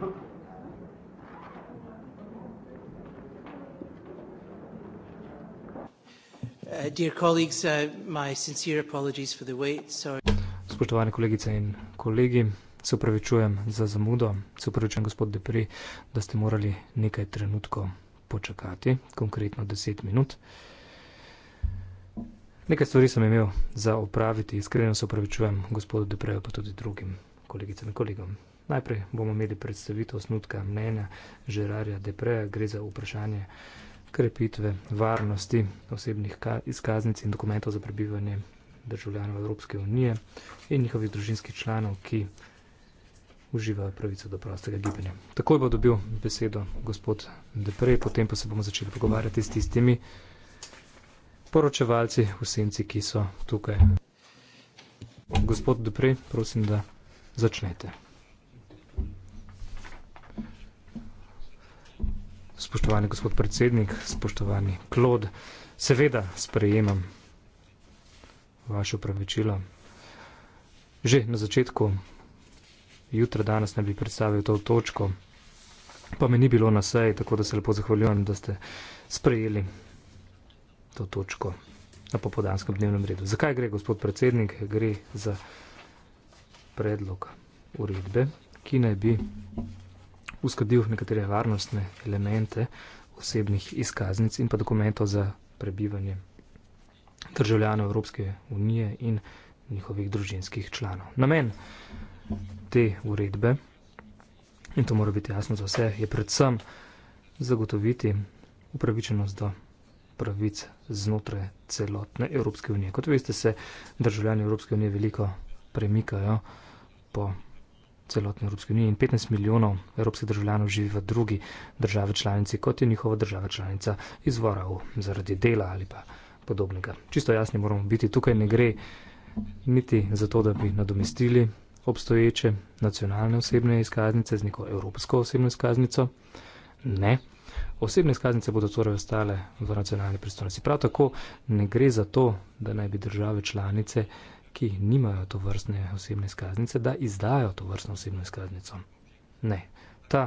Uh, uh, Spoštovane kolegice in kolegi, se upravičujem za zamudo, se upravičujem gospod Depri, da ste morali nekaj trenutkov počakati, konkretno deset minut. Nekaj stvari sem imel za opraviti, iskreno se upravičujem gospodu Depreju, pa tudi drugim kolegicam in kolegom. Najprej bomo imeli predstavitev osnutka mnenja Žerarja Depreja, gre za vprašanje krepitve varnosti osebnih izkaznic in dokumentov za prebivanje državljanov Evropske unije in njihovih družinskih članov, ki uživajo pravico do prostega gibanja. Takoj bo dobil besedo gospod Deprej, potem pa se bomo začeli pogovarjati s tistimi poročevalci v senci, ki so tukaj. Gospod Deprej, prosim, da začnete. spoštovani gospod predsednik, spoštovani Klod, seveda sprejemam vaše upravičilo. Že na začetku jutra danes ne bi predstavil to točko, pa me ni bilo na seji, tako da se lepo zahvaljujem, da ste sprejeli to točko na popodanskem dnevnem redu. Zakaj gre, gospod predsednik? Gre za predlog uredbe, ki naj bi uskladil nekatere varnostne elemente osebnih izkaznic in pa dokumentov za prebivanje državljanov Evropske unije in njihovih družinskih članov. Namen te uredbe, in to mora biti jasno za vse, je predvsem zagotoviti upravičenost do pravic znotraj celotne Evropske unije. Kot veste, se državljani Evropske unije veliko premikajo po celotne Evropske unije in 15 milijonov evropskih državljanov živi v drugi državi članici, kot je njihova država članica izvora v, zaradi dela ali pa podobnega. Čisto jasni moramo biti, tukaj ne gre niti za to, da bi nadomestili obstoječe nacionalne osebne izkaznice z neko evropsko osebno izkaznico. Ne. Osebne izkaznice bodo torej ostale v nacionalni pristojnosti. Prav tako ne gre za to, da naj bi države članice ki nimajo to vrstne osebne skaznice, da izdajo to vrstno osebno skaznico. Ne, ta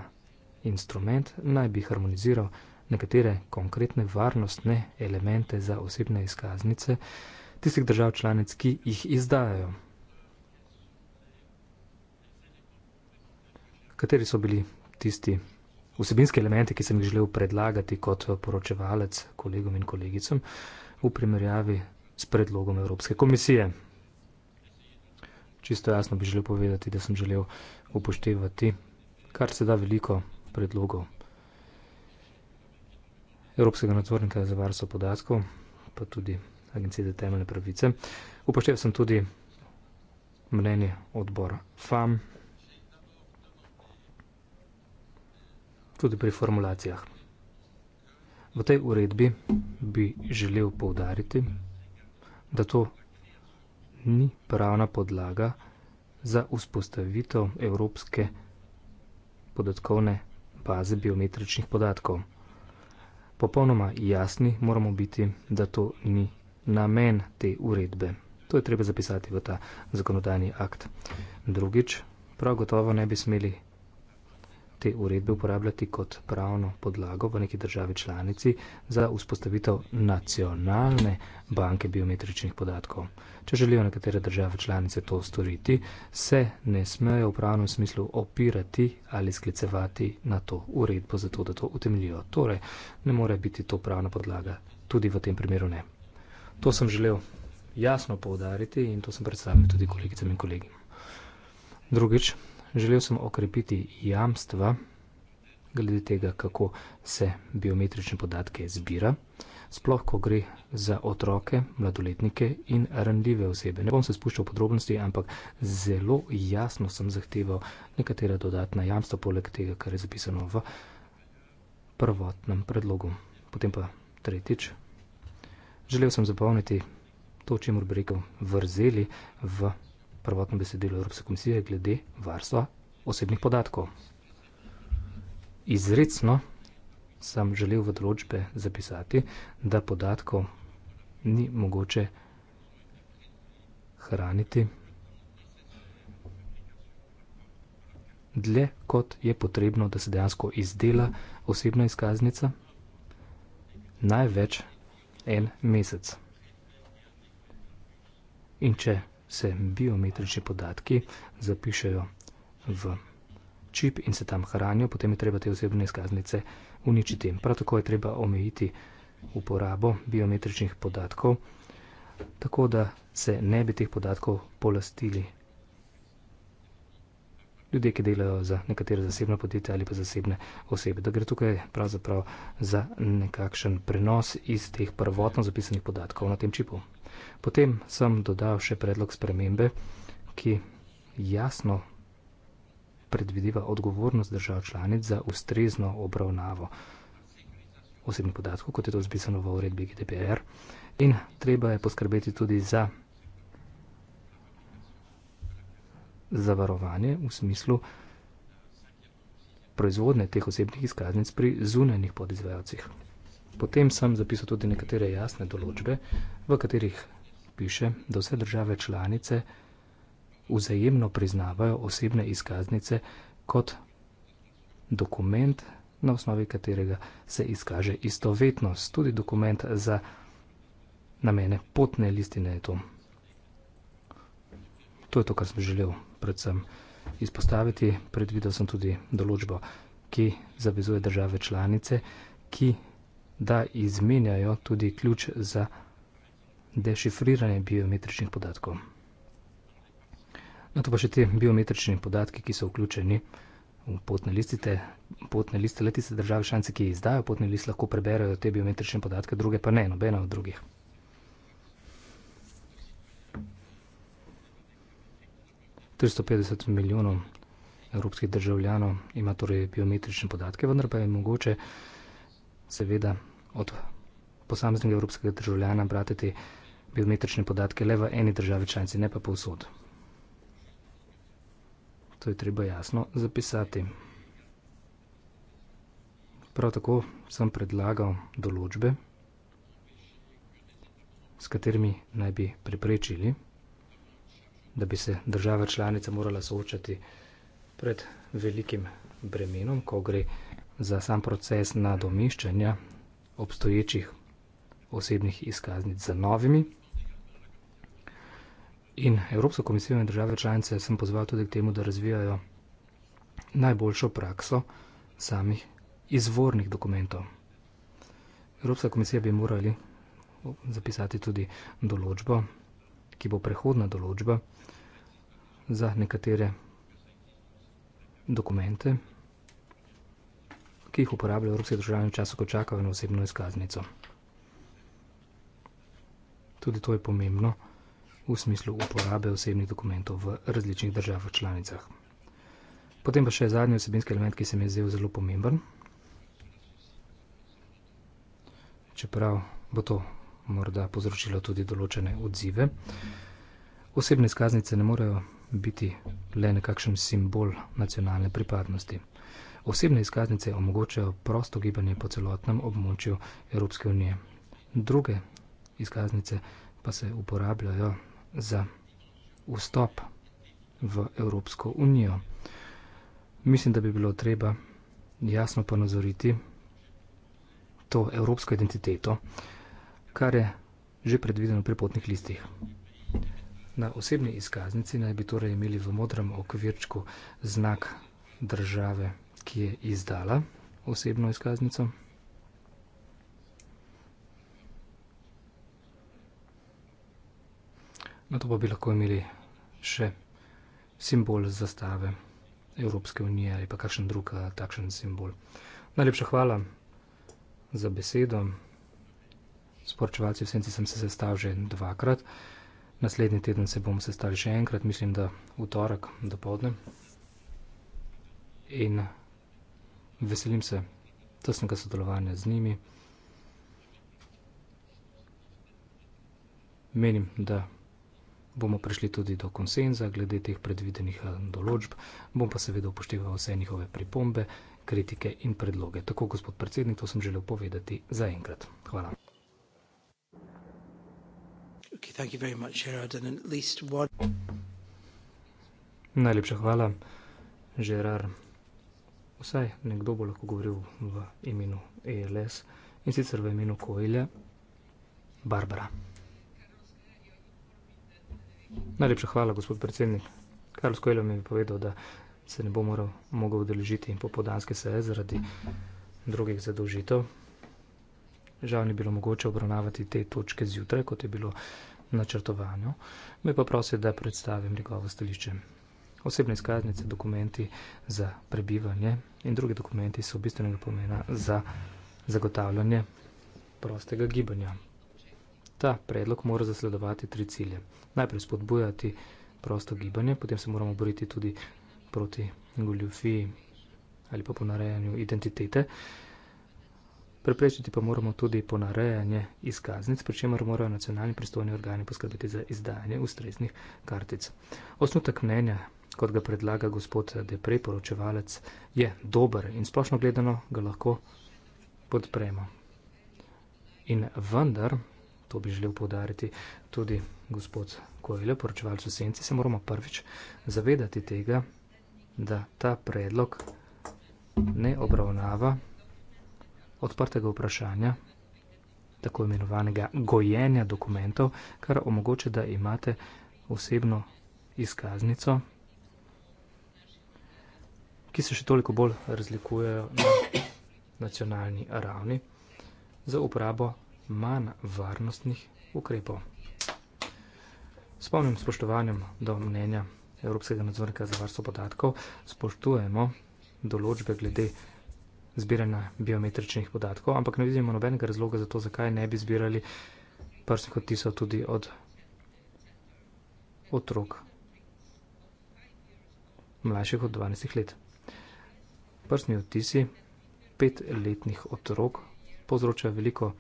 instrument naj bi harmoniziral nekatere konkretne varnostne elemente za osebne izkaznice tistih držav članic, ki jih izdajajo. Kateri so bili tisti vsebinski elementi, ki sem jih želel predlagati kot poročevalec kolegom in kolegicom v primerjavi s predlogom Evropske komisije? čisto jasno bi želel povedati, da sem želel upoštevati kar se da veliko predlogov Evropskega nadzornika za varstvo podatkov, pa tudi Agencije za temeljne pravice. Upošteval sem tudi mnenje odbora FAM, tudi pri formulacijah. V tej uredbi bi želel poudariti, da to ni pravna podlaga za vzpostavitev evropske podatkovne baze biometričnih podatkov. Popolnoma jasni moramo biti, da to ni namen te uredbe. To je treba zapisati v ta zakonodajni akt. Drugič, prav gotovo ne bi smeli te uredbe uporabljati kot pravno podlago v neki državi članici za vzpostavitev nacionalne banke biometričnih podatkov. Če želijo nekatere države članice to storiti, se ne smejo v pravnem smislu opirati ali sklicevati na to uredbo, zato da to utemeljijo. Torej, ne more biti to pravna podlaga, tudi v tem primeru ne. To sem želel jasno povdariti in to sem predstavil tudi kolegicam in kolegim. Drugič, Želel sem okrepiti jamstva glede tega, kako se biometrične podatke zbira, sploh ko gre za otroke, mladoletnike in ranljive osebe. Ne bom se spuščal v podrobnosti, ampak zelo jasno sem zahteval nekatera dodatna jamstva, poleg tega, kar je zapisano v prvotnem predlogu. Potem pa tretjič, želel sem zapolniti to, čemu bi rekel, vrzeli v prvotno besedilo Evropske komisije glede varstva osebnih podatkov. Izredno sem želel v določbe zapisati, da podatkov ni mogoče hraniti dlje, kot je potrebno, da se dejansko izdela osebna izkaznica največ en mesec. In če se biometrični podatki zapišejo v čip in se tam hranijo, potem je treba te osebne izkaznice uničiti. Prav tako je treba omejiti uporabo biometričnih podatkov, tako da se ne bi teh podatkov polastili. Ljudje, ki delajo za nekatere zasebne podjetja ali pa zasebne osebe, da gre tukaj pravzaprav za nekakšen prenos iz teh prvotno zapisanih podatkov na tem čipu. Potem sem dodal še predlog spremembe, ki jasno predvideva odgovornost držav članic za ustrezno obravnavo osebnih podatkov, kot je to zapisano v uredbi GDPR, in treba je poskrbeti tudi za zavarovanje v smislu proizvodne teh osebnih izkaznic pri zunanjih podizvajalcih. Potem sem zapisal tudi nekatere jasne določbe, v katerih piše, da vse države članice vzajemno priznavajo osebne izkaznice kot dokument, na osnovi katerega se izkaže istovetnost, tudi dokument za namene potne listine je to. To je to, kar sem želel predvsem izpostaviti. Predvidel sem tudi določbo, ki zavezuje države članice, ki da izmenjajo tudi ključ za dešifriranje biometričnih podatkov. No to pa še te biometrični podatki, ki so vključeni v potne listite, potne liste leti se države šance, ki izdajo potni list, lahko preberajo te biometrične podatke, druge pa ne, nobena od drugih. Tristo milijonov evropskih državljanov ima torej biometrične podatke, vendar pa je mogoče seveda od posameznega evropskega državljana brati te biometrične podatke le v eni državi članici, ne pa povsod. To je treba jasno zapisati. Prav tako sem predlagal določbe, s katerimi naj bi preprečili, da bi se država članica morala soočati pred velikim bremenom, ko gre za sam proces nadomiščanja obstoječih osebnih izkaznic za novimi. In Evropsko komisijo in države članice sem pozval tudi k temu, da razvijajo najboljšo prakso samih izvornih dokumentov. Evropska komisija bi morali zapisati tudi določbo, ki bo prehodna določba za nekatere dokumente, ki jih uporabljajo evropski državljani v času, ko čakajo na osebno izkaznico. Tudi to je pomembno v smislu uporabe osebnih dokumentov v različnih državah članicah. Potem pa še zadnji osebinski element, ki se mi je zdel zelo pomemben. Čeprav bo to morda povzročilo tudi določene odzive. Osebne izkaznice ne morejo biti le nekakšen simbol nacionalne pripadnosti. Osebne izkaznice omogočajo prosto gibanje po celotnem območju Evropske unije. Druge izkaznice pa se uporabljajo za vstop v Evropsko unijo. Mislim, da bi bilo treba jasno ponazoriti to evropsko identiteto, kar je že predvideno pri potnih listih. Na osebni izkaznici naj bi torej imeli v modrem okvirčku znak države, ki je izdala osebno izkaznico. Na to pa bi lahko imeli še simbol zastave Evropske unije ali pa kakšen drug eh, takšen simbol. Najlepša hvala za besedo. Sporočevalci v senci sem se sestal že dvakrat. Naslednji teden se bomo sestali še enkrat, mislim, da v torek do povdne in veselim se tesnega sodelovanja z njimi. Menim, da bomo prišli tudi do konsenza glede teh predvidenih eh, določb, bom pa seveda upošteval vse njihove pripombe, kritike in predloge. Tako, gospod predsednik, to sem želel povedati za enkrat. Hvala. Najlepša hvala, Gerard vsaj nekdo bo lahko govoril v imenu ELS in sicer v imenu Koelja Barbara. Najlepša hvala, gospod predsednik. Karlos Koelja mi je povedal, da se ne bo moral, mogel udeležiti in popodanske seje zaradi drugih zadolžitev. Žal ni bilo mogoče obravnavati te točke zjutraj, kot je bilo načrtovanju. Me pa prosi, da predstavim njegovo stališče osebne izkaznice, dokumenti za prebivanje in drugi dokumenti so bistvenega pomena za zagotavljanje prostega gibanja. Ta predlog mora zasledovati tri cilje. Najprej spodbujati prosto gibanje, potem se moramo boriti tudi proti goljufiji ali pa ponarejanju identitete. Preprečiti pa moramo tudi ponarejanje izkaznic, pri čemer morajo nacionalni pristojni organi poskrbeti za izdajanje ustreznih kartic. Osnutek mnenja kot ga predlaga gospod Depre, poročevalec, je dober in splošno gledano ga lahko podpremo. In vendar, to bi želel povdariti tudi gospod Kojle, poročevalec v senci, se moramo prvič zavedati tega, da ta predlog ne obravnava odprtega vprašanja, tako imenovanega gojenja dokumentov, kar omogoče, da imate osebno izkaznico, ki se še toliko bolj razlikujejo na nacionalni ravni za uporabo manj varnostnih ukrepov. Spomnim spoštovanjem do mnenja Evropskega nadzornika za varstvo podatkov, spoštujemo določbe glede zbiranja biometričnih podatkov, ampak ne vidimo nobenega razloga za to, zakaj ne bi zbirali prstnih odtisov tudi od otrok mlajših od 12 let prstni odtisi petletnih otrok povzročajo veliko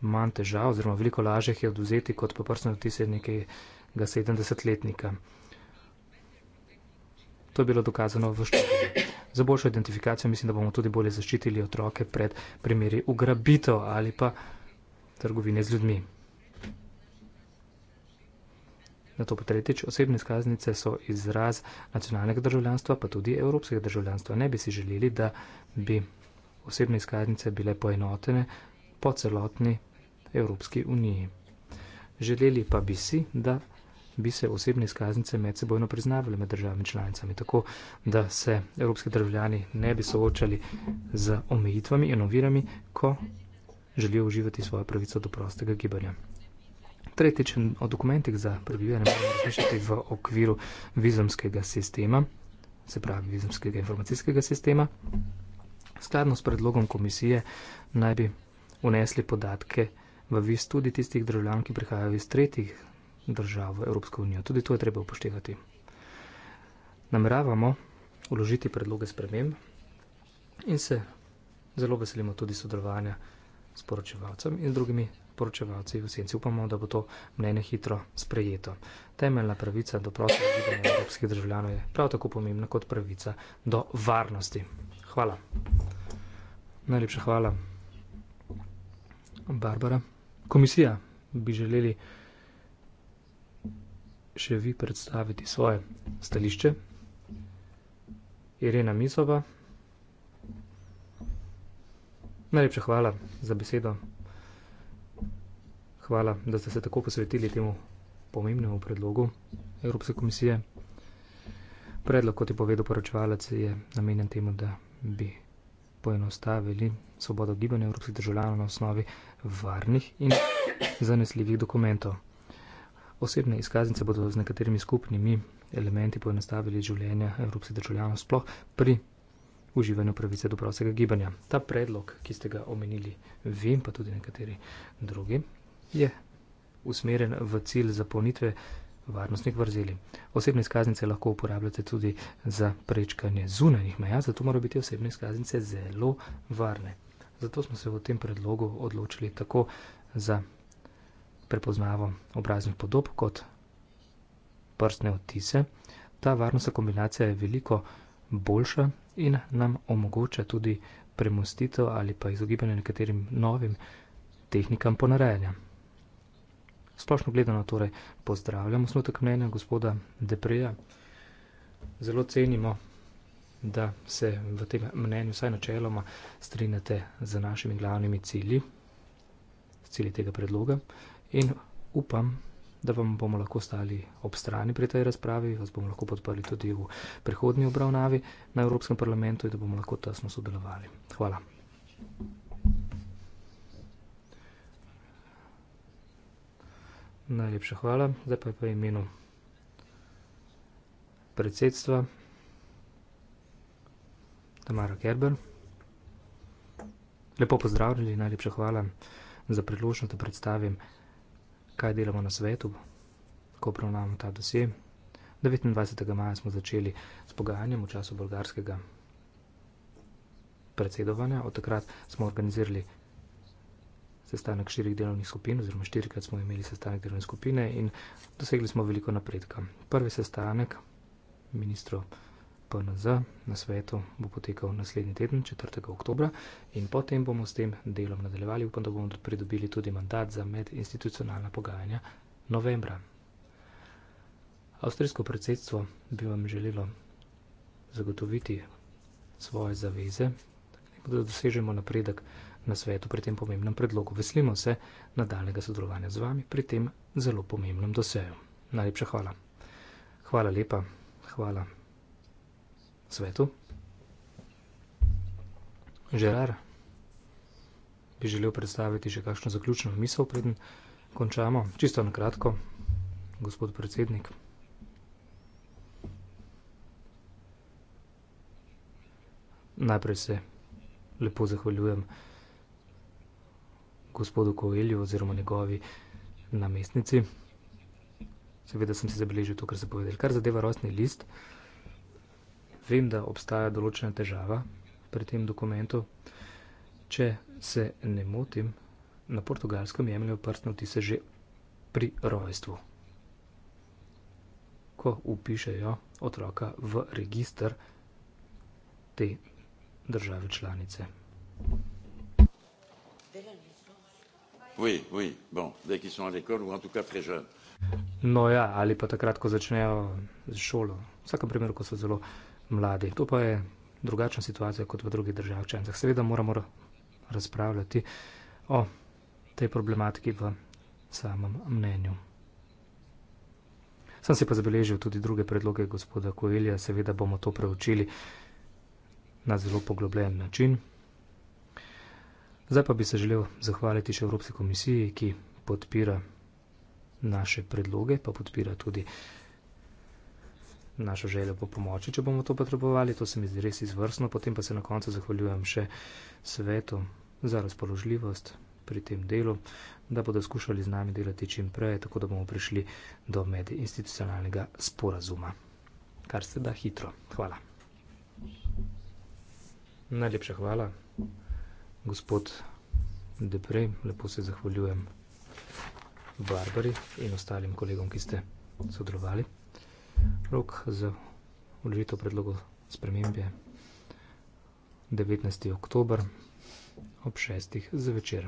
manj težav oziroma veliko lažje jih je oduzeti kot pa prstne odtise nekega 70-letnika. To je bilo dokazano v študiji. Za boljšo identifikacijo mislim, da bomo tudi bolje zaščitili otroke pred primeri ugrabitev ali pa trgovine z ljudmi. Na to potretič osebne skaznice so izraz nacionalnega državljanstva, pa tudi evropskega državljanstva. Ne bi si želeli, da bi osebne skaznice bile poenotene po celotni Evropski uniji. Želeli pa bi si, da bi se osebne izkaznice med sebojno priznavali med državami članicami, tako da se evropski državljani ne bi soočali z omejitvami in ovirami, ko želijo uživati svojo pravico do prostega gibanja. Tretjič, o dokumentih za prebivanje moramo razmišljati v okviru vizumskega sistema, se pravi vizumskega informacijskega sistema. Skladno s predlogom komisije naj bi unesli podatke v viz tudi tistih državljan, ki prihajajo iz tretjih držav v Evropsko unijo. Tudi to je treba upoštevati. Nameravamo uložiti predloge sprememb in se zelo veselimo tudi sodelovanja s poročevalcem in drugimi poročevalci v senci upamo, da bo to mnenje hitro sprejeto. Temeljna pravica do prostega gibanja evropskih državljanov je prav tako pomembna kot pravica do varnosti. Hvala. Najlepša hvala. Barbara. Komisija bi želeli še vi predstaviti svoje stališče. Irena Misova. Najlepša hvala za besedo. Hvala, da ste se tako posvetili temu pomembnemu predlogu Evropske komisije. Predlog, kot je povedal poročevalec, je namenjen temu, da bi poenostavili svobodo gibanja evropskih državljanov na osnovi varnih in zanesljivih dokumentov. Osebne izkaznice bodo z nekaterimi skupnimi elementi poenostavili življenja evropskih državljanov sploh pri uživanju pravice do prostega gibanja. Ta predlog, ki ste ga omenili vi, pa tudi nekateri drugi, je usmerjen v cilj zapolnitve varnostnih vrzeli. Osebne izkaznice lahko uporabljate tudi za prečkanje zunanjih meja, zato morajo biti osebne izkaznice zelo varne. Zato smo se v tem predlogu odločili tako za prepoznavo obraznih podob kot prstne odtise. Ta varnostna kombinacija je veliko boljša in nam omogoča tudi premustitev ali pa izogibanje nekaterim novim tehnikam ponarejanja. Splošno gledano, torej pozdravljamo snotek mnenja gospoda Depreja. Zelo cenimo, da se v tem mnenju vsaj načeloma strinjate z našimi glavnimi cilji, s cilji tega predloga in upam, da vam bomo lahko stali ob strani pri tej razpravi, vas bomo lahko podprli tudi v prihodnji obravnavi na Evropskem parlamentu in da bomo lahko tesno sodelovali. Hvala. Najlepša hvala, zdaj pa je pa imenu predsedstva Tamara Gerber. Lepo pozdravljeni, najlepša hvala za priložnost, da predstavim, kaj delamo na svetu, ko pravnamo ta dosje. 29. maja smo začeli s pogajanjem v času bolgarskega predsedovanja. Od takrat smo organizirali predsedovanje sestanek štirih delovnih skupin, oziroma štirikrat smo imeli sestanek delovne skupine in dosegli smo veliko napredka. Prvi sestanek ministrov PNZ na svetu bo potekal naslednji teden, 4. oktober, in potem bomo s tem delom nadaljevali. Upam, da bomo pridobili tudi mandat za medinstitucionalna pogajanja novembra. Avstrijsko predsedstvo bi vam želelo zagotoviti svoje zaveze, da dosežemo napredek na svetu pri tem pomembnem predlogu. Veselimo se nadaljnega sodelovanja z vami pri tem zelo pomembnem doseju. Najlepša hvala. Hvala lepa, hvala svetu. Žerar, bi želel predstaviti še kakšno zaključno misel, preden končamo. Čisto na kratko, gospod predsednik. Najprej se lepo zahvaljujem gospodu Koelju oziroma njegovi namestnici. Seveda sem si zabeležil to, kar se povedal. Kar zadeva rostni list, vem, da obstaja določena težava pri tem dokumentu. Če se ne motim, na portugalskem jemljajo prstne vtise že pri rojstvu. Ko upišejo otroka v registr te države članice. Thank you. Oui, oui. Bon, dès qu'ils sont à l'école ou en tout cas très jeunes. No, ja, ali pa takrat, ko začnejo z šolo. V vsakem primeru, ko so zelo mladi. To pa je drugačna situacija kot v drugih državah članicah. Seveda moramo razpravljati o tej problematiki v samem mnenju. Sem si pa zabeležil tudi druge predloge gospoda Koelja. Seveda bomo to preučili na zelo poglobljen način. Zdaj pa bi se želel zahvaliti še Evropski komisiji, ki podpira naše predloge, pa podpira tudi našo željo po pomoči, če bomo to potrebovali. To se mi zdi res izvrstno. Potem pa se na koncu zahvaljujem še svetu za razpoložljivost pri tem delu, da bodo skušali z nami delati čim prej, tako da bomo prišli do medinstitucionalnega sporazuma. Kar se da hitro. Hvala. Najlepša hvala gospod Depre, lepo se zahvaljujem Barbari in ostalim kolegom, ki ste sodelovali. Rok za vložitev predlogov spremembe 19. oktober ob 6. za večer.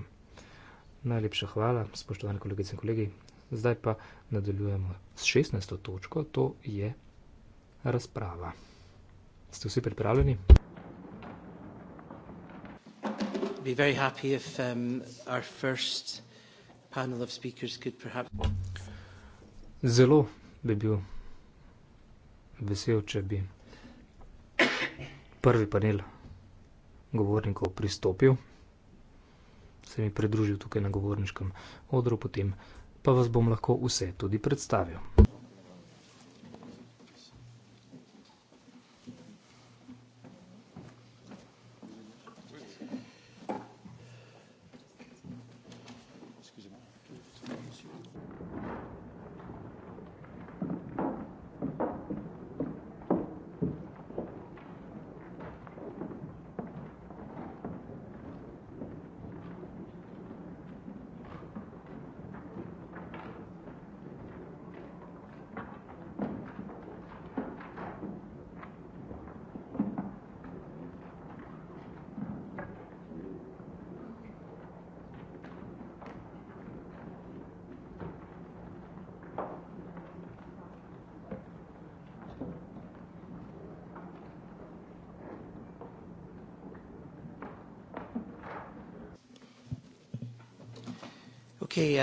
Najlepša hvala, spoštovane kolegice in kolegi. Zdaj pa nadaljujemo s 16. točko, to je razprava. Ste vsi pripravljeni? be very happy if um, our first panel of speakers could perhaps. Zelo bi bil vesel, če bi prvi panel govornikov pristopil, se mi pridružil tukaj na govorniškem odru, potem pa vas bom lahko vse tudi predstavil.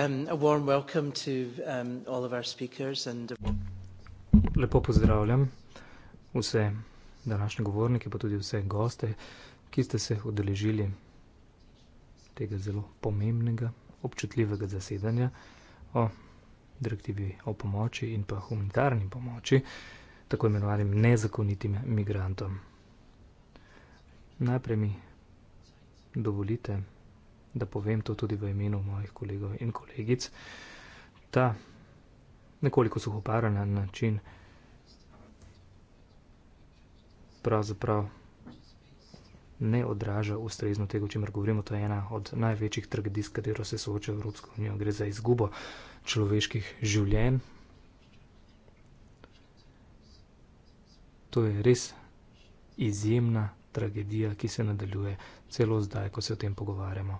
Um, um, Lepo pozdravljam vse današnje govornike, pa tudi vse goste, ki ste se odeležili tega zelo pomembnega, občutljivega zasedanja o direktivi o pomoči in pa humanitarni pomoči tako imenovanim nezakonitim migrantom. Najprej mi dovolite, da povem to tudi v imenu mojih kolegov in kolegic, ta nekoliko suhoparen način pravzaprav ne odraža ustrezno tega, o čemer govorimo. To je ena od največjih tragedij, s katero se sooča Evropska unija. Gre za izgubo človeških življenj. To je res izjemna tragedija, ki se nadaljuje celo zdaj, ko se o tem pogovarjamo.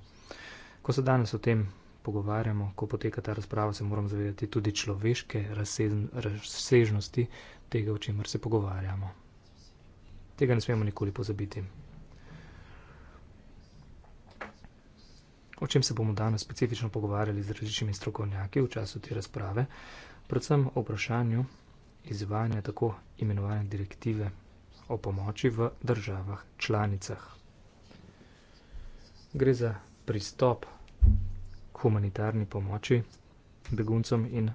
Ko se danes o tem pogovarjamo, ko poteka ta razprava, se moram zavedati tudi človeške razsežnosti tega, o čemer se pogovarjamo. Tega ne smemo nikoli pozabiti. O čem se bomo danes specifično pogovarjali z različnimi strokovnjaki v času te razprave, predvsem o vprašanju izvajanja tako imenovane direktive o pomoči v državah članicah. Gre za pristop humanitarni pomoči beguncem in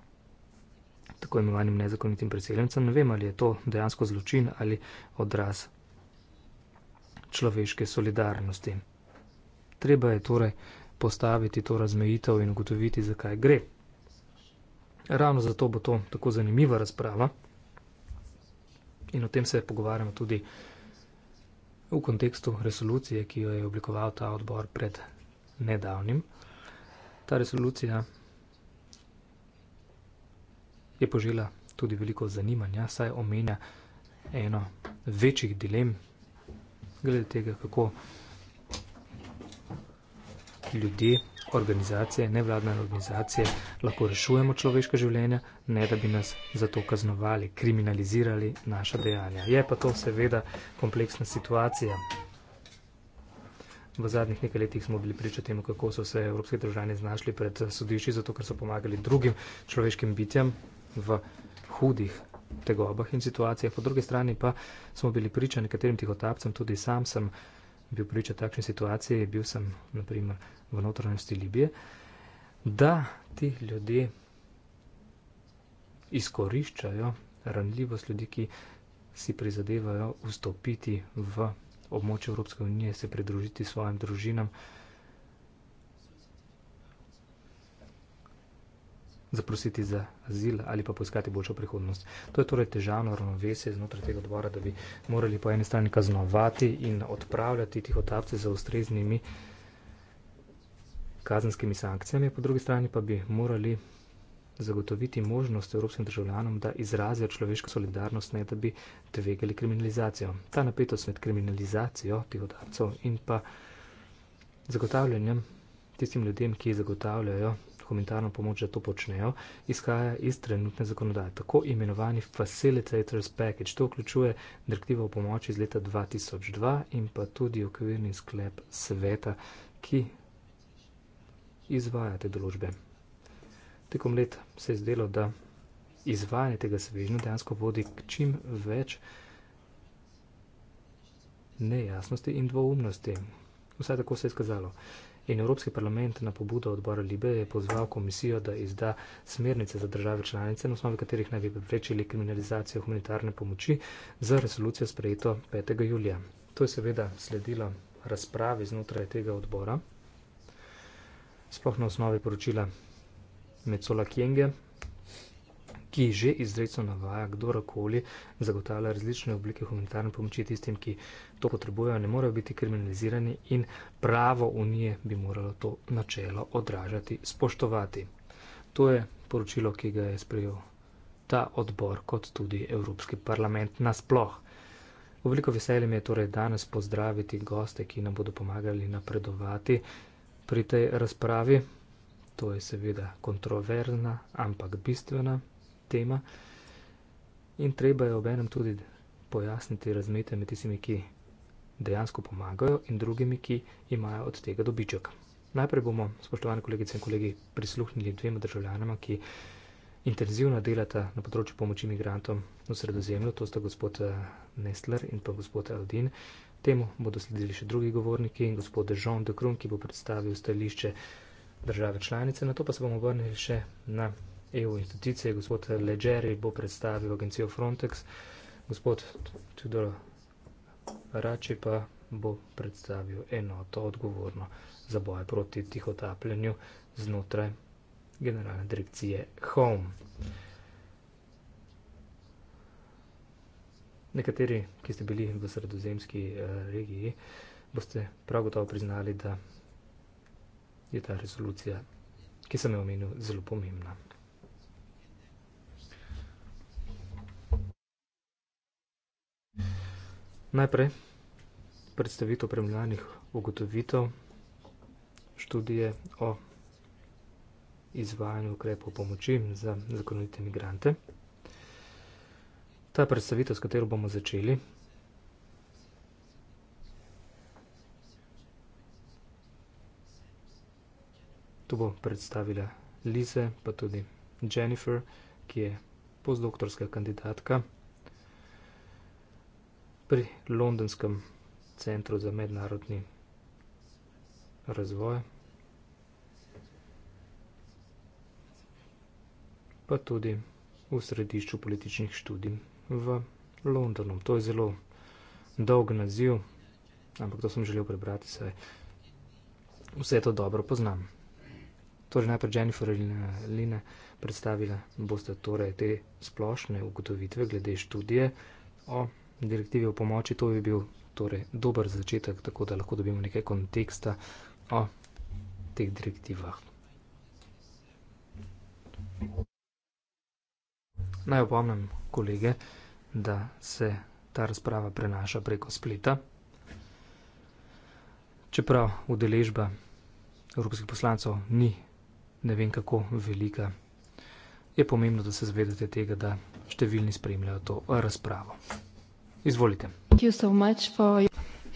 tako imenovanim nezakonitim priseljencem. Ne vem, ali je to dejansko zločin ali odraz človeške solidarnosti. Treba je torej postaviti to razmejitev in ugotoviti, zakaj gre. Ravno zato bo to tako zanimiva razprava in o tem se pogovarjamo tudi v kontekstu resolucije, ki jo je oblikoval ta odbor pred nedavnim ta resolucija je požela tudi veliko zanimanja, saj omenja eno večjih dilem glede tega, kako ljudje, organizacije, nevladne organizacije lahko rešujemo človeška življenja, ne da bi nas za to kaznovali, kriminalizirali naša dejanja. Je pa to seveda kompleksna situacija. V zadnjih nekaj letih smo bili priča temu, kako so se evropske državljane znašli pred sodišči, zato ker so pomagali drugim človeškim bitjem v hudih tegobah in situacijah. Po drugi strani pa smo bili priča nekaterim tihotapcem, tudi sam sem bil priča takšni situaciji, bil sem naprimer v notranjosti Libije, da ti ljudje izkoriščajo ranljivost ljudi, ki si prizadevajo vstopiti v območju Evropske unije se pridružiti svojim družinam. zaprositi za azil ali pa poiskati boljšo prihodnost. To je torej težavno ravnovesje znotraj tega odbora, da bi morali po eni strani kaznovati in odpravljati tih otapce za ustreznimi kazenskimi sankcijami, po drugi strani pa bi morali zagotoviti možnost evropskim državljanom, da izrazijo človeško solidarnost, ne da bi tvegali kriminalizacijo. Ta napetost med kriminalizacijo teh odarcev in pa zagotavljanjem tistim ljudem, ki zagotavljajo humanitarno pomoč, da to počnejo, izhaja iz trenutne zakonodaje. Tako imenovani Facilitators Package, to vključuje direktivo o pomoči iz leta 2002 in pa tudi okvirni sklep sveta, ki izvaja te določbe tekom let se je zdelo, da izvajanje tega svežnja dejansko vodi k čim več nejasnosti in dvoumnosti. Vsaj tako se je skazalo. In Evropski parlament na pobudo odbora Libe je pozval komisijo, da izda smernice za države članice, na osnovi katerih naj bi preprečili kriminalizacijo humanitarne pomoči za resolucijo sprejeto 5. julija. To je seveda sledilo razpravi znotraj tega odbora, sploh na osnovi poročila Mecola Kienge, ki že izredno navaja, kdorkoli zagotavlja različne oblike humanitarne pomoči tistim, ki to potrebujejo, ne morejo biti kriminalizirani in pravo Unije bi moralo to načelo odražati, spoštovati. To je poročilo, ki ga je sprejel ta odbor, kot tudi Evropski parlament nasploh. V veliko veselje mi je torej danes pozdraviti goste, ki nam bodo pomagali napredovati pri tej razpravi to je seveda kontroverzna, ampak bistvena tema. In treba je obenem tudi pojasniti razmete med tistimi, ki dejansko pomagajo in drugimi, ki imajo od tega dobiček. Najprej bomo, spoštovane kolegice in kolegi, prisluhnili dvema državljanama, ki intenzivno delata na področju pomoči migrantom v sredozemlju, to sta gospod eh, Nestler in pa gospod Aldin. Temu bodo sledili še drugi govorniki in gospod Dežon de Krum, ki bo predstavil stališče države članice, na to pa se bomo vrnili še na EU institucije. Gospod Leđeri bo predstavil agencijo Frontex, gospod Tudor Rači pa bo predstavil enoto odgovorno za boje proti tihotapljenju znotraj generalne direkcije HOME. Nekateri, ki ste bili v sredozemski eh, regiji, boste prav gotovo priznali, da je ta rezolucija, ki sem jo omenil, zelo pomembna. Najprej predstavitev premljanih ugotovitev študije o izvajanju ukrepov pomoči za zakonite migrante. Ta predstavitev, s katero bomo začeli, To bo predstavila Lise, pa tudi Jennifer, ki je postdoktorska kandidatka pri Londonskem centru za mednarodni razvoj. Pa tudi v središču političnih študij v Londonu. To je zelo dolg naziv, ampak to sem želel prebrati, saj vse to dobro poznam. Torej, najprej Jennifer in Lina predstavila boste torej te splošne ugotovitve glede študije o direktivi o pomoči. To bi bil torej dober začetek, tako da lahko dobimo nekaj konteksta o teh direktivah. Naj opomnem kolege, da se ta razprava prenaša preko spleta. Čeprav udeležba evropskih poslancov ni ne vem kako velika, je pomembno, da se zavedate tega, da številni spremljajo to razpravo. Izvolite.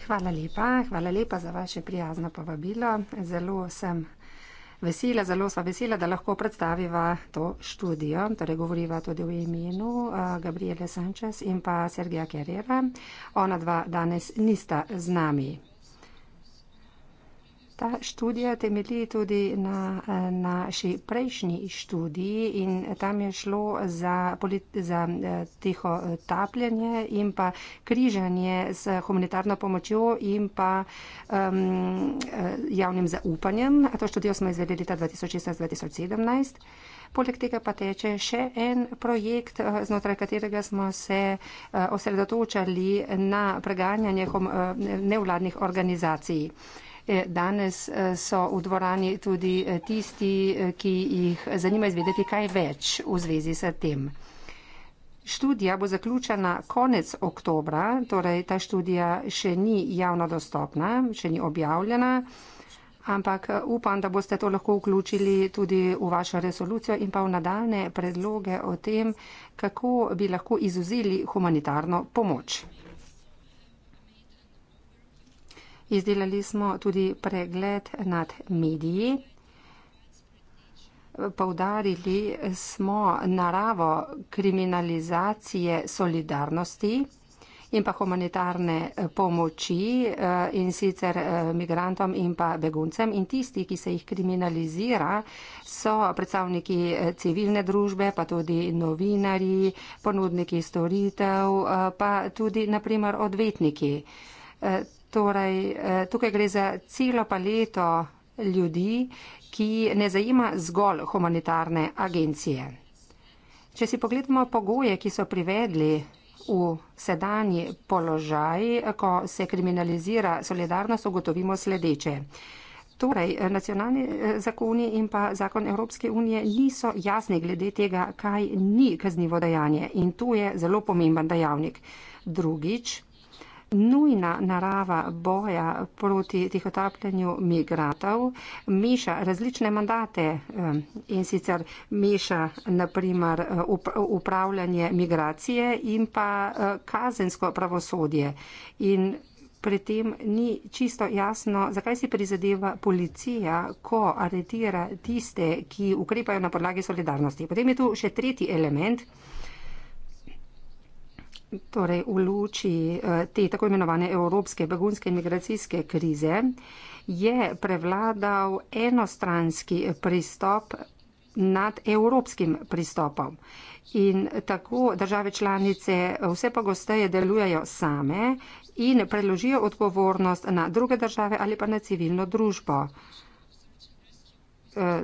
Hvala lepa, hvala lepa za vaše prijazno povabilo. Zelo sem vesela, zelo sva vesela, da lahko predstaviva to študijo. Torej govoriva tudi v imenu eh, Gabriele Sanchez in pa Sergeja Kerera. Ona dva danes nista z nami. Ta študija temelji tudi na eh, naši prejšnji študiji in tam je šlo za, za eh, tiho eh, tapljanje in pa križanje s humanitarno pomočjo in pa um, javnim zaupanjem. To študijo smo izvedeli leta 2016-2017. Poleg tega pa teče še en projekt, znotraj katerega smo se osredotočali na preganjanje nevladnih organizacij. Eh, danes eh, so v dvorani tudi eh, tisti, ki jih zanima izvedeti kaj več v zvezi s tem. Študija bo zaključena konec oktobra, torej ta študija še ni javno dostopna, še ni objavljena, ampak upam, da boste to lahko vključili tudi v vašo resolucijo in pa v nadaljne predloge o tem, kako bi lahko izuzeli humanitarno pomoč. Izdelali smo tudi pregled nad mediji. Poudarili smo naravo kriminalizacije solidarnosti in pa humanitarne pomoči eh, in sicer eh, migrantom in pa beguncem in tisti, ki se jih kriminalizira, so predstavniki eh, civilne družbe, pa tudi novinari, ponudniki storitev, pa tudi naprimer odvetniki. Torej, eh, tukaj gre za celo paleto ljudi, ki ne zajema zgolj humanitarne agencije. Če si pogledamo pogoje, ki so privedli v sedanji položaj, ko se kriminalizira solidarnost, ugotovimo sledeče. Torej, eh, nacionalni eh, zakoni in pa zakon Evropske unije niso jasni glede tega, kaj ni kaznivo dejanje in tu je zelo pomemben dejavnik. Drugič, nujna narava boja proti tihotapljanju migratov meša različne mandate in sicer meša naprimer upravljanje migracije in pa eh, kazensko pravosodje. In Pri tem ni čisto jasno, zakaj si prizadeva policija, ko aretira tiste, ki ukrepajo na podlagi solidarnosti. Potem je tu še tretji element torej v luči eh, te tako imenovane evropske begunske imigracijske krize, je prevladal enostranski pristop nad evropskim pristopom. In tako države članice vse pogosteje delujejo same in preložijo odgovornost na druge države ali pa na civilno družbo. Eh,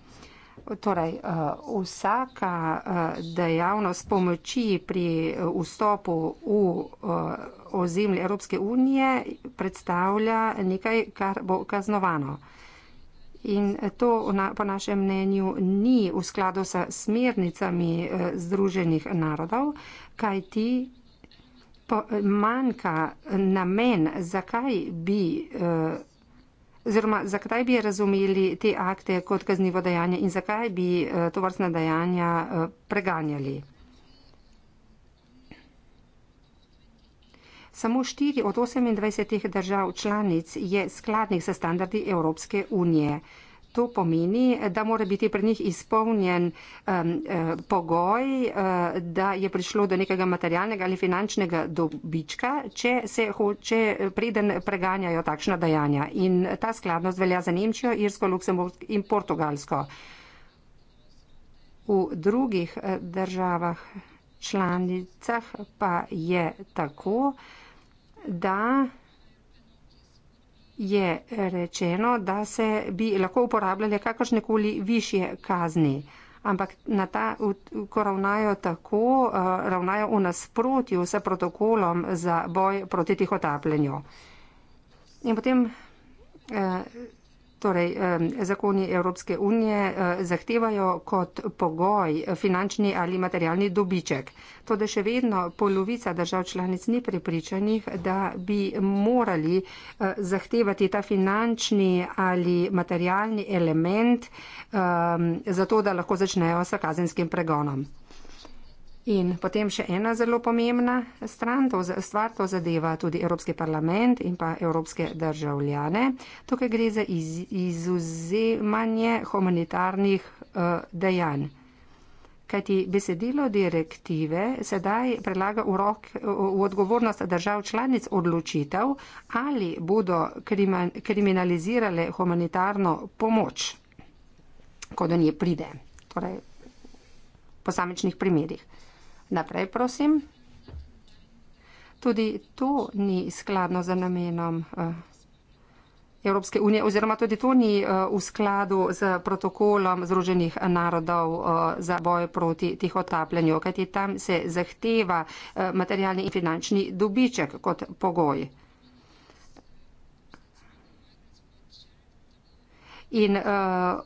Torej, eh, vsaka eh, dejavnost pomoči pri eh, vstopu v ozemlje Evropske unije predstavlja nekaj, kar bo kaznovano. In to na, po našem mnenju ni v skladu s smernicami Združenih narodov, kaj ti manjka namen, zakaj bi. Eh, oziroma zakaj bi razumeli te akte kot kaznivo dejanje in zakaj bi eh, to vrstna dejanja eh, preganjali. Samo 4 od 28 držav članic je skladnih sa standardi Evropske unije. To pomeni, da mora biti pri njih izpolnjen um, eh, pogoj, uh, da je prišlo do nekega materialnega ali finančnega dobička, če se hoče eh, preden preganjajo takšna dejanja. In ta skladnost velja za Nemčijo, Irsko, Luksemburg in Portugalsko. V drugih državah članicah pa je tako, da je rečeno, da se bi lahko uporabljale kakršne koli višje kazni. Ampak na ta, ko ravnajo tako, eh, ravnajo v nasprotju s protokolom za boj proti tih otapljenju. In potem eh, Torej, zakoni Evropske unije e, zahtevajo kot pogoj finančni ali materialni dobiček. To, da še vedno polovica držav članic ni prepričanih, da bi morali e, zahtevati ta finančni ali materialni element za to, da lahko začnejo s kazenskim pregonom. In potem še ena zelo pomembna stran, to stvar, to zadeva tudi Evropski parlament in pa evropske državljane. Tukaj gre za iz, izuzemanje humanitarnih uh, dejanj. Kajti besedilo direktive sedaj prelaga v, rok, v odgovornost držav članic odločitev, ali bodo kriminalizirale humanitarno pomoč, ko do nje pride, torej v posamečnih primerjih. Naprej, prosim. Tudi to ni skladno z namenom eh, Evropske unije oziroma tudi to ni eh, v skladu z protokolom Združenih narodov eh, za boj proti tihotapljanju, kajti tam se zahteva materialni in finančni dobiček kot pogoj. In uh,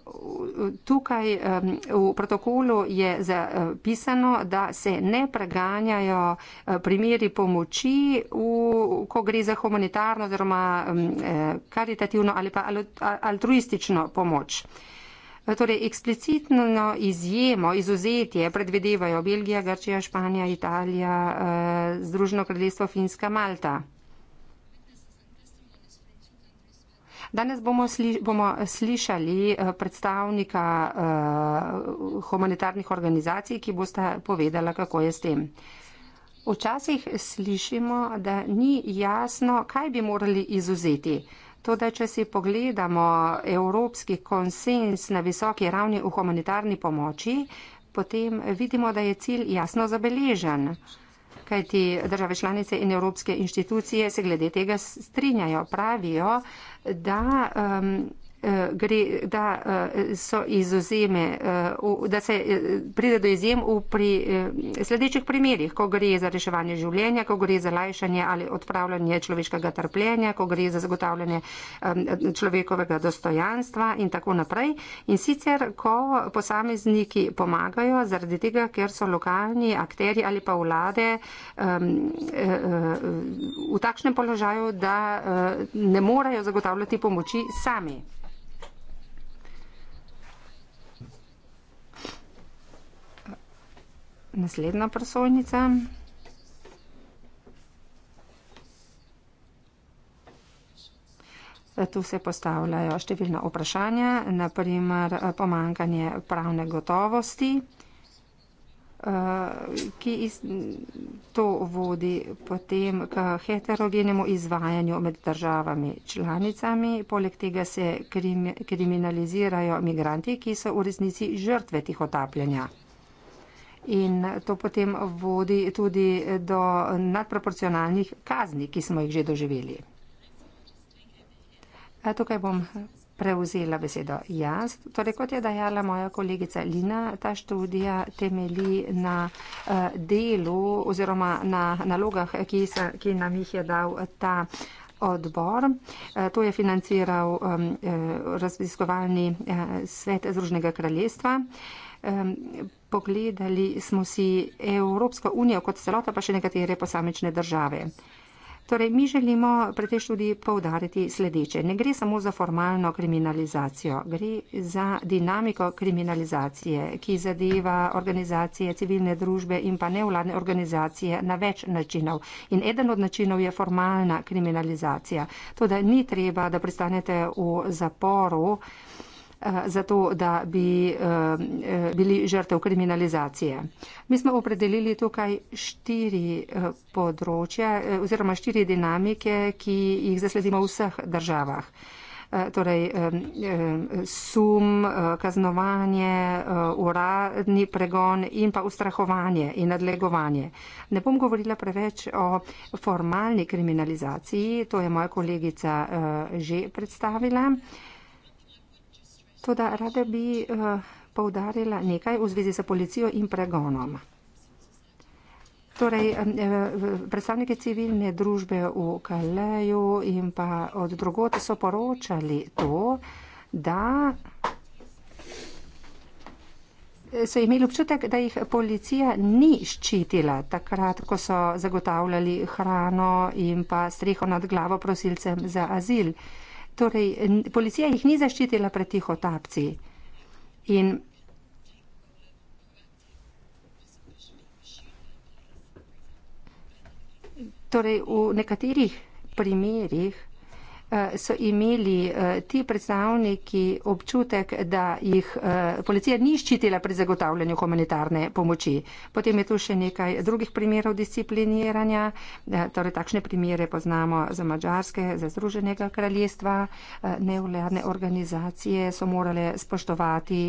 tukaj um, v protokolu je zapisano, da se ne preganjajo uh, primeri pomoči, v, ko gre za humanitarno oziroma um, karitativno ali pa altruistično pomoč. Torej, eksplicitno izjemo, izuzetje predvidevajo Belgija, Grčija, Španija, Italija, Združeno kraljestvo, Finska, Malta. Danes bomo, sli, bomo slišali eh, predstavnika uh, humanitarnih organizacij, ki boste povedala, kako je s tem. Včasih slišimo, da ni jasno, kaj bi morali izuzeti. To, da če si pogledamo evropski konsens na visoki ravni v humanitarni pomoči, potem vidimo, da je cilj jasno zabeležen kajti države članice in evropske inštitucije se glede tega strinjajo. Pravijo, da um, Eh, gre, da eh, so izuzeme, eh, da se pride do izjem v pri sledečih primerjih, ko gre za reševanje življenja, ko gre za lajšanje ali odpravljanje človeškega trpljenja, ko gre za zagotavljanje človekovega dostojanstva in tako naprej. In sicer, ko posamezniki pomagajo zaradi tega, ker so lokalni akteri ali pa vlade ehm, v takšnem položaju, da ne morejo zagotavljati pomoči sami. naslednja prosojnica. Tu se postavljajo številna vprašanja, naprimer pomankanje pravne gotovosti, ki to vodi potem k heterogenemu izvajanju med državami članicami. Poleg tega se krim, kriminalizirajo migranti, ki so v resnici žrtve tih otapljanja in to potem vodi tudi do nadproporcionalnih kazni, ki smo jih že doživeli. Tukaj bom prevzela besedo jaz. Torej, kot je dajala moja kolegica Lina, ta študija temeli na eh, delu oziroma na nalogah, ki, se, ki nam jih je dal ta odbor. Eh, to je financiral eh, raziskovalni svet Združnega kraljestva pogledali smo si Evropsko unijo kot celota, pa še nekatere posamične države. Torej, mi želimo pri tej študiji povdariti sledeče. Ne gre samo za formalno kriminalizacijo, gre za dinamiko kriminalizacije, ki zadeva organizacije civilne družbe in pa nevladne organizacije na več načinov. In eden od načinov je formalna kriminalizacija. To, da ni treba, da pristanete v zaporu. Eh, zato, da bi eh, eh, bili žrtev kriminalizacije. Mi smo opredelili tukaj štiri področja oziroma štiri dinamike, ki jih zasledimo v vseh državah. Torej, sum, kaznovanje, uradni pregon in pa ustrahovanje in nadlegovanje. Ne bom govorila preveč o formalni kriminalizaciji, to je moja kolegica že predstavila. Toda rada bi uh, eh, povdarila nekaj v zvezi s policijo in pregonom. Torej, eh, predstavniki civilne družbe v Kaleju in pa od drugot so poročali to, da so imeli občutek, da jih policija ni ščitila takrat, ko so zagotavljali hrano in pa streho nad glavo prosilcem za azil torej, policija jih ni zaščitila pred tihotapci. In torej, v nekaterih primerjih Eh, so imeli eh, ti predstavniki občutek, da jih eh, policija ni ščitila pri zagotavljanju humanitarne pomoči. Potem je tu še nekaj drugih primerov discipliniranja, torej takšne primere poznamo za Mačarske, za Združenega kraljestva, neuljadne organizacije so morale spoštovati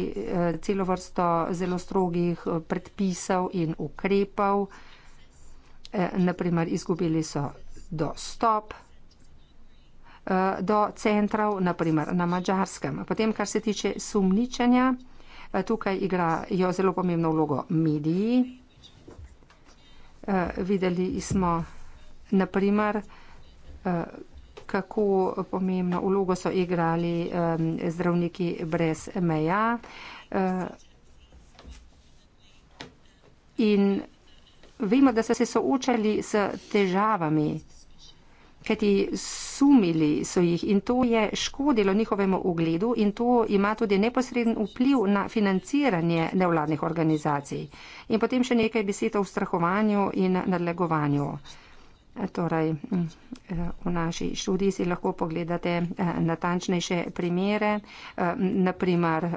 celo vrsto zelo strogih predpisov in ukrepov, naprimer izgubili so dostop. Eh, do centrov, naprimer na mačarskem. Potem, kar se tiče sumničenja, eh, tukaj igrajo zelo pomembno vlogo mediji. Eh, videli smo, naprimer, kako pomembno vlogo so igrali zdravniki brez meja. In vemo, da so se soočali s težavami kajti sumili so jih in to je škodilo njihovemu ugledu in to ima tudi neposreden vpliv na financiranje nevladnih organizacij. In potem še nekaj besed o strahovanju in nadlegovanju. Torej, mm, eh, v naši študiji si lahko pogledate eh, natančnejše primere, eh, naprimer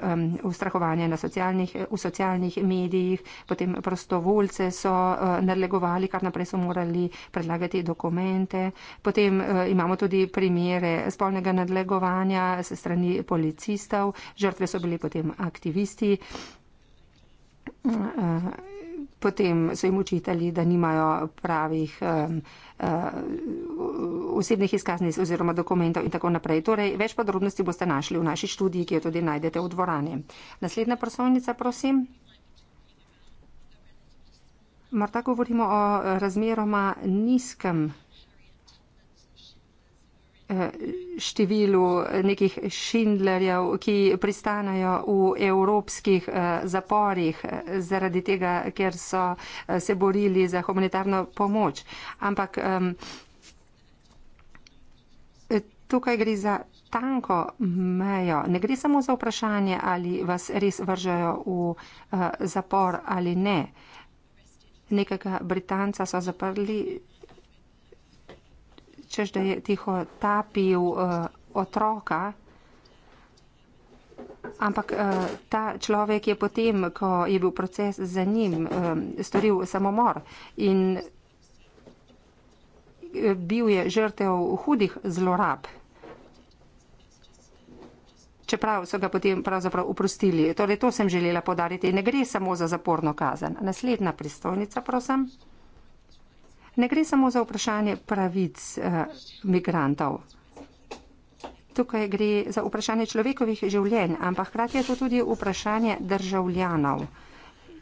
ustrahovanje na socialnih, v socialnih medijih, potem prostovoljce so nadlegovali, kar naprej so morali predlagati dokumente, potem imamo tudi primere spolnega nadlegovanja se strani policistov, žrtve so bili potem aktivisti. Mm, potem so jim učitali, da nimajo pravih um, uh, osebnih izkaznic oziroma dokumentov in tako naprej. Torej, več podrobnosti boste našli v naši študiji, ki jo tudi najdete v dvorani. Naslednja prosovnica, prosim. Morda govorimo o razmeroma nizkem številu nekih šindlerjev, ki pristanejo v evropskih eh, zaporih eh, zaradi tega, ker so eh, se borili za humanitarno pomoč. Ampak tukaj gre za tanko mejo. Ne gre samo za vprašanje, ali vas res vržajo v zapor ali ne. Nekega Britanca so zaprli češ da je tiho tapil uh, eh, otroka, ampak uh, ta človek je potem, ko je bil proces za njim, um, storil samomor in bil je žrtev hudih zlorab. Čeprav so ga potem pravzaprav uprostili. Torej, to sem želela podariti. Ne gre samo za zaporno kazen. Naslednja pristojnica, prosim ne gre samo za vprašanje pravic eh, migrantov. Tukaj gre za vprašanje človekovih življenj, ampak hkrati je to tudi vprašanje državljanov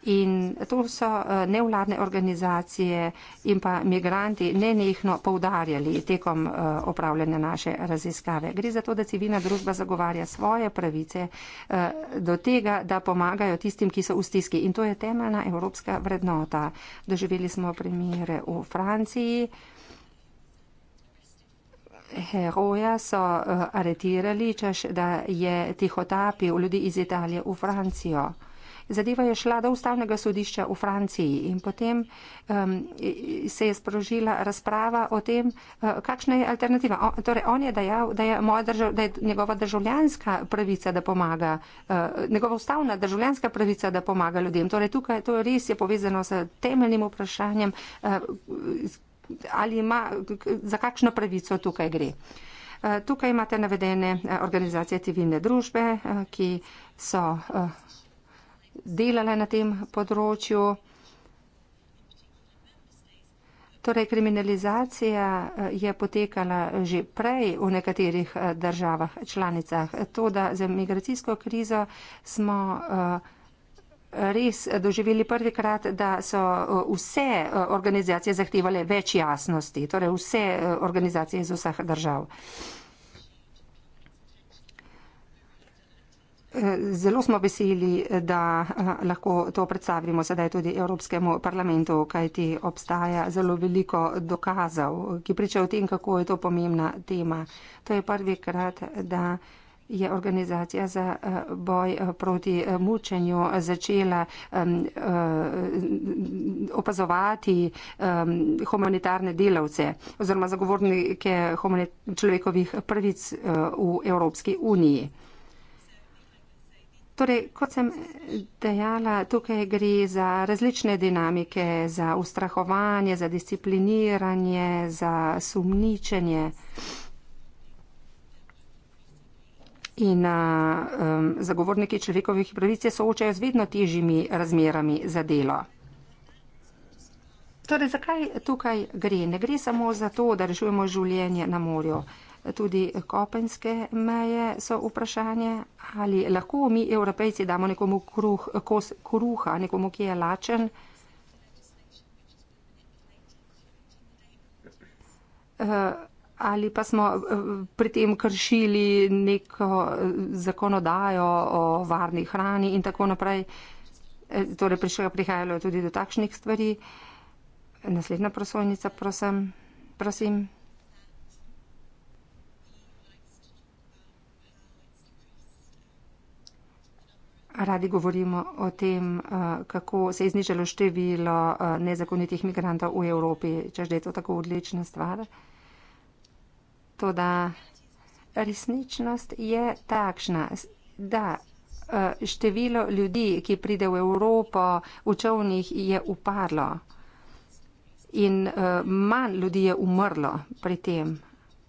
in to so eh, nevladne organizacije in pa migranti nenehno povdarjali tekom eh, opravljanja naše raziskave. Gre za to, da civilna družba zagovarja svoje pravice eh, do tega, da pomagajo tistim, ki so v stiski. In to je temeljna evropska vrednota. Doživeli smo primere v Franciji. Heroja so aretirali, češ da je tihotapil ljudi iz Italije v Francijo. Zadeva je šla do ustavnega sodišča v Franciji in potem um, se je sprožila razprava o tem, uh, kakšna je alternativa. O, torej, on je dejal, da je, moja držav, da je njegova državljanska pravica, da pomaga, uh, njegova ustavna državljanska pravica, da pomaga ljudem. Torej, tukaj to res je povezano s temeljnim vprašanjem, uh, ali ima, za kakšno pravico tukaj gre. Uh, tukaj imate navedene uh, organizacije civilne družbe, uh, ki so delale na tem področju. Torej, kriminalizacija eh, je potekala že prej v nekaterih eh, državah članicah. To, da za migracijsko krizo smo eh, res doživeli prvi krat, da so vse organizacije zahtevale več jasnosti, torej vse organizacije iz vseh držav. Zelo smo veseli, da eh, lahko to predstavimo sedaj tudi Evropskemu parlamentu, kajti obstaja zelo veliko dokazov, ki pričajo o tem, kako je to pomembna tema. To je prvi krat, da je organizacija za eh, boj eh, proti mučenju začela um, um, opazovati um, humanitarne delavce oziroma zagovornike človekovih prvic uh, v Evropski uniji. Torej, kot sem dejala, tukaj gre za različne dinamike, za ustrahovanje, za discipliniranje, za sumničenje in a, um, zagovorniki človekovih pravic se soočajo z vedno težjimi razmerami za delo. Torej, zakaj tukaj gre? Ne gre samo za to, da rešujemo življenje na morju tudi kopenske meje so vprašanje, ali lahko mi, evropejci, damo nekomu kruh, kos kruha, nekomu, ki je lačen. Eh, ali pa smo eh, pri tem kršili neko eh, zakonodajo o varni hrani in tako naprej. Torej, prihajalo je tudi do takšnih stvari. Naslednja prosojnica, prosim. prosim. radi govorimo o tem, eh, kako se je znižalo število eh, nezakonitih migrantov v Evropi, če že je to tako odlična stvar. Toda resničnost je takšna, da eh, število ljudi, ki pride v Evropo v čovnih, je upadlo in manj ljudi je umrlo pri tem.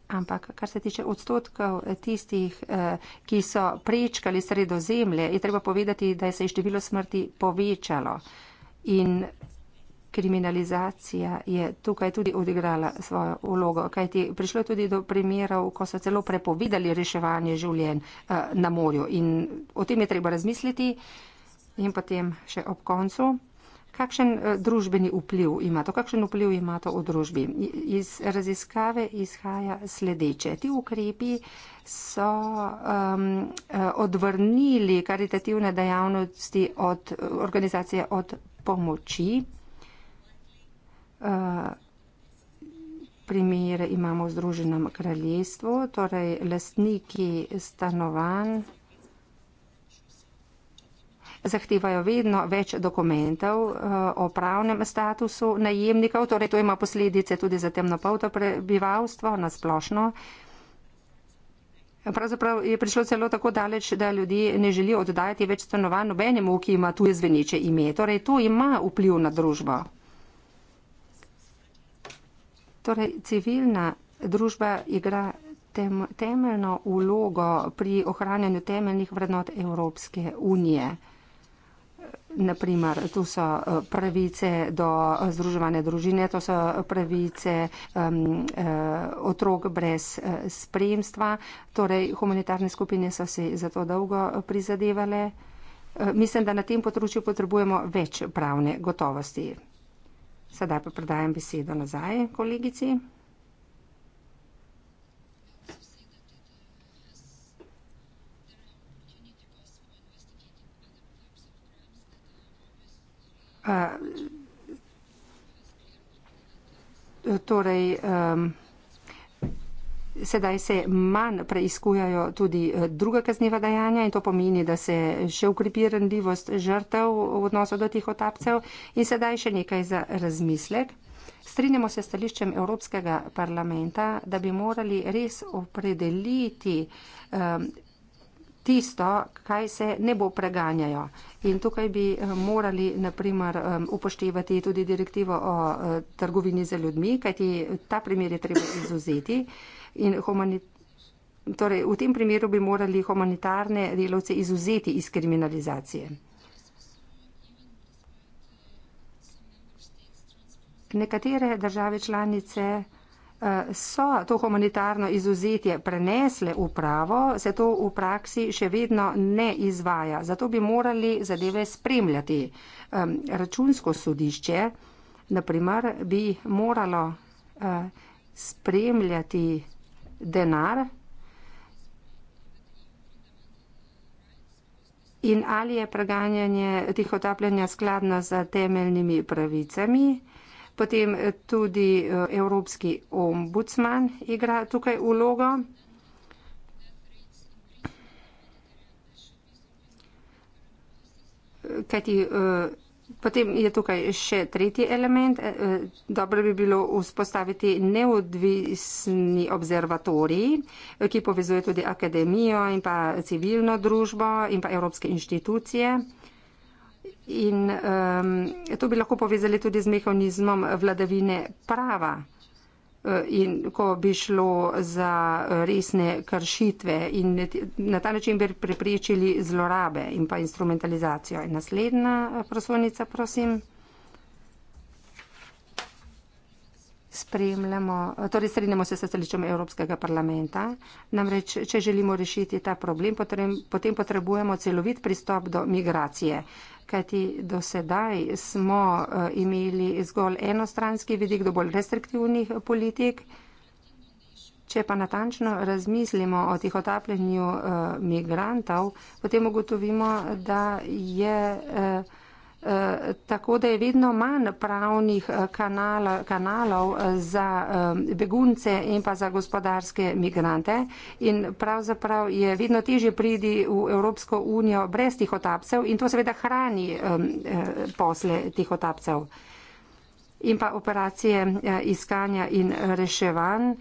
Ampak kar se tiče odstotkov eh, tistih, eh, ki so prečkali sredozemlje, je treba povedati, da je se je število smrti povečalo in kriminalizacija je tukaj tudi odigrala svojo ulogo, kajti prišlo je tudi do primerov, ko so celo prepovedali reševanje življenj eh, na morju in o tem je treba razmisliti in potem še ob koncu kakšen eh, družbeni vpliv ima to, kakšen vpliv ima to v družbi. Iz raziskave izhaja sledeče. Ti ukrepi so um, odvrnili karitativne dejavnosti od eh, organizacije od pomoči. Uh, primer imamo v Združenem kraljestvu, torej lastniki stanovanj zahtevajo vedno več dokumentov eh, o pravnem statusu najemnikov, torej to ima posledice tudi za temnopolto prebivalstvo na splošno. Pravzaprav je prišlo celo tako daleč, da ljudi ne želijo oddajati več stanovanj nobenemu, ki ima tuje zveneče ime. Torej, to ima vpliv na družbo. Torej, civilna družba igra tem, temeljno vlogo pri ohranjanju temeljnih vrednot Evropske unije. Naprimer, tu so eh, pravice do eh, združevanja družine, to so pravice um, otrok brez spremstva. Torej, humanitarne skupine so se za to dolgo prizadevale. Mislim, da na tem področju potrebujemo več pravne gotovosti. Sedaj pa predajam besedo nazaj kolegici. torej, sedaj se manj preizkujajo tudi eh, druga kazniva dejanja in to pomeni, da se še ukrepi randljivost žrtev v odnosu do tih otapcev. In sedaj še nekaj za razmislek. Strinjamo se stališčem Evropskega parlamenta, da bi morali res opredeliti. Um, tisto, kaj se ne bo preganjajo. In tukaj bi eh, morali naprimer upoštevati tudi direktivo o eh, trgovini za ljudmi, kajti eh, ta primer je treba izuzeti. Torej, v tem primeru bi morali humanitarne delavce izuzeti iz kriminalizacije. Nekatere države članice so to humanitarno izuzetje prenesle v pravo, se to v praksi še vedno ne izvaja. Zato bi morali zadeve spremljati. Računsko sodišče, naprimer, bi moralo eh, spremljati denar in ali je preganjanje tih otapljanja skladno z temeljnimi pravicami. Potem eh, tudi eh, Evropski ombudsman igra tukaj vlogo. Kajti, eh, potem je tukaj še tretji element. Dobro bi bilo vzpostaviti neodvisni observatorij, ki povezuje tudi akademijo in pa civilno družbo in pa evropske inštitucije. In um, to bi lahko povezali tudi z mehanizmom vladavine prava. Uh, in ko bi šlo za uh, resne kršitve in na ta način bi preprečili zlorabe in pa instrumentalizacijo. In naslednja uh, prosovnica, prosim. spremljamo, torej strinjamo se s stališčem Evropskega parlamenta. Namreč, če želimo rešiti ta problem, potem potrebujemo celovit pristop do migracije. Kajti do sedaj smo eh, imeli zgolj enostranski vidik do bolj restriktivnih politik. Če pa natančno razmislimo o tih otapljenju eh, migrantov, potem ugotovimo, da je eh, tako da je vedno manj pravnih eh, kanal, kanalov eh, za eh, begunce in pa za gospodarske migrante in pravzaprav je vedno težje pridi v Evropsko unijo brez tih otapcev in to seveda hrani posle tih otapcev. In pa operacije iskanja in reševanj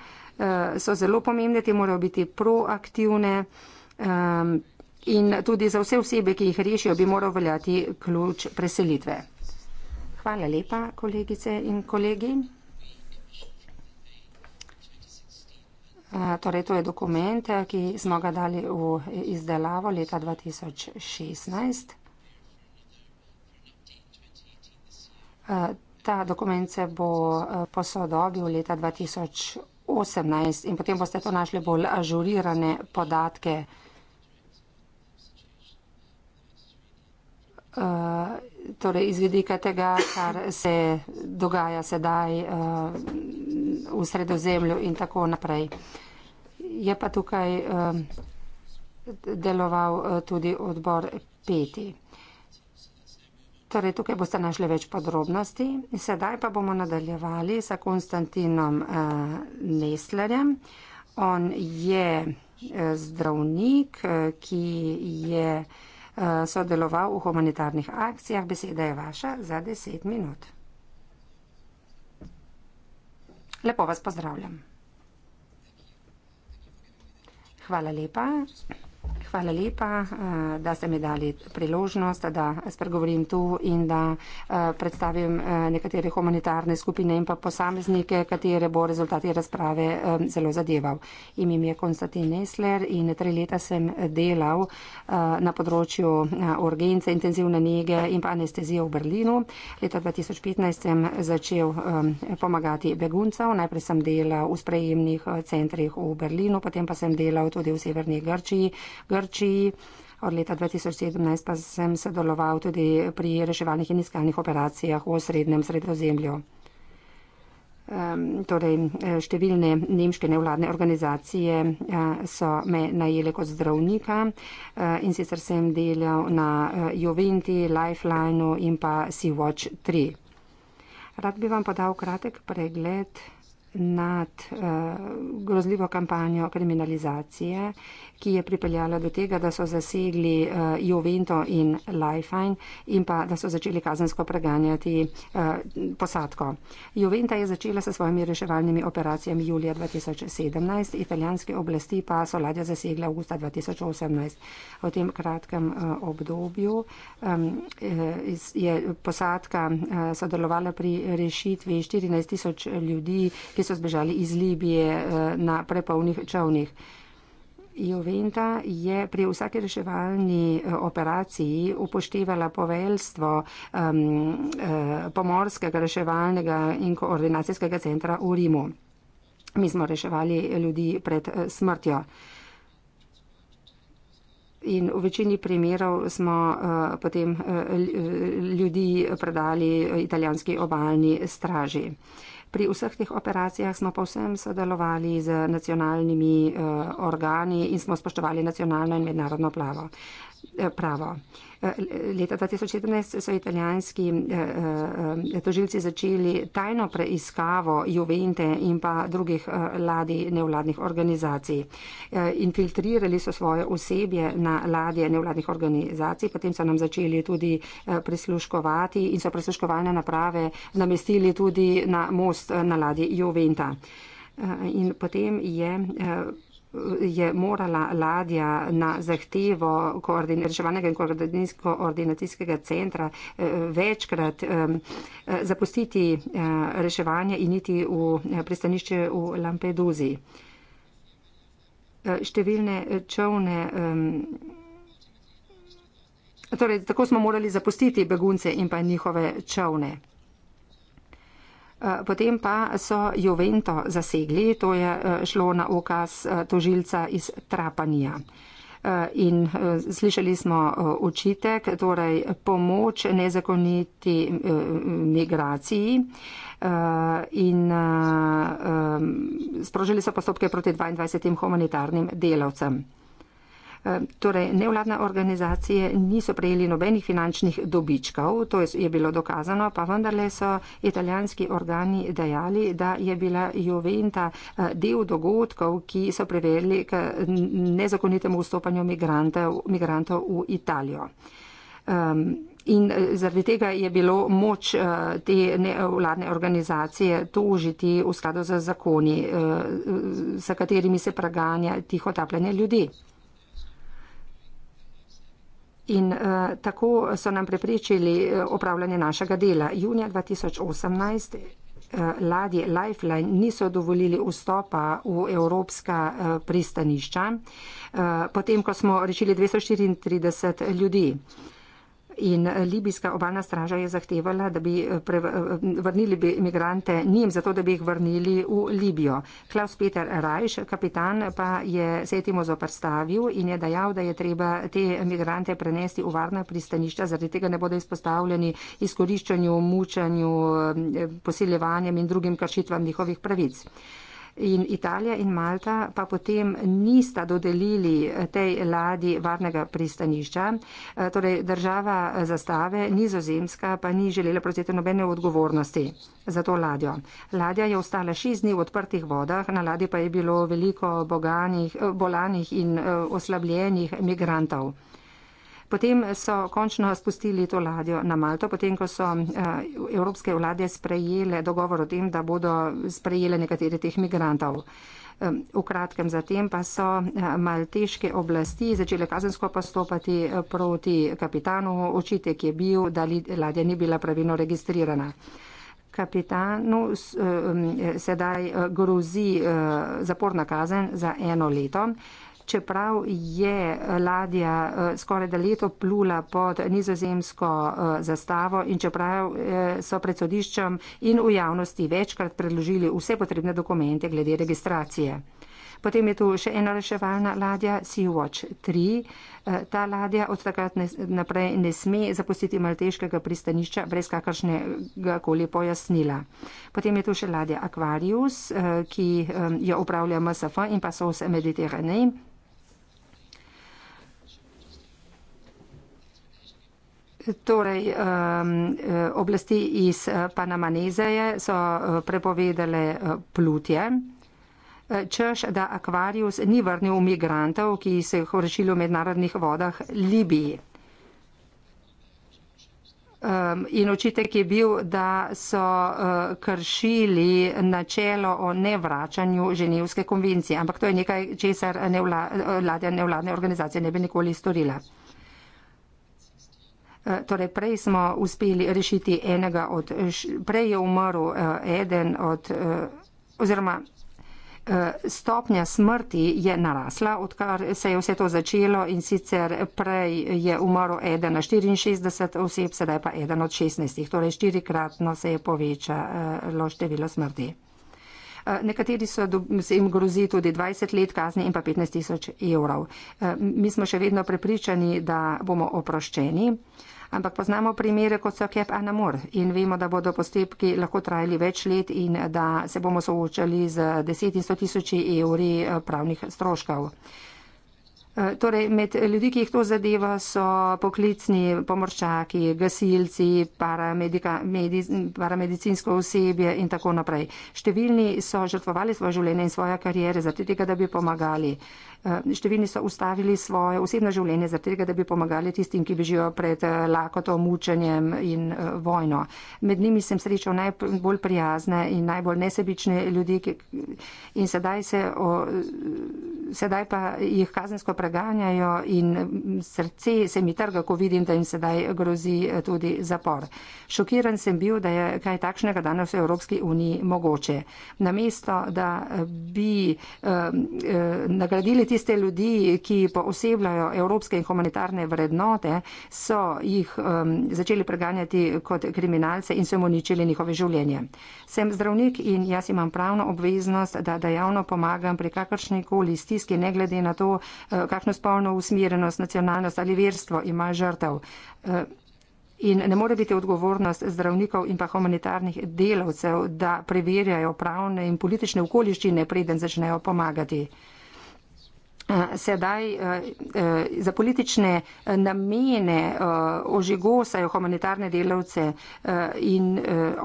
so zelo pomembne, te morajo biti proaktivne in tudi za vse osebe, ki jih rešijo, bi moral veljati ključ preselitve. Hvala lepa, kolegice in kolegi. Torej, to je dokument, ki smo ga dali v izdelavo leta 2016. Ta dokument se bo posodobil leta 2018 in potem boste to našli bolj ažurirane podatke. uh, torej izvedika tega, kar se dogaja sedaj uh, v sredozemlju in tako naprej. Je pa tukaj uh, deloval uh, tudi odbor peti. Torej, tukaj boste našli več podrobnosti. Sedaj pa bomo nadaljevali sa Konstantinom uh, Neslerjem. On je uh, zdravnik, uh, ki je uh, Eh, sodeloval v humanitarnih akcijah. Beseda je vaša za 10 minut. Lepo vas pozdravljam. Hvala lepa. Hvala lepa, eh, da ste mi dali priložnost, da spregovorim tu in da eh, predstavim eh, nekatere humanitarne skupine in pa posameznike, katere bo rezultati razprave zelo zadeval. Ime mi je Konstantin Nesler in tri leta sem delal na področju urgence, intenzivne nege in pa anestezije v Berlinu. Leta 2015 sem začel pomagati beguncev. Najprej sem delal v sprejemnih centrih v Berlinu, potem pa sem delal tudi v severni Grčiji. Grčiji. Od leta 2017 pa sem sodeloval tudi pri reševalnih in iskalnih operacijah v srednjem sredozemlju. Torej, številne nemške nevladne organizacije eh, so me najele kot zdravnika eh, in sicer sem delal na eh, Juventi, Lifelineu in pa Sea-Watch 3. Rad bi vam podal kratek pregled nad grozljivo kampanjo kriminalizacije ki je pripeljala do tega, da so zasegli uh, Juvento in Lifeline in pa da so začeli kazensko preganjati uh, posadko. Juventa je začela s svojimi reševalnimi operacijami julija 2017, italijanske oblasti pa so ladjo zasegli avgusta 2018. V tem kratkem uh, obdobju um, je posadka uh, sodelovala pri rešitvi 14 tisoč ljudi, ki so zbežali iz Libije uh, na prepolnih čovnih. Juventa je pri vsaki reševalni eh, operaciji upoštevala poveljstvo um, pomorskega reševalnega in koordinacijskega centra v Rimu. Mi smo reševali ljudi pred eh, smrtjo. In v večini primerov smo uh, potem uh, ljudi predali italijanski obalni straži. Uh, Pri vseh teh operacijah smo pa vsem sodelovali z nacionalnimi uh, organi in smo spoštovali nacionalno in mednarodno plavo. Eh, pravo. Eh, leta 2014 so italijanski eh, tožilci začeli tajno preiskavo Juvente in pa drugih ladi nevladnih organizacij. Infiltrirali so svoje osebje na ladje nevladnih organizacij, potem so nam začeli tudi prisluškovati in so prisluškovalne naprave namestili tudi na most na ladji Juventa. In potem je je morala ladja na zahtevo reševanega in koordinacijskega centra eh, večkrat eh, zapustiti eh, reševanje in iti v pristanišče v Lampeduzi. Številne čovne. Torej, tako smo morali zapustiti begunce in pa njihove čovne. Eh, potem pa so Jovento zasegli, to je eh, šlo na okaz eh, tožilca iz Trapanija. In slišali smo očitek, torej pomoč nezakoniti migraciji in sprožili so postopke proti 22 humanitarnim delavcem torej nevladne organizacije niso prejeli nobenih finančnih dobičkov, to je bilo dokazano, pa vendarle so italijanski organi dejali, da je bila Juventa eh, del dogodkov, ki so privedli k nezakonitemu vstopanju migrantov, migrantov v Italijo. Um, In eh, zaradi tega je bilo moč eh, te nevladne organizacije tožiti v skladu z zakoni, za katerimi se praganja tiho tapljanje ljudi in uh, tako so nam preprečili eh, opravljanje našega dela. Junija 2018 uh, eh, ladje Lifeline niso dovolili vstopa v evropska uh, pristanišča, uh, potem ko smo rešili 234 ljudi in eh, libijska obalna straža je zahtevala, da bi eh, eh, vrnili bi imigrante njim, zato da bi jih vrnili v Libijo. Klaus Peter Rajš, kapitan, pa je se temu zoprstavil in je dejal, da je treba te imigrante prenesti v varna pristanišča, zaradi tega ne bodo izpostavljeni izkoriščanju, mučanju, posiljevanjem in drugim kršitvam njihovih pravic in Italija in Malta pa potem nista dodelili tej ladi varnega pristanišča. E, torej država e, zastave nizozemska pa ni želela prevzeti nobene odgovornosti za to ladjo. Ladja je ostala šest dni v odprtih vodah, na ladji pa je bilo veliko boganih, e, bolanih in oslabljenih migrantov. Potem so končno spustili to ladjo na Malto, potem ko so eh, evropske vlade sprejele dogovor o tem, da bodo sprejele nekatere teh migrantov. V kratkem zatem pa so eh, malteške oblasti začele kazensko postopati eh, proti kapitanu. Očitek je bil, da ladja ni bila pravilno registrirana. Kapitanu sedaj grozi zaporna kazen za eno leto čeprav je ladja eh, skoraj da leto plula pod nizozemsko eh, zastavo in čeprav eh, so pred sodiščem in v javnosti večkrat predložili vse potrebne dokumente glede registracije. Potem je tu še ena reševalna ladja, Sea-Watch 3. Ta ladja od takrat ne, naprej ne sme zapustiti malteškega pristanišča brez kakršnega koli pojasnila. Potem je tu še ladja Aquarius, ki jo upravlja MSF in pa so vse Mediterranej. torej, um, eh, oblasti iz eh, Panamanezeje so eh, prepovedale plutje. Češ, da akvarijus ni vrnil migrantov, ki se jih vršili v mednarodnih vodah Libiji. Um, in očitek je bil, da so uh, kršili načelo o nevračanju ženevske konvencije. Ampak to je nekaj, česar nevla, vlade, nevladne organizacije ne bi nikoli storila. Eh, torej, prej smo uspeli rešiti enega od, prej je umrl eh, eden od, eh, oziroma stopnja smrti je narasla, odkar se je vse to začelo in sicer prej je umrl eden na 64 oseb, sedaj pa eden od 16. Torej, štirikratno se je povečalo število smrti. Nekateri so jim grozi tudi 20 let kazni in pa 15 tisoč evrov. Mi smo še vedno prepričani, da bomo oproščeni ampak poznamo primere, kot so Kep Anamur in vemo, da bodo postopki lahko trajali več let in da se bomo soočali z 10 in 100 tisoči evri eh, pravnih stroškov. Eh, torej, med ljudi, ki jih to zadeva, so poklicni pomorščaki, gasilci, paramedika, medic, paramedicinsko osebje in tako naprej. Številni so žrtvovali svoje življenje in svoje karijere zato, da bi pomagali. Eh, številni so ustavili svoje osebno življenje zaradi tega, da bi pomagali tistim, ki bežijo pred eh, lakoto, mučenjem in eh, vojno. Med njimi sem srečal najbolj prijazne in najbolj nesebične ljudi in sedaj, se, o, sedaj pa jih kazensko preganjajo in mm, srce se mi trga, ko vidim, da jim sedaj grozi tudi zapor. Šokiran sem bil, da je kaj takšnega danes v Evropski uniji mogoče. Namesto, da bi eh, eh, nagradili tisti, tiste ljudi, ki poosebljajo evropske in humanitarne vrednote, so jih um, začeli preganjati kot kriminalce in so jim uničili njihove življenje. Sem zdravnik in jaz imam pravno obveznost, da dejavno pomagam pri kakršnikoli stiski, ne glede na to, uh, kakšno spolno usmirenost, nacionalnost ali verstvo ima žrtev. Uh, In ne more biti odgovornost zdravnikov in pa humanitarnih delavcev, da preverjajo pravne in politične okoliščine, preden začnejo pomagati. Uh, Eh, sedaj eh, eh, za politične namene ožigosajo humanitarne delavce in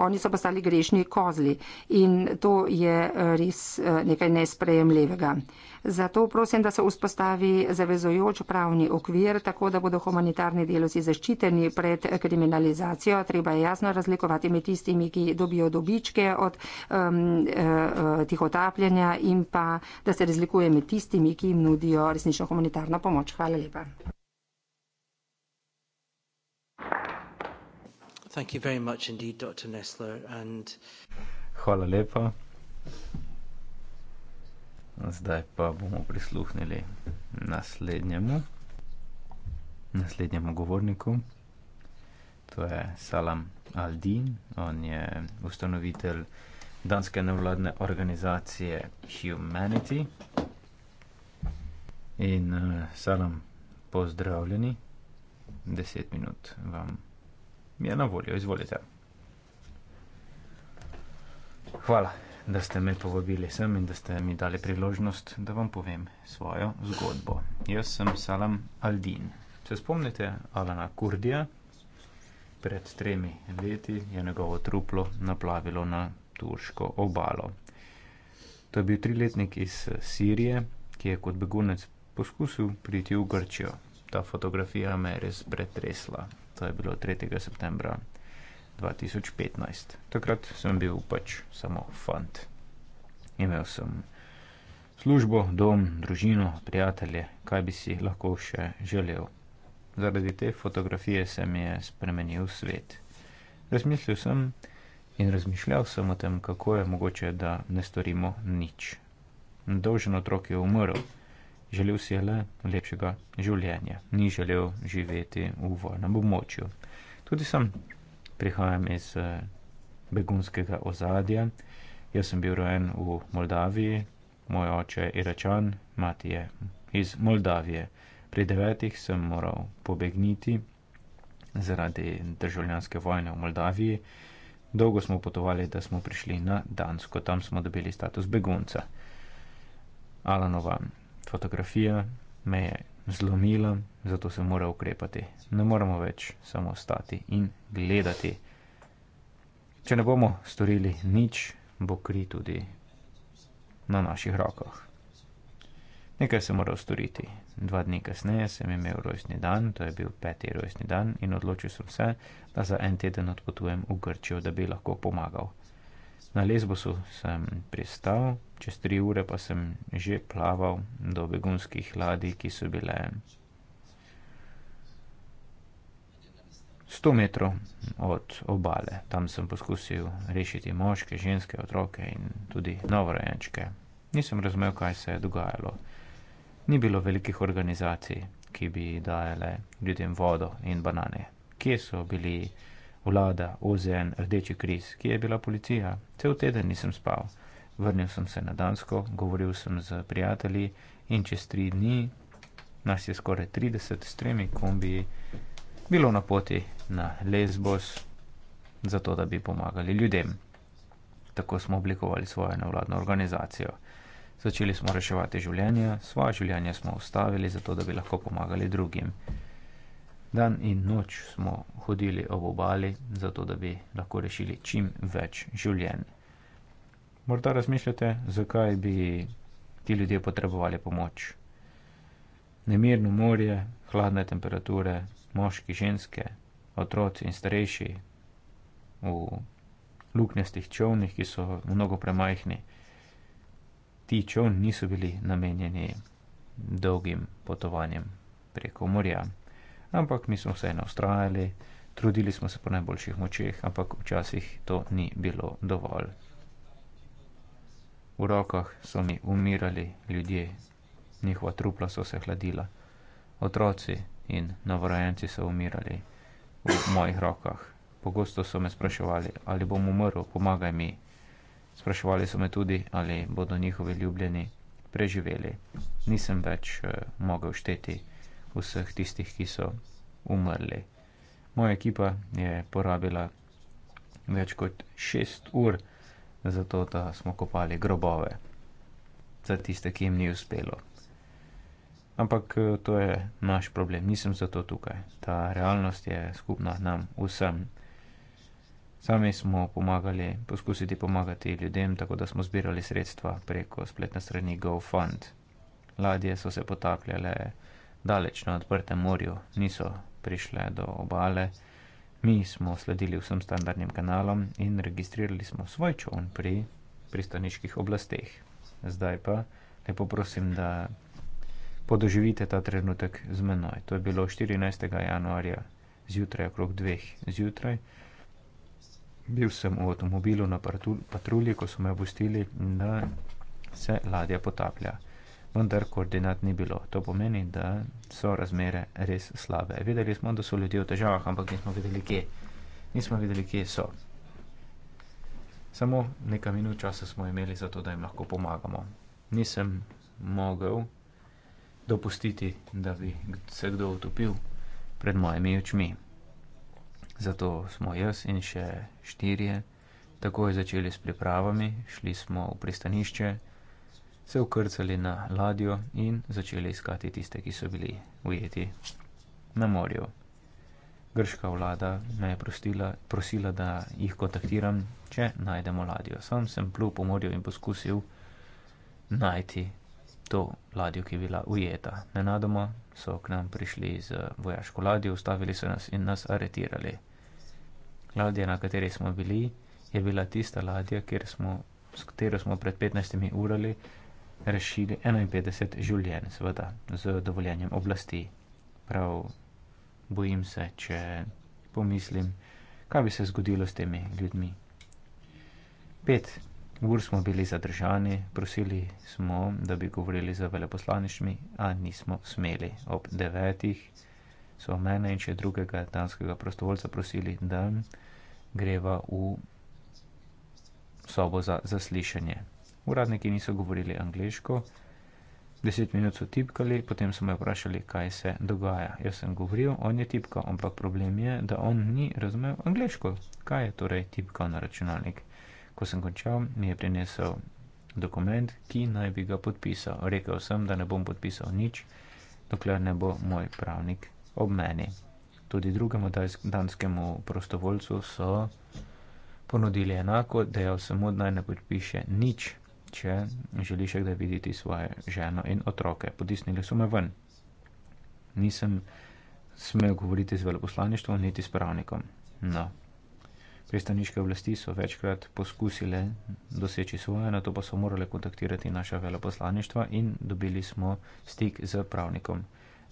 oni so postali grešni kozli. In to je res nekaj nesprejemljivega. Zato prosim, da se vzpostavi zavezojoč pravni okvir, tako da bodo humanitarni delosi zaščiteni pred kriminalizacijo. Treba je jasno razlikovati med tistimi, ki dobijo dobičke od um, uh, eh, tih otapljanja in pa, da se razlikuje med tistimi, ki jim nudijo resnično humanitarno pomoč. Hvala lepa. Hvala lepa. Zdaj pa bomo prisluhnili naslednjemu, naslednjemu govorniku. To je Salam Aldin, on je ustanovitelj danske nevladne organizacije Humanity. In uh, Salam, pozdravljeni. Deset minut vam je na voljo, izvolite. Hvala da ste me povabili sem in da ste mi dali priložnost, da vam povem svojo zgodbo. Jaz sem Salam Aldin. Se spomnite Alana Kurdija? Pred tremi leti je njegovo truplo naplavilo na turško obalo. To je bil triletnik iz Sirije, ki je kot begunec poskusil priti v Grčijo. Ta fotografija me je res pretresla. To je bilo 3. septembra 2015. Takrat sem bil pač samo fant. Imel sem službo, dom, družino, prijatelje, kaj bi si lahko še želel. Zaradi te fotografije se mi je spremenil svet. Razmislil sem in razmišljal sem o tem, kako je mogoče, da ne storimo nič. Dolžen otrok je umrl. Želel si je le lepšega življenja, ni želel živeti v vojnem območju. Tudi sem prihajam iz uh, begunskega ozadja. Jaz sem bil rojen v Moldaviji, moj oče je Iračan, mati je iz Moldavije. Pri devetih sem moral pobegniti zaradi državljanske vojne v Moldaviji. Dolgo smo potovali, da smo prišli na Dansko, tam smo dobili status begunca. Alanova fotografija me je zlomila, zato se mora ukrepati. Ne moremo več samo stati in gledati. Če ne bomo storili nič, bo kri tudi na naših rokah. Nekaj sem moral storiti. Dva dni kasneje sem imel rojstni dan, to je bil peti rojstni dan, in odločil sem se, da za en teden odpotujem v Grčijo, da bi lahko pomagal. Na Lesbosu sem pristal, čez tri ure pa sem že plaval do begunskih ladij, ki so bile 100 metrov od obale. Tam sem poskusil rešiti moške, ženske, otroke in tudi novorojenčke. Nisem razumel, kaj se je dogajalo. Ni bilo velikih organizacij, ki bi dajale ljudem vodo in banane. Kje so bili vlada, OZN, Rdeči križ, kje je bila policija? Cel teden nisem spal. Vrnil sem se na Dansko, govoril sem z prijatelji in čez tri dni nas je skoraj 30 s tremi kombiji bilo na poti na Lesbos, zato da bi pomagali ljudem. Tako smo oblikovali svojo nevladno organizacijo. Začeli smo reševati življenja, svoje življenje smo ustavili, zato da bi lahko pomagali drugim. Dan in noč smo hodili ob obali, zato da bi lahko rešili čim več življenj. Morda razmišljate, zakaj bi ti ljudje potrebovali pomoč. Nemirno morje, hladne temperature, moški, ženske, otroci in starejši v luknjastih čovnih, ki so mnogo premajhni. Ti čovni niso bili namenjeni dolgim potovanjem preko morja, ampak mi smo vseeno ustrajali, trudili smo se po najboljših močeh, ampak včasih to ni bilo dovolj. V rokah so mi umirali ljudje, njihova trupla so se hladila, otroci in novorojenci so umirali v mojih rokah. Pogosto so me spraševali, ali bom umrl, pomagaj mi. Spraševali so me tudi, ali bodo njihovi ljubljeni preživeli. Nisem več uh, mogel šteti vseh tistih, ki so umrli. Moja ekipa je porabila več kot šest ur za to, da smo kopali grobove za tiste, ki jim ni uspelo. Ampak eh, to je naš problem, nisem zato tukaj. Ta realnost je skupna nam vsem. Sami smo pomagali, poskusili pomagati ljudem, tako da smo zbirali sredstva preko spletne strani GoFund. Ladje so se potapljale daleč na odprtem morju, niso prišle do obale. Mi smo sledili vsem standardnim kanalom in registrirali smo svoj čovn pri pristaniških oblasteh. Zdaj pa lepo prosim, da podoživite ta trenutek z menoj. To je bilo 14. januarja zjutraj, okrog dveh zjutraj. Bil sem v avtomobilu na patrulji, ko so me obustili, da se ladja potaplja. Vendar koordinat ni bilo. To pomeni, da so razmere res slabe. Vedeli smo, da so ljudje v težavah, ampak nismo vedeli, kje. Nismo vedeli, kje so. Samo nekaj minut časa smo imeli za to, da jim lahko pomagamo. Nisem mogel dopustiti, da bi se kdo utopil pred mojimi očmi. Zato smo jaz in še štirje takoj začeli s pripravami, šli smo v pristanišče, se ukrcali na ladjo in začeli iskati tiste, ki so bili ujeti na morju. Grška vlada me je prosila, prosila, da jih kontaktiram, če najdemo ladjo. Sam sem plul po morju in poskusil najti to ladjo, ki je bila ujeta. Nenadoma so k nam prišli z eh, vojaško ladjo, ustavili so nas in nas aretirali. Ladja, na kateri smo bili, je bila tista ladja, smo, s katero smo pred 15 urami rešili 51 življenj, seveda, z dovoljenjem oblasti. Prav bojim se, če pomislim, kaj bi se zgodilo s temi ljudmi. 5. Ur smo bili zadržani, prosili smo, da bi govorili za veleposlanišmi, a nismo smeli. Ob devetih so mene in še drugega danskega prostovoljca prosili, da greva v sobo za zaslišanje. Uradniki niso govorili angliško, deset minut so tipkali, potem so me vprašali, kaj se dogaja. Jaz sem govoril, on je tipkal, ampak problem je, da on ni razumel angliško. Kaj je torej tipkal na računalnik? Ko sem končal, mi je prinesel dokument, ki naj bi ga podpisal. Rekel sem, da ne bom podpisal nič, dokler ne bo moj pravnik ob meni. Tudi drugemu danskemu prostovoljcu so ponudili enako, dejal samo, da ne podpiše nič, če želi še kdaj videti svoje ženo in otroke. Podisnili so me ven. Nisem smel govoriti z veleposlaništvom, niti s pravnikom. No, pristaniške oblasti so večkrat poskusile doseči svoje, na to pa so morale kontaktirati naša veleposlaništva in dobili smo stik z pravnikom.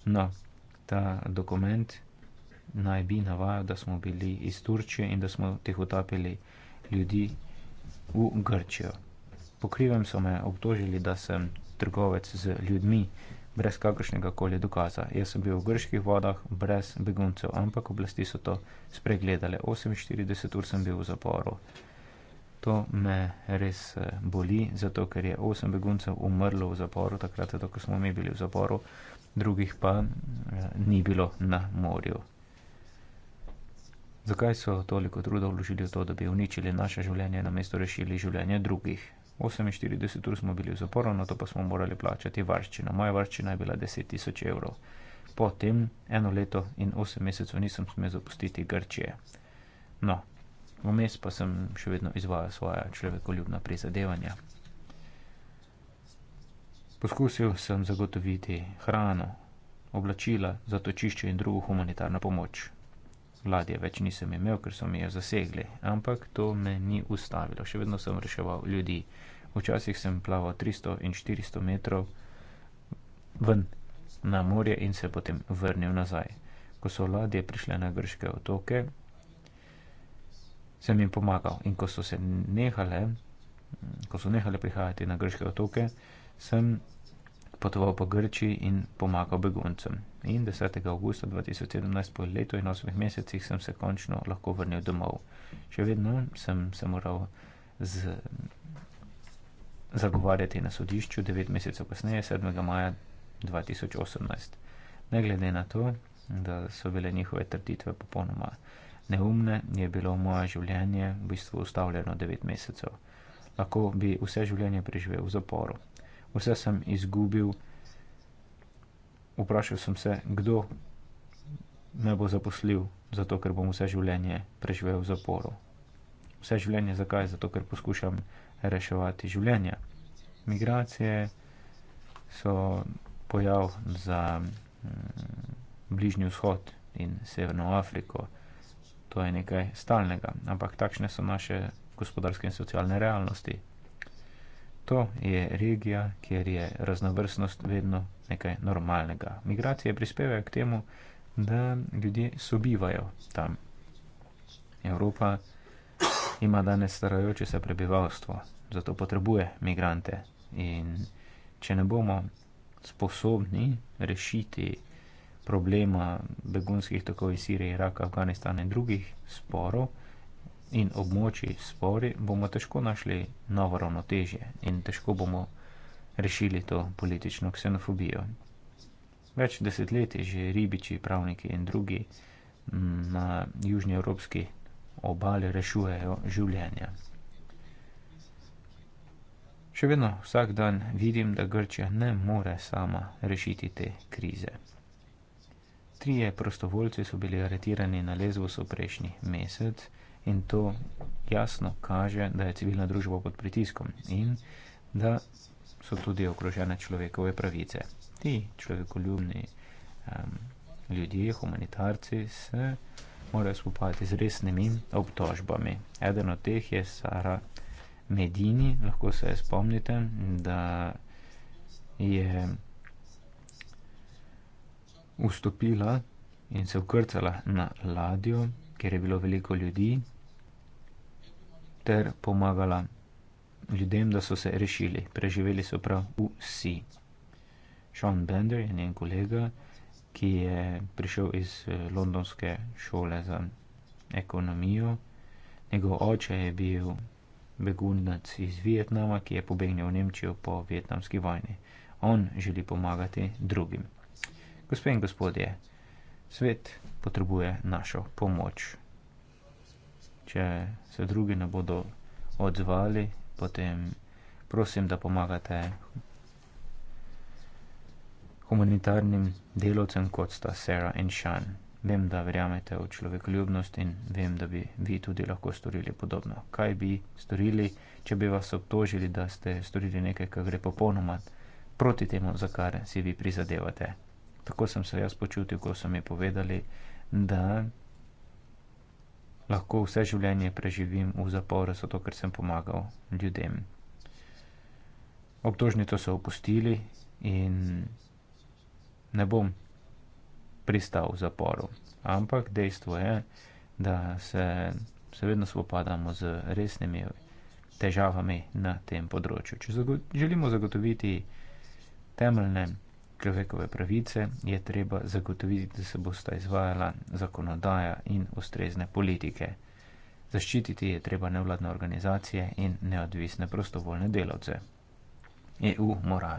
No, ta dokument naj bi navajal, da smo bili iz Turčije in da smo teh utapili ljudi v Grčijo. Pokrivem so me obtožili, da sem trgovec z ljudmi, brez kakršnega koli dokaza. Jaz sem bil v grških vodah brez beguncev, ampak oblasti so to spregledale. 48 ur sem bil v zaporu. To me res eh, boli, zato ker je 8 beguncev umrlo v zaporu, takrat, ko smo mi bili v zaporu, drugih pa eh, ni bilo na morju. Zakaj so toliko truda vložili v to, da bi uničili naše življenje, namesto rešili življenje drugih? 48 ur smo bili v zaporu, no to pa smo morali plačati varščino. Moja varščina je bila 10 tisoč evrov. Potem eno leto in 8 mesecev nisem smel zapustiti Grčije. No, vmes pa sem še vedno izvajal svoja človekoljubna prizadevanja. Poskusil sem zagotoviti hrano, oblačila, zatočišče in drugo humanitarno pomoč ladje več nisem imel, ker so mi jo zasegli, ampak to me ni ustavilo, še vedno sem reševal ljudi. Včasih sem plaval 300 in 400 metrov ven na morje in se potem vrnil nazaj. Ko so ladje prišle na grške otoke, sem jim pomagal in ko so se nehale, ko so nehale prihajati na grške otoke, sem potoval po Grčiji in pomagal beguncem. In 10. augusta 2017, po letu in 8 mesecih, sem se končno lahko vrnil domov. Še vedno sem se moral z, zagovarjati na sodišču, 9 mesecev kasneje, 7. maja 2018. Ne glede na to, da so bile njihove trditve popolnoma neumne, je bilo moje življenje v bistvu ustavljeno 9 mesecev. Lahko bi vse življenje preživel v zaporu vse sem izgubil. Vprašal sem se, kdo me bo zaposlil, zato ker bom vse življenje preživel v zaporu. Vse življenje zakaj? Zato ker poskušam reševati življenje. Migracije so pojav za mm, Bližnji vzhod in Severno Afriko. To je nekaj stalnega, ampak takšne so naše gospodarske in socialne realnosti. To je regija, kjer je raznovrstnost vedno nekaj normalnega. Migracije prispevajo k temu, da ljudje sobivajo tam. Evropa ima danes starajoče se prebivalstvo, zato potrebuje migrante. In če ne bomo sposobni rešiti problema begunskih, tako iz Sirije, Iraka, Afganistana in drugih sporov, in območji spori, bomo težko našli novo ravnotežje in težko bomo rešili to politično ksenofobijo. Več desetletij že ribiči, pravniki in drugi mm, na južni evropski obali rešujejo življenja. Še vedno vsak dan vidim, da Grčija ne more sama rešiti te krize. Trije prostovoljci so bili aretirani na Lezbosu prejšnji mesec in to jasno kaže, da je civilna družba pod pritiskom in da so tudi ogrožene človekove pravice. Ti človekoljubni um, ljudje, humanitarci, se morajo spopati z resnimi obtožbami. Eden od teh je Sara Medini, lahko se je spomnite, da je vstopila in se ukrcala na ladjo kjer je bilo veliko ljudi, ter pomagala ljudem, da so se rešili. Preživeli so prav vsi. Sean Bender je njen kolega, ki je prišel iz eh, londonske šole za ekonomijo. Njegov oče je bil begunac iz Vietnama, ki je pobegnil v Nemčijo po vietnamski vojni. On želi pomagati drugim. Gospe in gospodje, svet potrebuje našo pomoč. Če se drugi ne bodo odzvali, potem prosim, da pomagate humanitarnim delovcem, kot sta Sarah in Sean. Vem, da verjamete v človekoljubnost in vem, da bi vi tudi lahko storili podobno. Kaj bi storili, če bi vas obtožili, da ste storili nekaj, kar gre popolnoma proti temu, za kar si vi prizadevate? Tako sem se jaz počutil, ko so mi povedali, da lahko vse življenje preživim v zaporu, zato ker sem pomagal ljudem. Obtožnico so opustili in ne bom pristal v zaporu. Ampak dejstvo je, da se, se vedno spopadamo z resnimi težavami na tem področju. Če zago želimo zagotoviti temeljne človekove pravice, je treba zagotoviti, da se bosta izvajala zakonodaja in ustrezne politike. Zaščititi je treba nevladne organizacije in neodvisne prostovoljne delavce. EU mora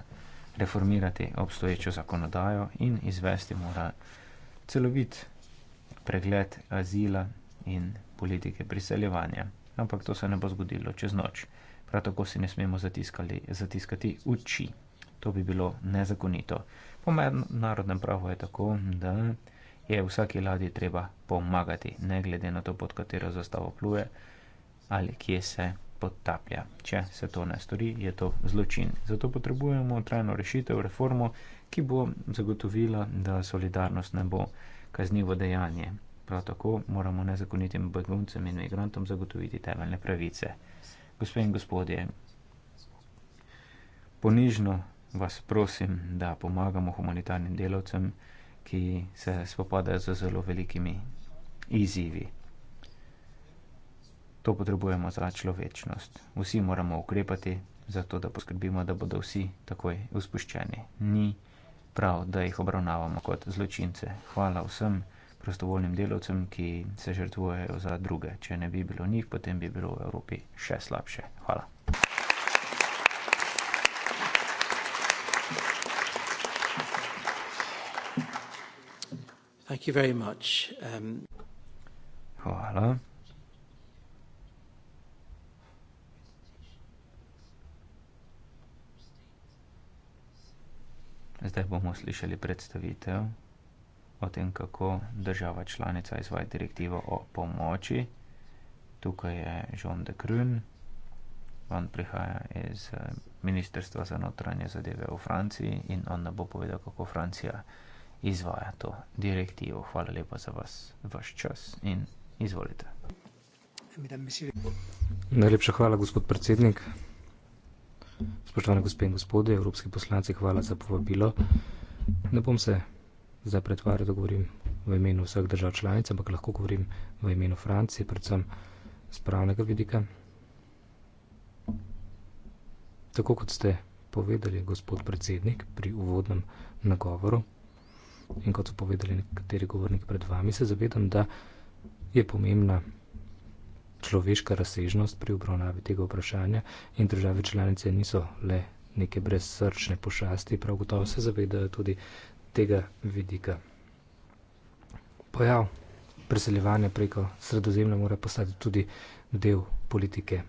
reformirati obstoječo zakonodajo in izvesti mora celovit pregled azila in politike priseljevanja. Ampak to se ne bo zgodilo čez noč. Prav tako si ne smemo zatiskali, zatiskati oči to bi bilo nezakonito. Po mednarodnem pravu je tako, da je vsaki ladji treba pomagati, ne glede na to, pod katero zastavo pluje ali kje se potaplja. Če se to ne stori, je to zločin. Zato potrebujemo trajno rešitev, reformo, ki bo zagotovila, da solidarnost ne bo kaznivo dejanje. Prav tako moramo nezakonitim beguncem in imigrantom zagotoviti temeljne pravice. Gospe in gospodje, ponižno vas prosim, da pomagamo humanitarnim delavcem, ki se spopadajo z zelo velikimi izzivi. To potrebujemo za človečnost. Vsi moramo ukrepati, zato da poskrbimo, da bodo vsi takoj uspuščeni. Ni prav, da jih obravnavamo kot zločince. Hvala vsem prostovoljnim delavcem, ki se žrtvujejo za druge. Če ne bi bilo njih, potem bi bilo v Evropi še slabše. Hvala. Thank you very much. Um... Hvala. Zdaj bomo slišali predstavitev o tem, kako država članica izvaja direktivo o pomoči. Tukaj je Jean de Krun, on prihaja iz eh, Ministrstva za notranje zadeve v Franciji in on nam bo povedal, kako Francija izvaja to direktivo. Hvala lepa za vas, vaš čas in izvolite. Najlepša hvala, gospod predsednik. Spoštovane gospe in gospode, evropski poslanci, hvala za povabilo. Ne bom se za pretvarjal, da govorim v imenu vseh držav članic, ampak lahko govorim v imenu Francije, predvsem z pravnega vidika. Tako kot ste povedali, gospod predsednik, pri uvodnem nagovoru, in kot so povedali nekateri govorniki pred vami, se zavedam, da je pomembna človeška razsežnost pri obravnavi tega vprašanja in države članice niso le neke brezsrčne pošasti, prav gotovo se zavedajo tudi tega vidika. Pojav preseljevanja preko sredozemlja mora postati tudi del politike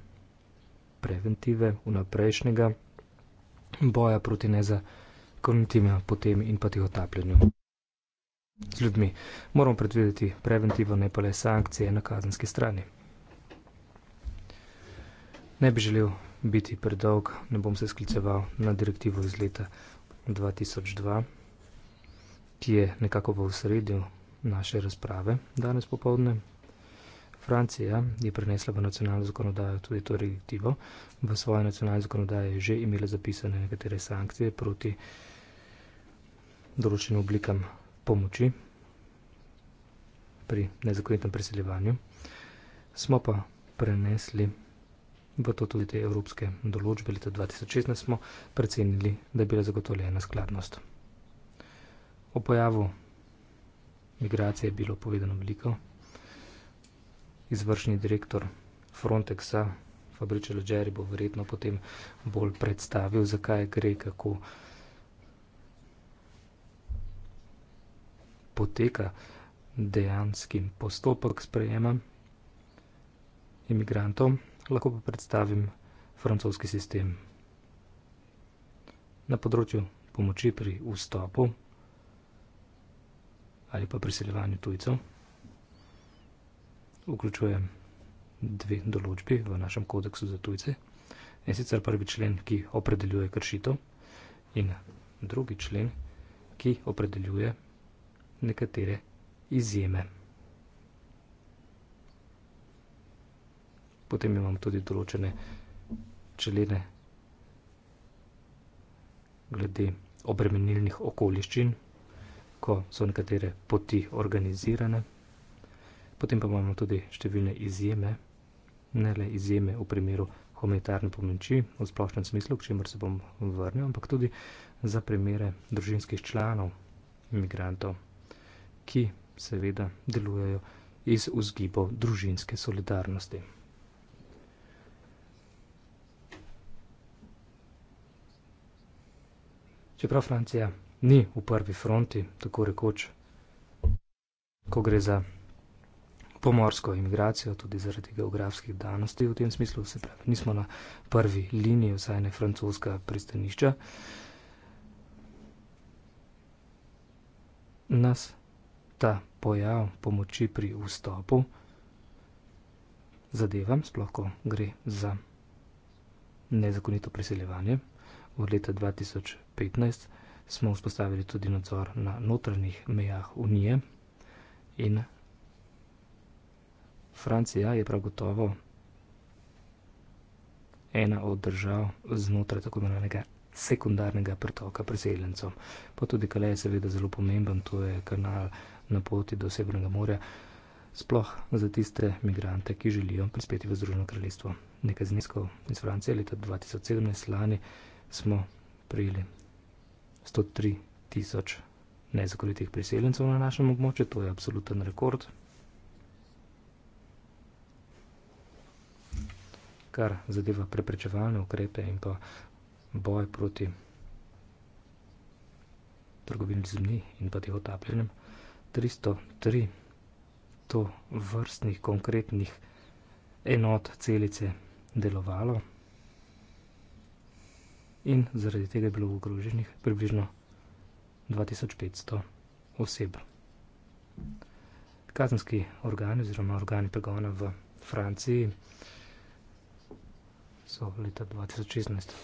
preventive, vnaprejšnjega boja proti nezakonitim potem in pa tih otapljanju z ljudmi. Moramo predvideti preventivo, ne pa le sankcije na kazenski strani. Ne bi želel biti predolg, ne bom se skliceval na direktivo iz leta 2002, ki je nekako v usredju naše razprave danes popovdne. Francija je prenesla v nacionalno zakonodajo tudi to direktivo. V svoje nacionalne zakonodaje je že imela zapisane nekatere sankcije proti določenim oblikam pomoči pri nezakonitem preseljevanju. Smo pa prenesli v to tudi te evropske določbe. Leta 2016 smo precenili, da je bila zagotovljena skladnost. O pojavu migracije je bilo povedano veliko. Izvršni direktor Frontexa Fabrice Leggeri bo verjetno potem bolj predstavil, zakaj gre, kako je. poteka dejanski postopek sprejema imigrantov, lahko pa predstavim francoski sistem. Na področju pomoči pri vstopu ali pa priseljevanju tujcev vključuje dve določbi v našem kodeksu za tujce. In sicer prvi člen, ki opredeljuje kršitev, in drugi člen, ki opredeljuje kršitev nekatere izjeme. Potem imam tudi določene člene glede obremenilnih okoliščin, ko so nekatere poti organizirane. Potem pa imamo tudi številne izjeme, ne le izjeme v primeru humanitarne pomenči v splošnem smislu, k čemer se bom vrnil, ampak tudi za primere družinskih članov imigrantov ki seveda delujejo iz vzgibov družinske solidarnosti. Čeprav Francija ni v prvi fronti, tako rekoč, ko gre za pomorsko imigracijo, tudi zaradi geografskih danosti v tem smislu, se pravi, nismo na prvi liniji, vsaj ne francoska pristanišča, nas ta pojav pomoči pri vstopu, zadevam, sploh ko gre za nezakonito priseljevanje. Od leta 2015 smo vzpostavili tudi nadzor na notranjih mejah Unije in Francija je prav gotovo ena od držav znotraj tako imenovanega sekundarnega pritoka priseljencov. Pa tudi Kale je seveda zelo pomemben, to je kanal na poti do Severnega morja, sploh za tiste migrante, ki želijo prispeti v Združeno kraljestvo. Nekaj zneskov iz Francije leta 2017 lani smo prijeli 103 tisoč nezakonitih priseljencev na našem območju, to je absoluten rekord. Kar zadeva preprečevalne ukrepe in pa boj proti trgovini z ljudmi in pa tih otapljenjem. 303 to vrstnih konkretnih enot celice delovalo in zaradi tega je bilo ogroženih približno 2500 oseb. Kazenski organi oziroma organi pregona v Franciji so leta 2016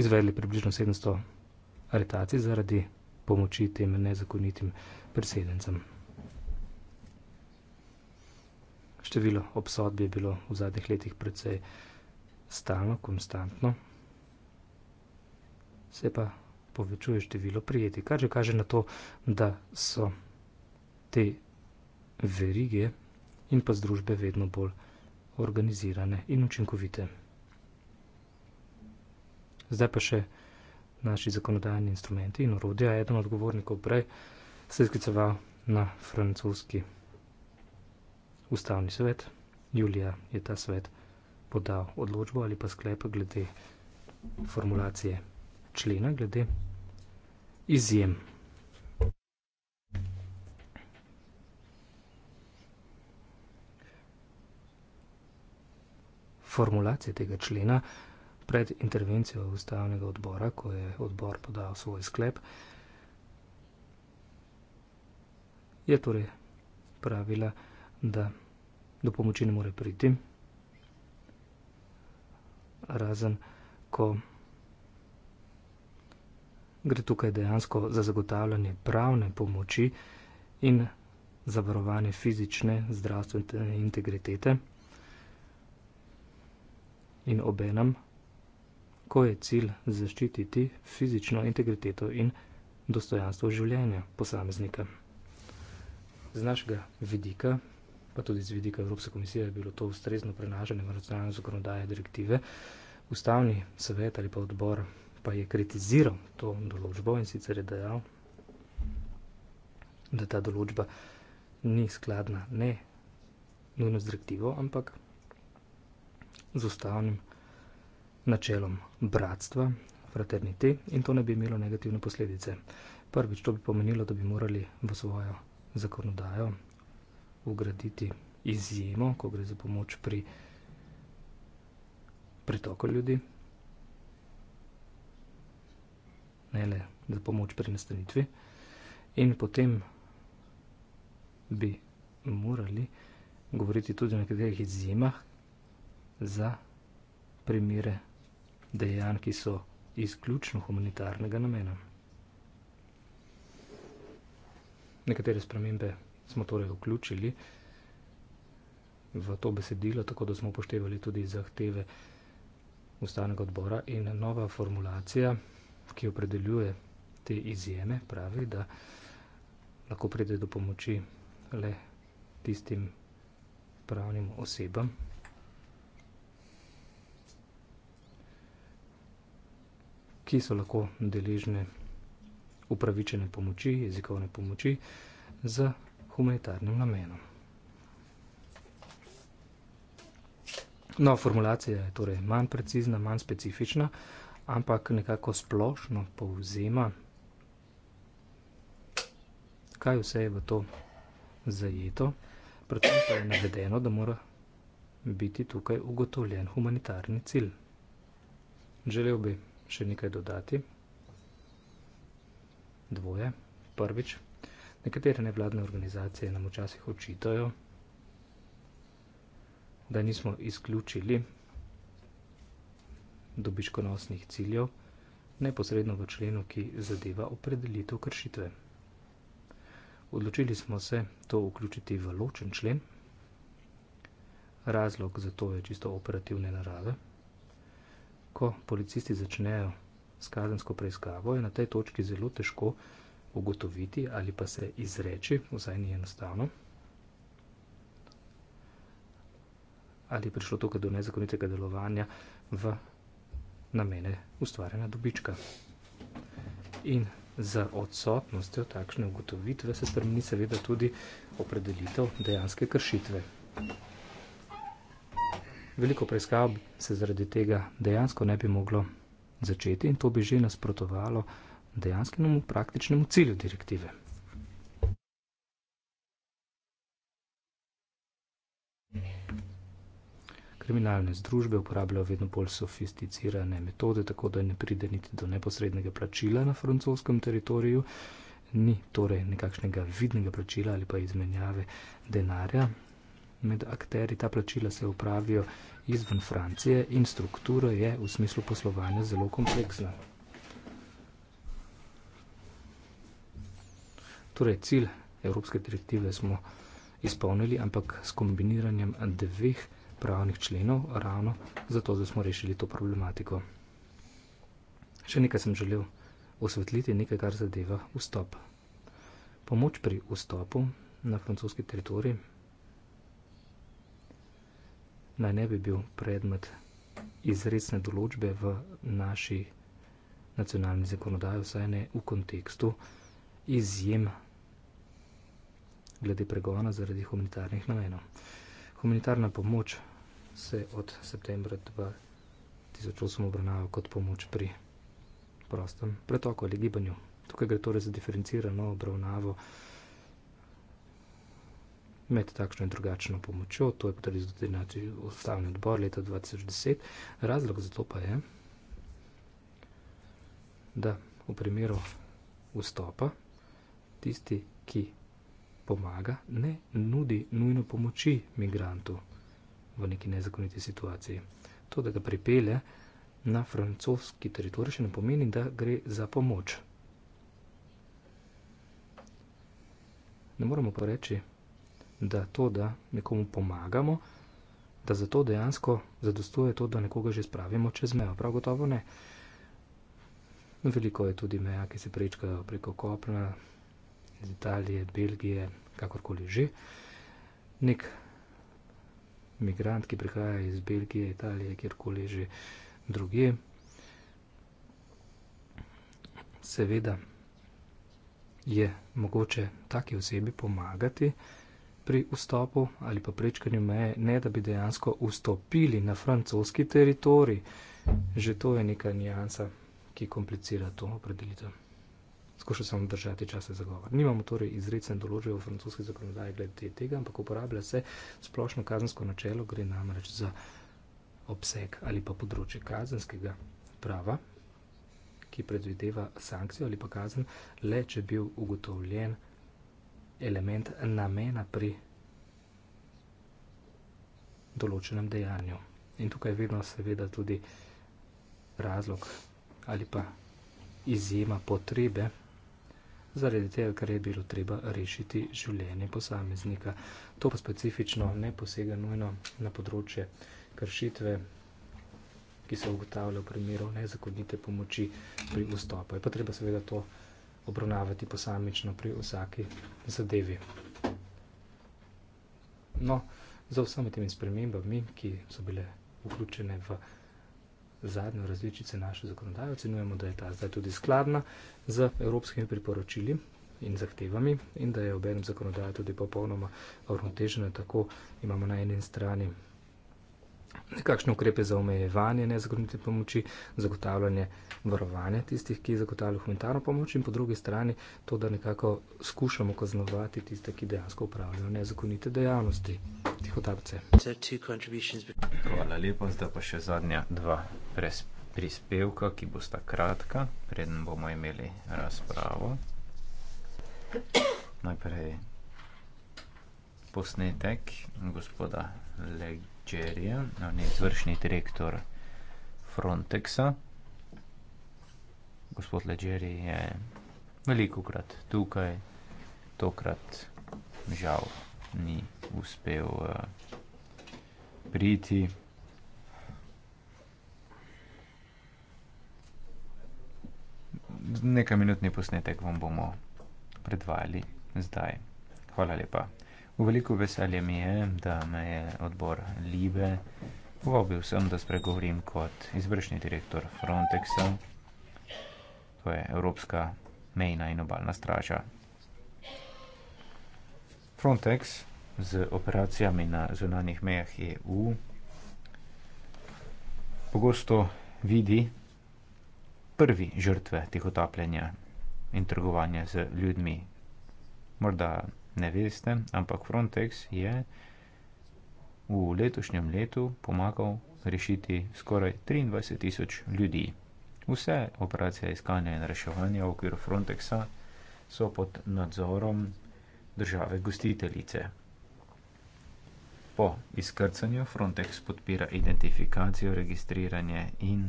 izvedli približno 700 oseb aretaciji zaradi pomoči tem nezakonitim presedencem. Število obsodb je bilo v zadnjih letih precej stalno, konstantno, se pa povečuje število prijeti, kar že kaže na to, da so te verige in pa združbe vedno bolj organizirane in učinkovite. Zdaj pa še nekaj naši zakonodajni instrumenti in urodja. Eden od govornikov prej se je skliceval na francoski ustavni svet. Julija je ta svet podal odločbo ali pa sklep glede formulacije člena, glede izjem. Formulacija tega člena pred intervencijo ustavnega odbora, ko je odbor podal svoj sklep, je torej pravila, da do pomoči ne more priti, razen ko gre tukaj dejansko za zagotavljanje pravne pomoči in zavarovanje fizične zdravstvene integritete in obenem ko je cilj zaščititi fizično integriteto in dostojanstvo življenja posameznika. Z našega vidika, pa tudi z vidika Evropske komisije, je bilo to ustrezno prenašanje v nacionalno zakonodajo direktive. Ustavni svet ali pa odbor pa je kritiziral to določbo in sicer je dejal, da ta določba ni skladna ne nujno z direktivo, ampak z ustavnim svetom načelom bratstva, fraternite in to ne bi imelo negativne posledice. Prvič, to bi pomenilo, da bi morali v svojo zakonodajo ugraditi izjemo, ko gre za pomoč pri pritoku ljudi, ne le za pomoč pri nastanitvi, in potem bi morali govoriti tudi o nekaterih izjemah za primere dejanj, ki so izključno humanitarnega namena. Nekatere spremembe smo torej vključili v to besedilo, tako da smo upoštevali tudi zahteve ustanega odbora in nova formulacija, ki opredeljuje te izjeme, pravi, da lahko pride do pomoči le tistim pravnim osebam, ki so lahko deležne upravičene pomoči, jezikovne pomoči z humanitarnim namenom. No, formulacija je torej manj precizna, manj specifična, ampak nekako splošno povzema, kaj vse je v to zajeto, predvsem pa je navedeno, da mora biti tukaj ugotovljen humanitarni cilj. Želel bi še nekaj dodati. Dvoje. Prvič, nekatere nevladne organizacije nam včasih očitajo, da nismo izključili dobiškonosnih ciljev neposredno v členu, ki zadeva opredelitev kršitve. Odločili smo se to vključiti v ločen člen. Razlog za to je čisto operativne narave ko policisti začnejo s kazensko preiskavo, je na tej točki zelo težko ugotoviti ali pa se izreči, vsaj ni enostavno, ali je prišlo tukaj do nezakonitega delovanja v namene ustvarjena dobička. In za odsotnostjo takšne ugotovitve se spremeni seveda tudi opredelitev dejanske kršitve veliko preiskav se zaradi tega dejansko ne bi moglo začeti in to bi že nasprotovalo dejanskemu praktičnemu cilju direktive. Kriminalne združbe uporabljajo vedno bolj sofisticirane metode, tako da ne pride niti do neposrednega plačila na francoskem teritoriju, ni torej nekakšnega vidnega plačila ali pa izmenjave denarja, med akteri ta plačila se upravijo izven Francije in struktura je v smislu poslovanja zelo kompleksna. Torej, cilj Evropske direktive smo izpolnili, ampak s kombiniranjem dveh pravnih členov ravno zato, da smo rešili to problematiko. Še nekaj sem želel osvetliti, nekaj, kar zadeva vstop. Pomoč pri vstopu na francoski teritoriji naj ne bi bil predmet izredne določbe v naši nacionalni zakonodaji, vsaj ne v kontekstu izjem glede pregona zaradi humanitarnih namenov. Humanitarna pomoč se od septembra 2008 obravnava kot pomoč pri prostem pretoku ali gibanju. Tukaj gre torej za diferencirano obravnavo med takšno in drugačno pomočjo, to je potrdil tudi naš ustavni odbor leta 2010. Razlog za to pa je, da v primeru vstopa tisti, ki pomaga, ne nudi nujno pomoči migrantu v neki nezakoniti situaciji. To, da ga pripelje na francoski teritorij, še ne pomeni, da gre za pomoč. Ne moremo pa reči, da to, da nekomu pomagamo, da za to dejansko zadostuje to, da nekoga že spravimo čez mejo. Prav gotovo ne. Veliko je tudi meja, ki se prečkajo preko kopna, iz Italije, Belgije, kakorkoli že. Nek migrant, ki prihaja iz Belgije, Italije, kjerkoli že drugje, seveda je mogoče taki osebi pomagati, da je mogoče taki osebi pomagati, pri vstopu ali pa prečkanju meje, ne da bi dejansko vstopili na francoski teritorij. Že to je neka nijansa, ki komplicira to opredelitev. Skušal sem držati čas za govor. Nimamo torej izrecne določbe v francoski zakonodaji glede tega, ampak uporablja se splošno kazensko načelo, gre namreč za obseg ali pa področje kazenskega prava, ki predvideva sankcijo ali pa kazen, le če bi bil ugotovljen element namena pri določenem dejanju. In tukaj je vedno seveda tudi razlog ali pa izjema potrebe, zaradi tega, ker je bilo treba rešiti življenje posameznika. To pa specifično ne posega nujno na področje kršitve, ki se ugotavlja v primeru nezakonite pomoči pri vstopu. Je pa treba seveda to vstopiti obravnavati posamično pri vsaki zadevi. No, za vsemi temi spremembami, ki so bile vključene v zadnjo različico naše zakonodaje, ocenujemo, da je ta zdaj tudi skladna z evropskimi priporočili in zahtevami in da je obenem zakonodaja tudi popolnoma uravnotežena. Tako imamo na eni strani nekakšne ukrepe za omejevanje nezakonite pomoči, zagotavljanje varovanja tistih, ki zagotavljajo humanitarno pomoč in po drugi strani to, da nekako skušamo kaznovati tiste, ki dejansko upravljajo nezakonite dejavnosti. Tihotapce. Hvala lepa, zdaj pa še zadnja dva pres, prispevka, ki bosta kratka, preden bomo imeli razpravo. Najprej posnetek gospoda Legge. Čerija, on no, je izvršni direktor Frontexa. Gospod Leđeri je veliko krat tukaj, tokrat žal ni uspel uh, priti. Nekaj minutni posnetek vam bomo predvajali zdaj. Hvala lepa. V veliko veselje mi je, da me je odbor Libe povabil sem, da spregovorim kot izvršni direktor Frontexa, to je Evropska mejna in obalna straža. Frontex z operacijami na zunanjih mejah EU pogosto vidi prvi žrtve tih otapljenja in trgovanja z ljudmi. Morda nekaj ne veste, ampak Frontex je v letošnjem letu pomagal rešiti skoraj 23 tisoč ljudi. Vse operacije iskanja in reševanja v okviru Frontexa so pod nadzorom države gostiteljice. Po izkrcanju Frontex podpira identifikacijo, registriranje in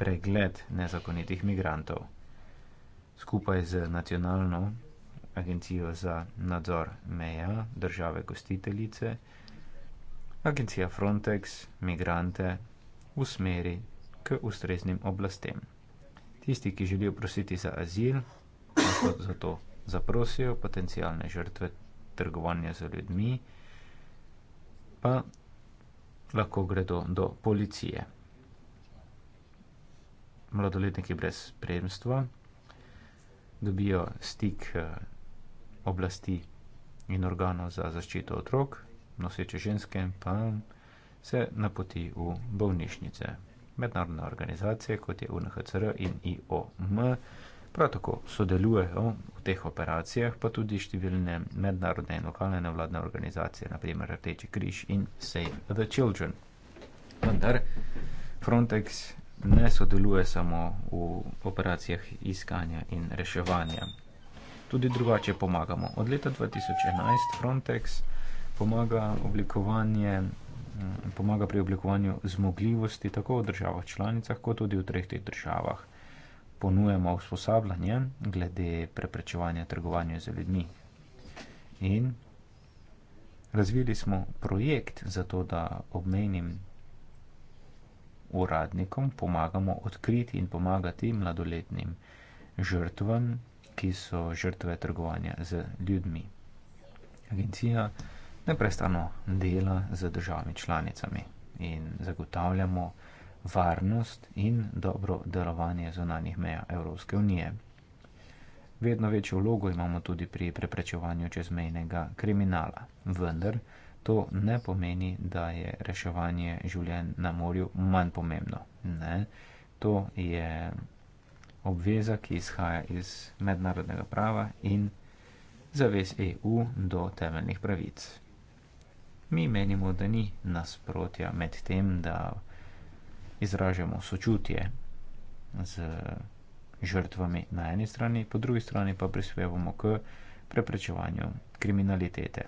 pregled nezakonitih migrantov. Skupaj z nacionalno Agencijo za nadzor meja države gostiteljice, Agencija Frontex migrante v smeri k ustreznim oblastem. Tisti, ki želijo prositi za azil, lahko za to zaprosijo potencijalne žrtve trgovanja z ljudmi, pa lahko gredo do policije. Mladoletniki brez spremstva dobijo stik eh, oblasti in organov za zaščito otrok, noseče ženske in pa se napoti v bolnišnice. Mednarodne organizacije, kot je UNHCR in IOM, prav tako sodelujejo v teh operacijah, pa tudi številne mednarodne in lokalne nevladne organizacije, naprimer Rdeči križ in Save the Children. Vendar Frontex ne sodeluje samo v operacijah iskanja in reševanja tudi drugače pomagamo. Od leta 2011 Frontex pomaga, mm, pomaga pri oblikovanju zmogljivosti tako v državah članicah, kot tudi v treh teh državah. Ponujemo usposabljanje glede preprečevanja trgovanja z ljudmi. In razvili smo projekt za to, da obmenim uradnikom pomagamo odkriti in pomagati mladoletnim žrtvam ki so žrtve trgovanja z ljudmi. Agencija neprestano dela z državami članicami in zagotavljamo varnost in dobro delovanje zonanih meja Evropske unije. Vedno večjo vlogo imamo tudi pri preprečevanju čezmejnega kriminala, vendar to ne pomeni, da je reševanje življenj na morju manj pomembno. Ne, to je obveza, ki izhaja iz mednarodnega prava in zavez EU do temeljnih pravic. Mi menimo, da ni nasprotja med tem, da izražamo sočutje z žrtvami na eni strani, po drugi strani pa prispevamo k preprečevanju kriminalitete.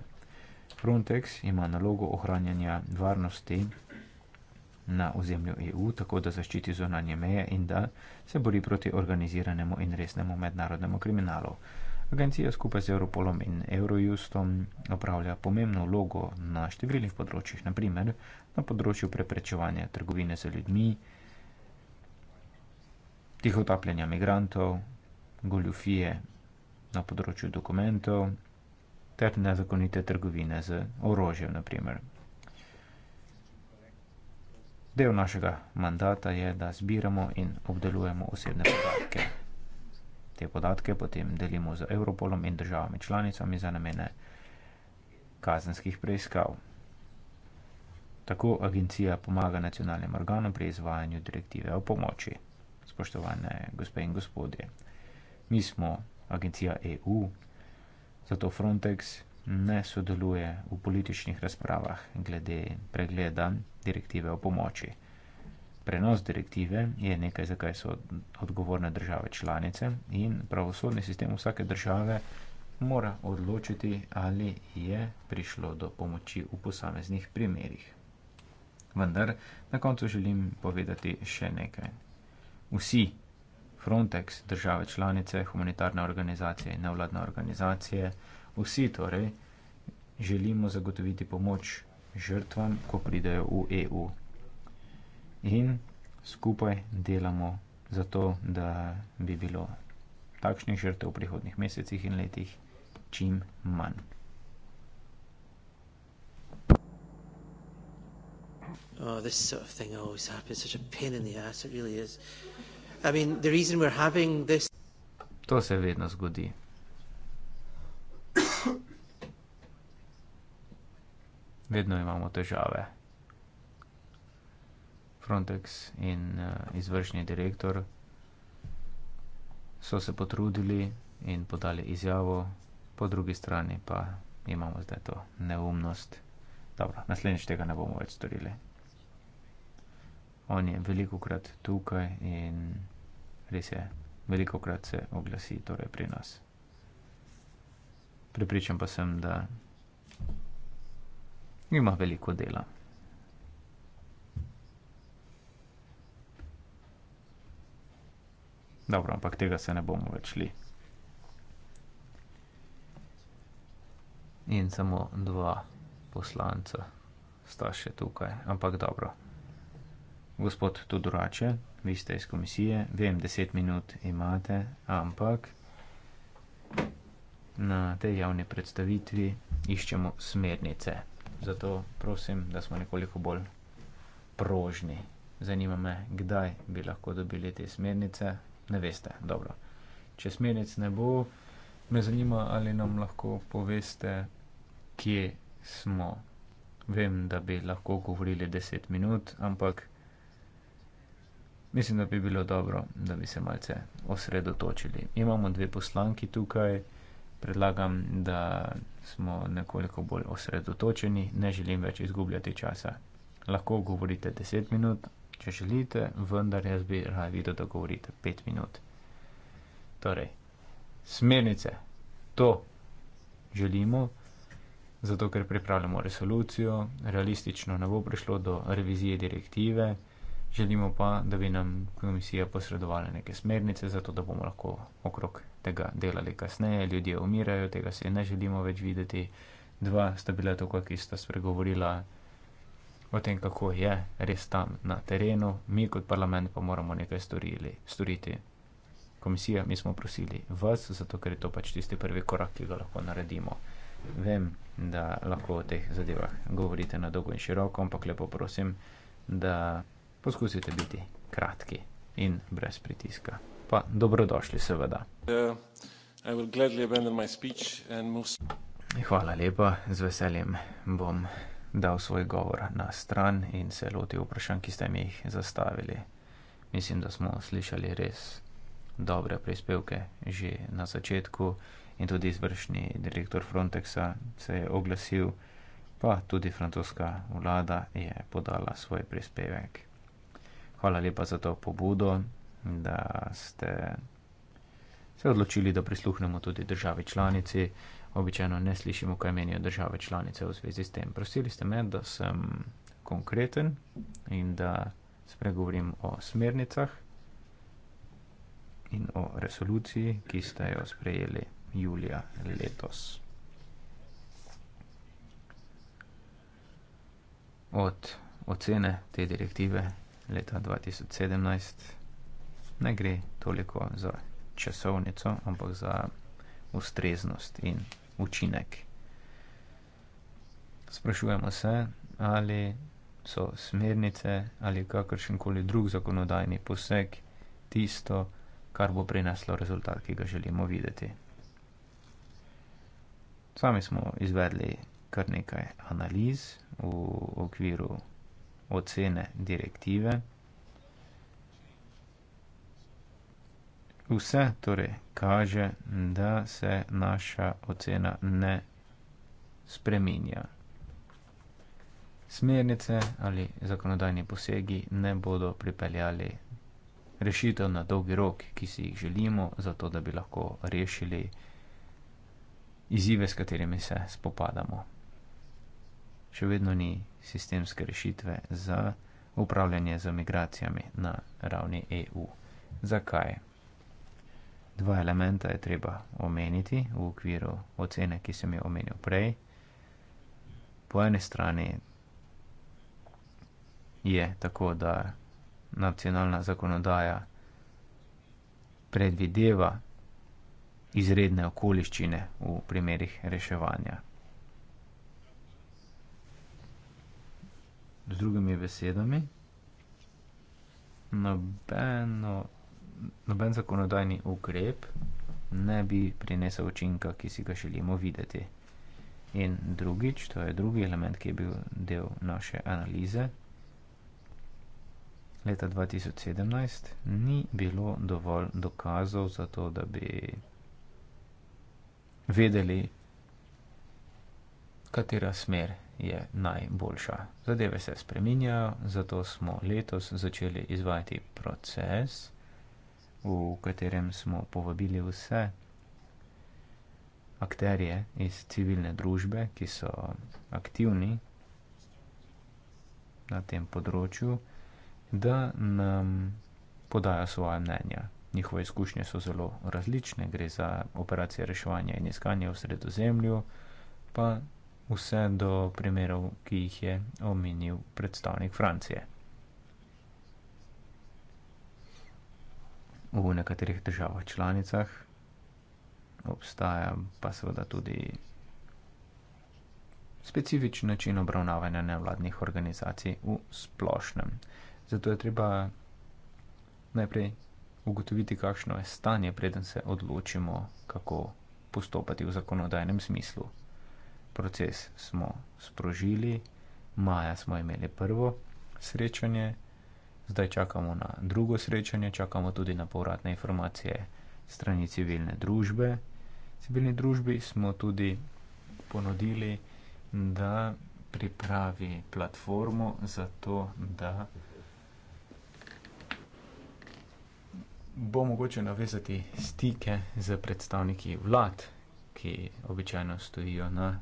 Frontex ima nalogo ohranjanja varnosti na ozemlju EU, tako da zaščiti zunanje meje in da se bori proti organiziranemu in resnemu mednarodnemu kriminalu. Agencija skupaj z Europolom in Eurojustom opravlja pomembno vlogo na številnih področjih, naprimer na področju preprečevanja trgovine z ljudmi, tihotapljanja migrantov, goljufije na področju dokumentov ter nezakonite trgovine z orožjem, naprimer. Del našega mandata je, da zbiramo in obdelujemo osebne podatke. Te podatke potem delimo z Europolom in državami članicami za namene kazenskih preiskav. Tako agencija pomaga nacionalnim organom pri izvajanju direktive o pomoči. Spoštovane gospe in gospodje, mi smo agencija EU, zato Frontex ne sodeluje v političnih razpravah glede pregleda direktive o pomoči. Prenos direktive je nekaj, za kaj so odgovorne države članice in pravosodni sistem vsake države mora odločiti, ali je prišlo do pomoči v posameznih primerjih. Vendar na koncu želim povedati še nekaj. Vsi Frontex, države članice, humanitarne organizacije in nevladne organizacije, vsi torej želimo zagotoviti pomoč žrtvam, ko pridejo v EU. In skupaj delamo za to, da bi bilo takšnih žrtev v prihodnih mesecih in letih čim manj. Oh, this sort of thing always happens. Such a pain in the ass, it really is. I mean, the reason we're having this. To se vedno zgodi. vedno imamo težave. Frontex in uh, izvršni direktor so se potrudili in podali izjavo, po drugi strani pa imamo zdaj to neumnost. Dobro, naslednjič tega ne bomo več storili. On je veliko krat tukaj in res je, veliko krat se oglasi torej pri nas. Pripričam pa sem, da ima veliko dela. Dobro, ampak tega se ne bomo več li. In samo dva poslanca sta še tukaj, ampak dobro. Gospod Tudorače, vi ste iz komisije, vem, deset minut imate, ampak na tej javni predstavitvi iščemo smernice. Zato prosim, da smo nekoliko bolj prožni. Zanima me, kdaj bi lahko dobili te smernice. Ne veste, dobro. Če smernic ne bo, me zanima, ali nam lahko poveste, kje smo. Vem, da bi lahko govorili 10 minut, ampak mislim, da bi bilo dobro, da bi se malce osredotočili. Imamo dve poslanki tukaj predlagam, da smo nekoliko bolj osredotočeni, ne želim več izgubljati časa. Lahko govorite 10 minut, če želite, vendar jaz bi rad videl, da govorite 5 minut. Torej, smernice, to želimo, zato ker pripravljamo resolucijo, realistično ne bo prišlo do revizije direktive, želimo pa, da bi nam komisija posredovala neke smernice, zato da bomo lahko okrog tega delali kasneje, ljudje umirajo, tega si ne želimo več videti. Dva sta bila tako, ki sta spregovorila o tem, kako je res tam na terenu, mi kot parlament pa moramo nekaj storili, storiti. Komisija, mi smo prosili vas, zato ker je to pač tisti prvi korak, ki ga lahko naredimo. Vem, da lahko o teh zadevah govorite na dolgo in široko, ampak lepo prosim, da poskusite biti kratki in brez pritiska pa dobrodošli, seveda. Uh, most... Hvala lepa, z veseljem bom dal svoj govor na stran in se lotil vprašanj, ki ste mi jih zastavili. Mislim, da smo slišali res dobre prispevke že na začetku in tudi izvršni direktor Frontexa se je oglasil, pa tudi francoska vlada je podala svoj prispevek. Hvala lepa za to pobudo, da ste se odločili, da prisluhnemo tudi državi članici. Običajno ne slišimo, kaj menijo države članice v zvezi s tem. Prosili ste me, da sem konkreten in da spregovorim o smernicah in o resoluciji, ki ste jo sprejeli julija letos. Od ocene te direktive leta 2017 ne gre toliko za časovnico, ampak za ustreznost in učinek. Sprašujemo se, ali so smernice ali kakršen koli drug zakonodajni poseg tisto, kar bo prineslo rezultat, ki ga želimo videti. Sami smo izvedli kar nekaj analiz v okviru ocene direktive. Vse torej kaže, da se naša ocena ne spreminja. Smernice ali zakonodajni posegi ne bodo pripeljali rešitev na dolgi rok, ki si jih želimo, zato da bi lahko rešili izzive, s katerimi se spopadamo. Še vedno ni sistemske rešitve za upravljanje z migracijami na ravni EU. Zakaj? Dva elementa je treba omeniti v okviru ocene, ki sem jo omenil prej. Po eni strani je tako, da nacionalna zakonodaja predvideva izredne okoliščine v primerih reševanja. Z drugimi besedami, nobeno noben zakonodajni ukrep ne bi prinesel učinka, ki si ga želimo videti. In drugič, to je drugi element, ki je bil del naše analize, leta 2017 ni bilo dovolj dokazov za to, da bi vedeli, katera smer je najboljša. Zadeve se spreminjajo, zato smo letos začeli izvajati proces, v katerem smo povabili vse akterje iz civilne družbe, ki so aktivni na tem področju, da nam podajo svoje mnenja. Njihove izkušnje so zelo različne, gre za operacije reševanja in iskanja v sredozemlju, pa vse do primerov, ki jih je omenil predstavnik Francije. v nekaterih državah članicah, obstaja pa seveda tudi specifičen način obravnavanja nevladnih organizacij v splošnem. Zato je treba najprej ugotoviti, kakšno je stanje, preden se odločimo, kako postopati v zakonodajnem smislu. Proces smo sprožili, maja smo imeli prvo srečanje. Zdaj čakamo na drugo srečanje, čakamo tudi na povratne informacije strani civilne družbe. Civilni družbi smo tudi ponudili, da pripravi platformo za to, da bo mogoče navezati stike z predstavniki vlad, ki običajno stojijo na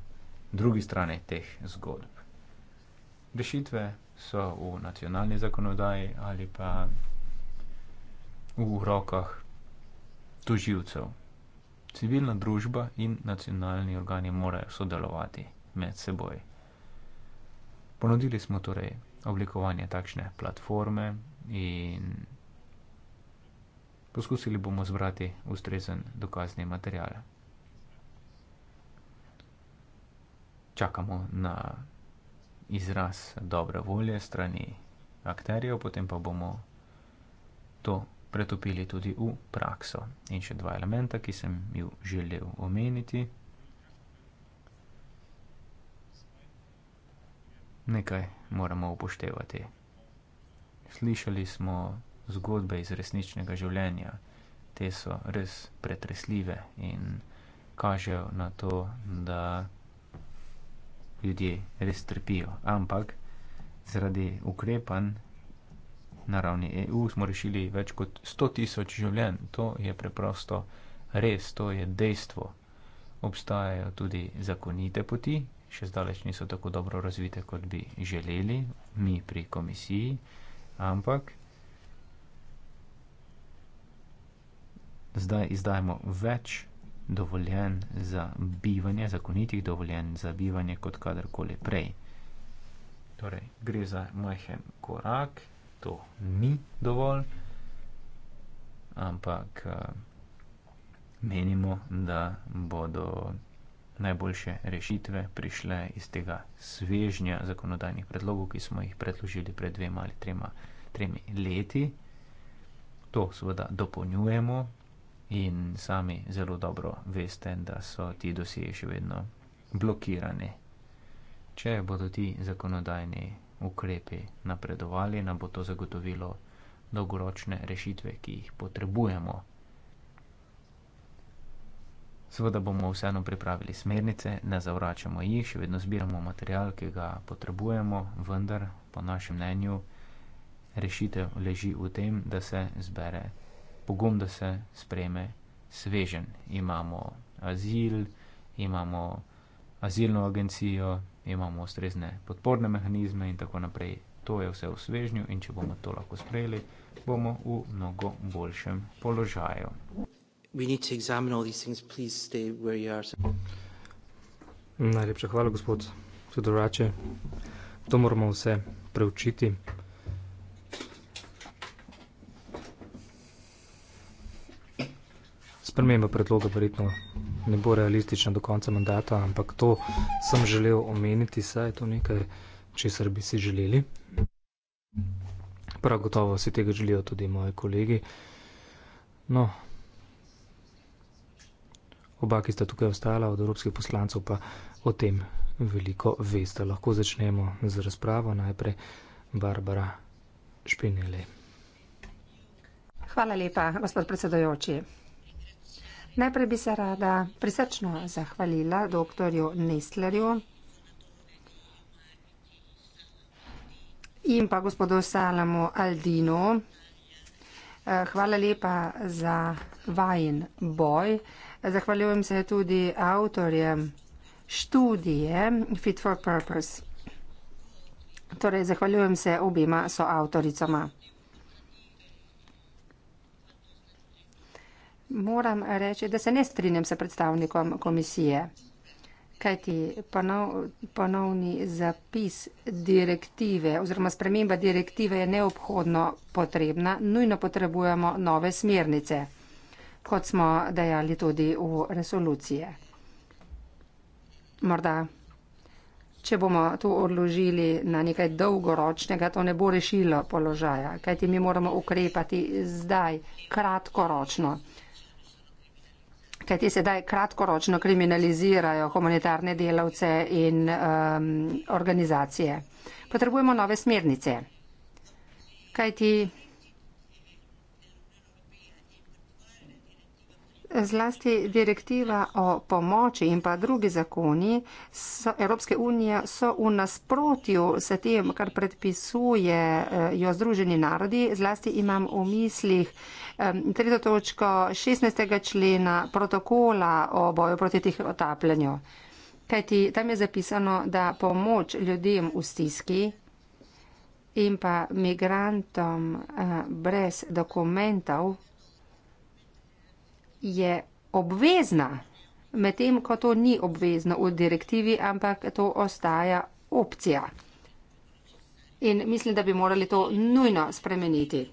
drugi strani teh zgodb. Rešitve so v nacionalni zakonodaji ali pa v rokah tuživcev. Civilna družba in nacionalni organi morajo sodelovati med seboj. Ponudili smo torej oblikovanje takšne platforme in poskusili bomo zbrati ustrezen dokazni material. Čakamo na izraz dobre volje strani akterjev, potem pa bomo to pretopili tudi v prakso. In še dva elementa, ki sem ju želel omeniti. Nekaj moramo upoštevati. Slišali smo zgodbe iz resničnega življenja, te so res pretresljive in kažejo na to, da ljudje res trpijo. Ampak zaradi ukrepanj na ravni EU smo rešili več kot 100 tisoč življenj. To je preprosto res, to je dejstvo. Obstajajo tudi zakonite poti, še zdaleč niso tako dobro razvite, kot bi želeli mi pri komisiji, ampak zdaj izdajemo več dovoljen za bivanje, zakonitih dovoljen za bivanje kot kadarkoli prej. Torej, gre za majhen korak, to ni dovolj, ampak eh, menimo, da bodo najboljše rešitve prišle iz tega svežnja zakonodajnih predlogov, ki smo jih predložili pred dvema ali trema, tremi leti. To seveda dopolnjujemo, in sami zelo dobro veste, da so ti dosije še vedno blokirani. Če bodo ti zakonodajni ukrepi napredovali, nam bo to zagotovilo dolgoročne rešitve, ki jih potrebujemo. Seveda bomo vseeno pripravili smernice, ne zavračamo jih, še vedno zbiramo material, ki ga potrebujemo, vendar po našem mnenju rešitev leži v tem, da se zbere pogum, da se sprejme svežen. Imamo azil, imamo azilno agencijo, imamo ustrezne podporne mehanizme in tako naprej. To je vse v svežnju in če bomo to lahko sprejeli, bomo v mnogo boljšem položaju. Najlepša hvala, gospod Sodorače. To moramo vse preučiti. Sprememba predloga verjetno ne bo realistična do konca mandata, ampak to sem želel omeniti, saj je to nekaj, česar bi si želeli. Prav gotovo si tega želijo tudi moji kolegi. No, oba, ki sta tukaj ostala od evropskih poslancev, pa o tem veliko veste. Lahko začnemo z razpravo. Najprej Barbara Špinele. Hvala lepa, gospod predsedojoči. Najprej bi se rada prisrčno zahvalila dr. Nestlerju in pa gospodu Salamu Aldinu. Eh, hvala lepa za vajen boj. Zahvaljujem se tudi avtorjem študije Fit for Purpose. Torej, zahvaljujem se obima soavtoricama. moram reči, da se ne strinjam s predstavnikom komisije. Kajti ponov, ponovni zapis direktive oziroma sprememba direktive je neobhodno potrebna, nujno potrebujemo nove smernice, kot smo dejali tudi v resoluciji. Morda, če bomo to odložili na nekaj dolgoročnega, to ne bo rešilo položaja, kajti mi moramo ukrepati zdaj, kratkoročno kajti sedaj kratkoročno kriminalizirajo humanitarne delavce in um, organizacije. Potrebujemo nove smernice, kajti zlasti direktiva o pomoči in pa drugi zakoni so, Evropske unije so v nasprotju s tem, kar predpisujejo eh, Združeni narodi, zlasti imam v mislih, 3. točko 16. člena protokola o boju proti tih otapljanju. Kajti tam je zapisano, da pomoč ljudem v stiski in pa migrantom eh, brez dokumentov je obvezna, medtem ko to ni obvezno v direktivi, ampak to ostaja opcija. In mislim, da bi morali to nujno spremeniti.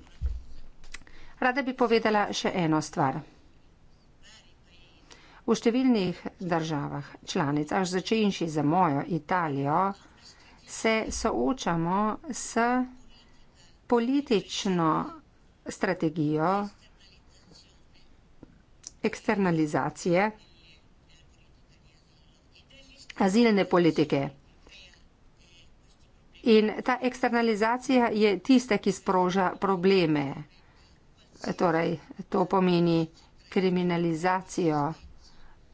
Rada bi povedala še eno stvar. V številnih državah članic, až začenši za mojo Italijo, se soočamo s politično strategijo eksternalizacije azilne politike. In ta eksternalizacija je tista, ki sproža probleme torej to pomeni kriminalizacijo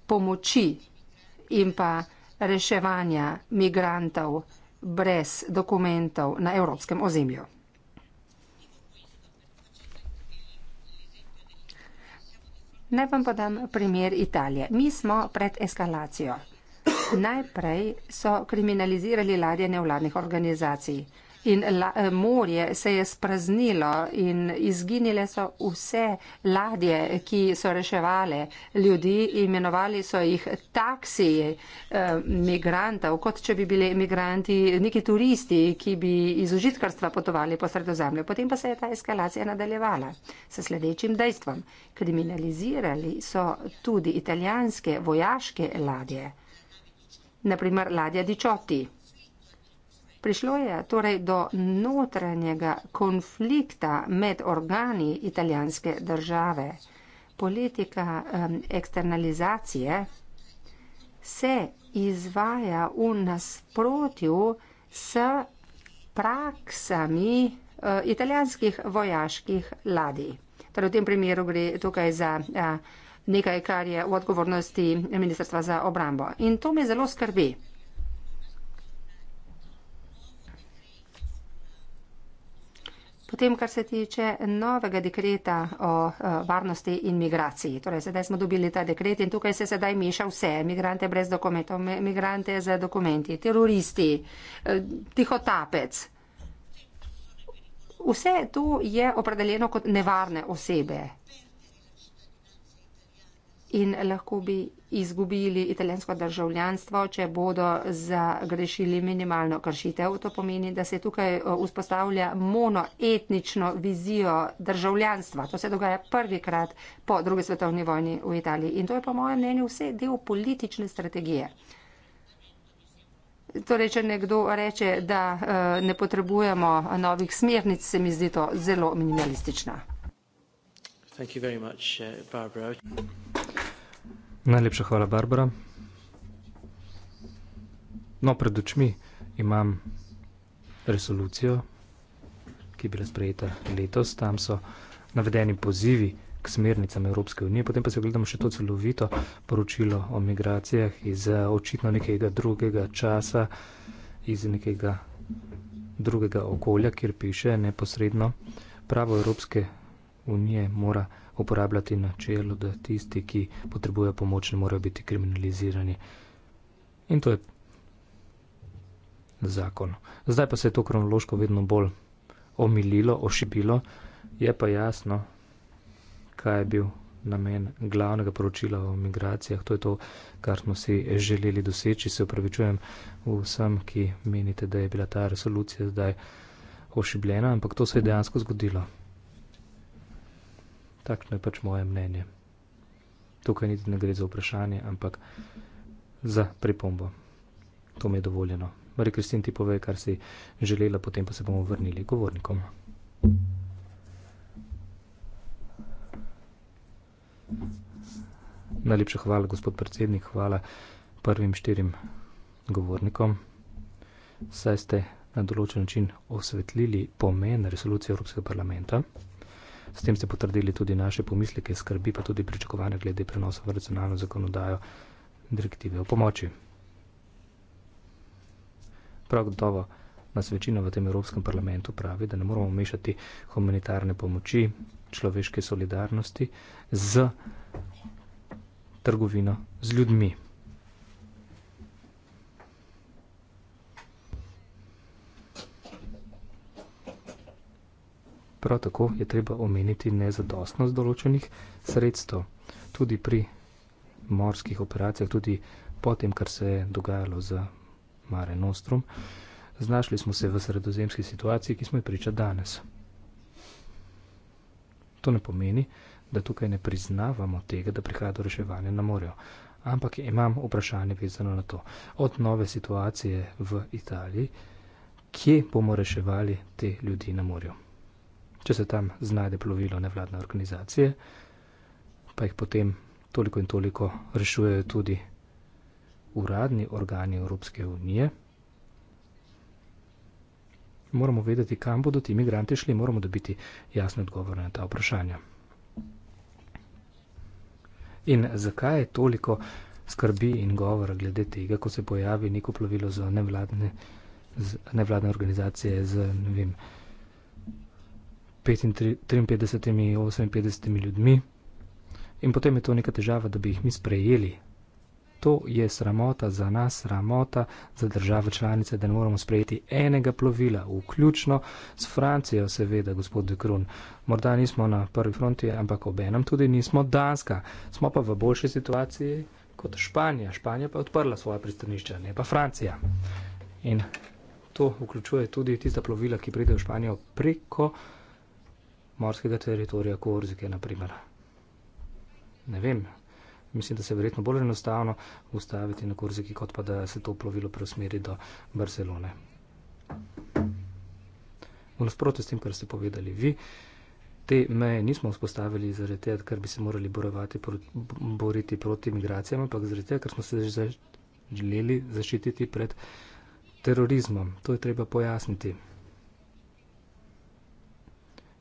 pomoči in pa reševanja migrantov brez dokumentov na evropskem ozemlju. Naj vam podam primer Italije. Mi smo pred eskalacijo. Najprej so kriminalizirali ladje nevladnih organizacij in la, eh, morje se je spraznilo in izginile so vse ladje, ki so reševali ljudi, imenovali so jih taksi eh, migrantov, kot če bi bili migranti neki turisti, ki bi iz užitkarstva potovali po sredozemlju. Potem pa se je ta eskalacija nadaljevala s sledečim dejstvom. Kriminalizirali so tudi italijanske vojaške ladje, naprimer ladja Dičoti. Prišlo je torej do notranjega konflikta med organi italijanske države. Politika eksternalizacije se izvaja v nasprotju s praksami e, italijanskih vojaških ladij. Torej v tem primeru gre tukaj za e, nekaj, kar je v odgovornosti Ministrstva za obrambo. In to me zelo skrbi. Potem, kar se tiče novega dekreta o eh, varnosti in migraciji. Torej, sedaj smo dobili ta dekret in tukaj se sedaj miša vse. Migrante brez dokumentov, migrante z dokumenti, teroristi, eh, tihotapec. Vse to je opredeljeno kot nevarne osebe in lahko bi izgubili italijansko državljanstvo, če bodo zagrešili minimalno kršitev. To pomeni, da se tukaj eh, vzpostavlja monoetnično vizijo državljanstva. To se dogaja prvikrat po drugi svetovni vojni v Italiji in to je po mojem mnenju vse del politične strategije. Torej, če nekdo reče, da eh, ne potrebujemo novih smernic, se mi zdi to zelo minimalistično. Thank you very much, uh, Barbara. Najlepša hvala, Barbara. No, pred očmi imam resolucijo, ki je bila sprejeta letos. Tam so navedeni pozivi k smernicam Evropske unije, potem pa se ogledamo še to celovito poročilo o migracijah iz eh, očitno nekega drugega časa, iz nekega drugega okolja, kjer piše neposredno pravo Evropske unije mora uporabljati načelo, da tisti, ki potrebujejo pomoč, ne morejo biti kriminalizirani. In to je zakon. Zdaj pa se je to kronološko vedno bolj omililo, ošibilo, je pa jasno, kaj je bil namen glavnega poročila o migracijah. To je to, kar smo si želeli doseči. Se upravičujem vsem, ki menite, da je bila ta resolucija zdaj ošibljena, ampak to se je dejansko zgodilo. Takšno je pač moje mnenje. Tukaj niti ne gre za vprašanje, ampak za pripombo. To mi je dovoljeno. Mari Kristin ti pove, kar si želela, potem pa se bomo vrnili govornikom. Najlepša hvala, gospod predsednik, hvala prvim štirim govornikom. Saj ste na določen način osvetlili pomen resolucije Evropskega parlamenta. S tem ste potrdili tudi naše pomisleke, skrbi pa tudi pričakovanja glede prenosa v racionalno zakonodajo direktive o pomoči. Prav gotovo nas večina v tem Evropskem parlamentu pravi, da ne moramo mešati humanitarne pomoči, človeške solidarnosti z trgovino, z ljudmi. Prav tako je treba omeniti nezadostnost določenih sredstev. Tudi pri morskih operacijah, tudi po tem, kar se je dogajalo za Mare Nostrum, znašli smo se v sredozemski situaciji, ki smo jo priča danes. To ne pomeni, da tukaj ne priznavamo tega, da prihaja do reševanja na morju. Ampak imam vprašanje vezano na to. Od nove situacije v Italiji, kje bomo reševali te ljudi na morju? če se tam znajde plovilo nevladne organizacije, pa jih potem toliko in toliko rešujejo tudi uradni organi Evropske unije. Moramo vedeti, kam bodo ti imigranti šli, moramo dobiti jasne odgovore na ta vprašanja. In zakaj je toliko skrbi in govora glede tega, ko se pojavi neko plovilo za nevladne, nevladne organizacije, za ne vem, 53, 58 ljudmi in potem je to neka težava, da bi jih mi sprejeli. To je sramota za nas, sramota za države članice, da ne moramo sprejeti enega plovila, vključno s Francijo, seveda, gospod De Krun. Morda nismo na prvi fronti, ampak ob enem tudi nismo Danska. Smo pa v boljši situaciji kot Španija. Španija pa je odprla svoja pristanišča, ne pa Francija. In to vključuje tudi tista plovila, ki pridejo v Španijo preko morskega teritorija Korzike, naprimer. Ne vem. Mislim, da se je verjetno bolj enostavno ustaviti na Korziki, kot pa da se to plovilo preusmeri do Barcelone. V nasprotju s tem, kar ste povedali vi, te meje nismo vzpostavili zaradi tega, ker bi se morali borovati, boriti proti migracijam, ampak zaradi tega, ker smo se želeli zaščititi pred terorizmom. To je treba pojasniti.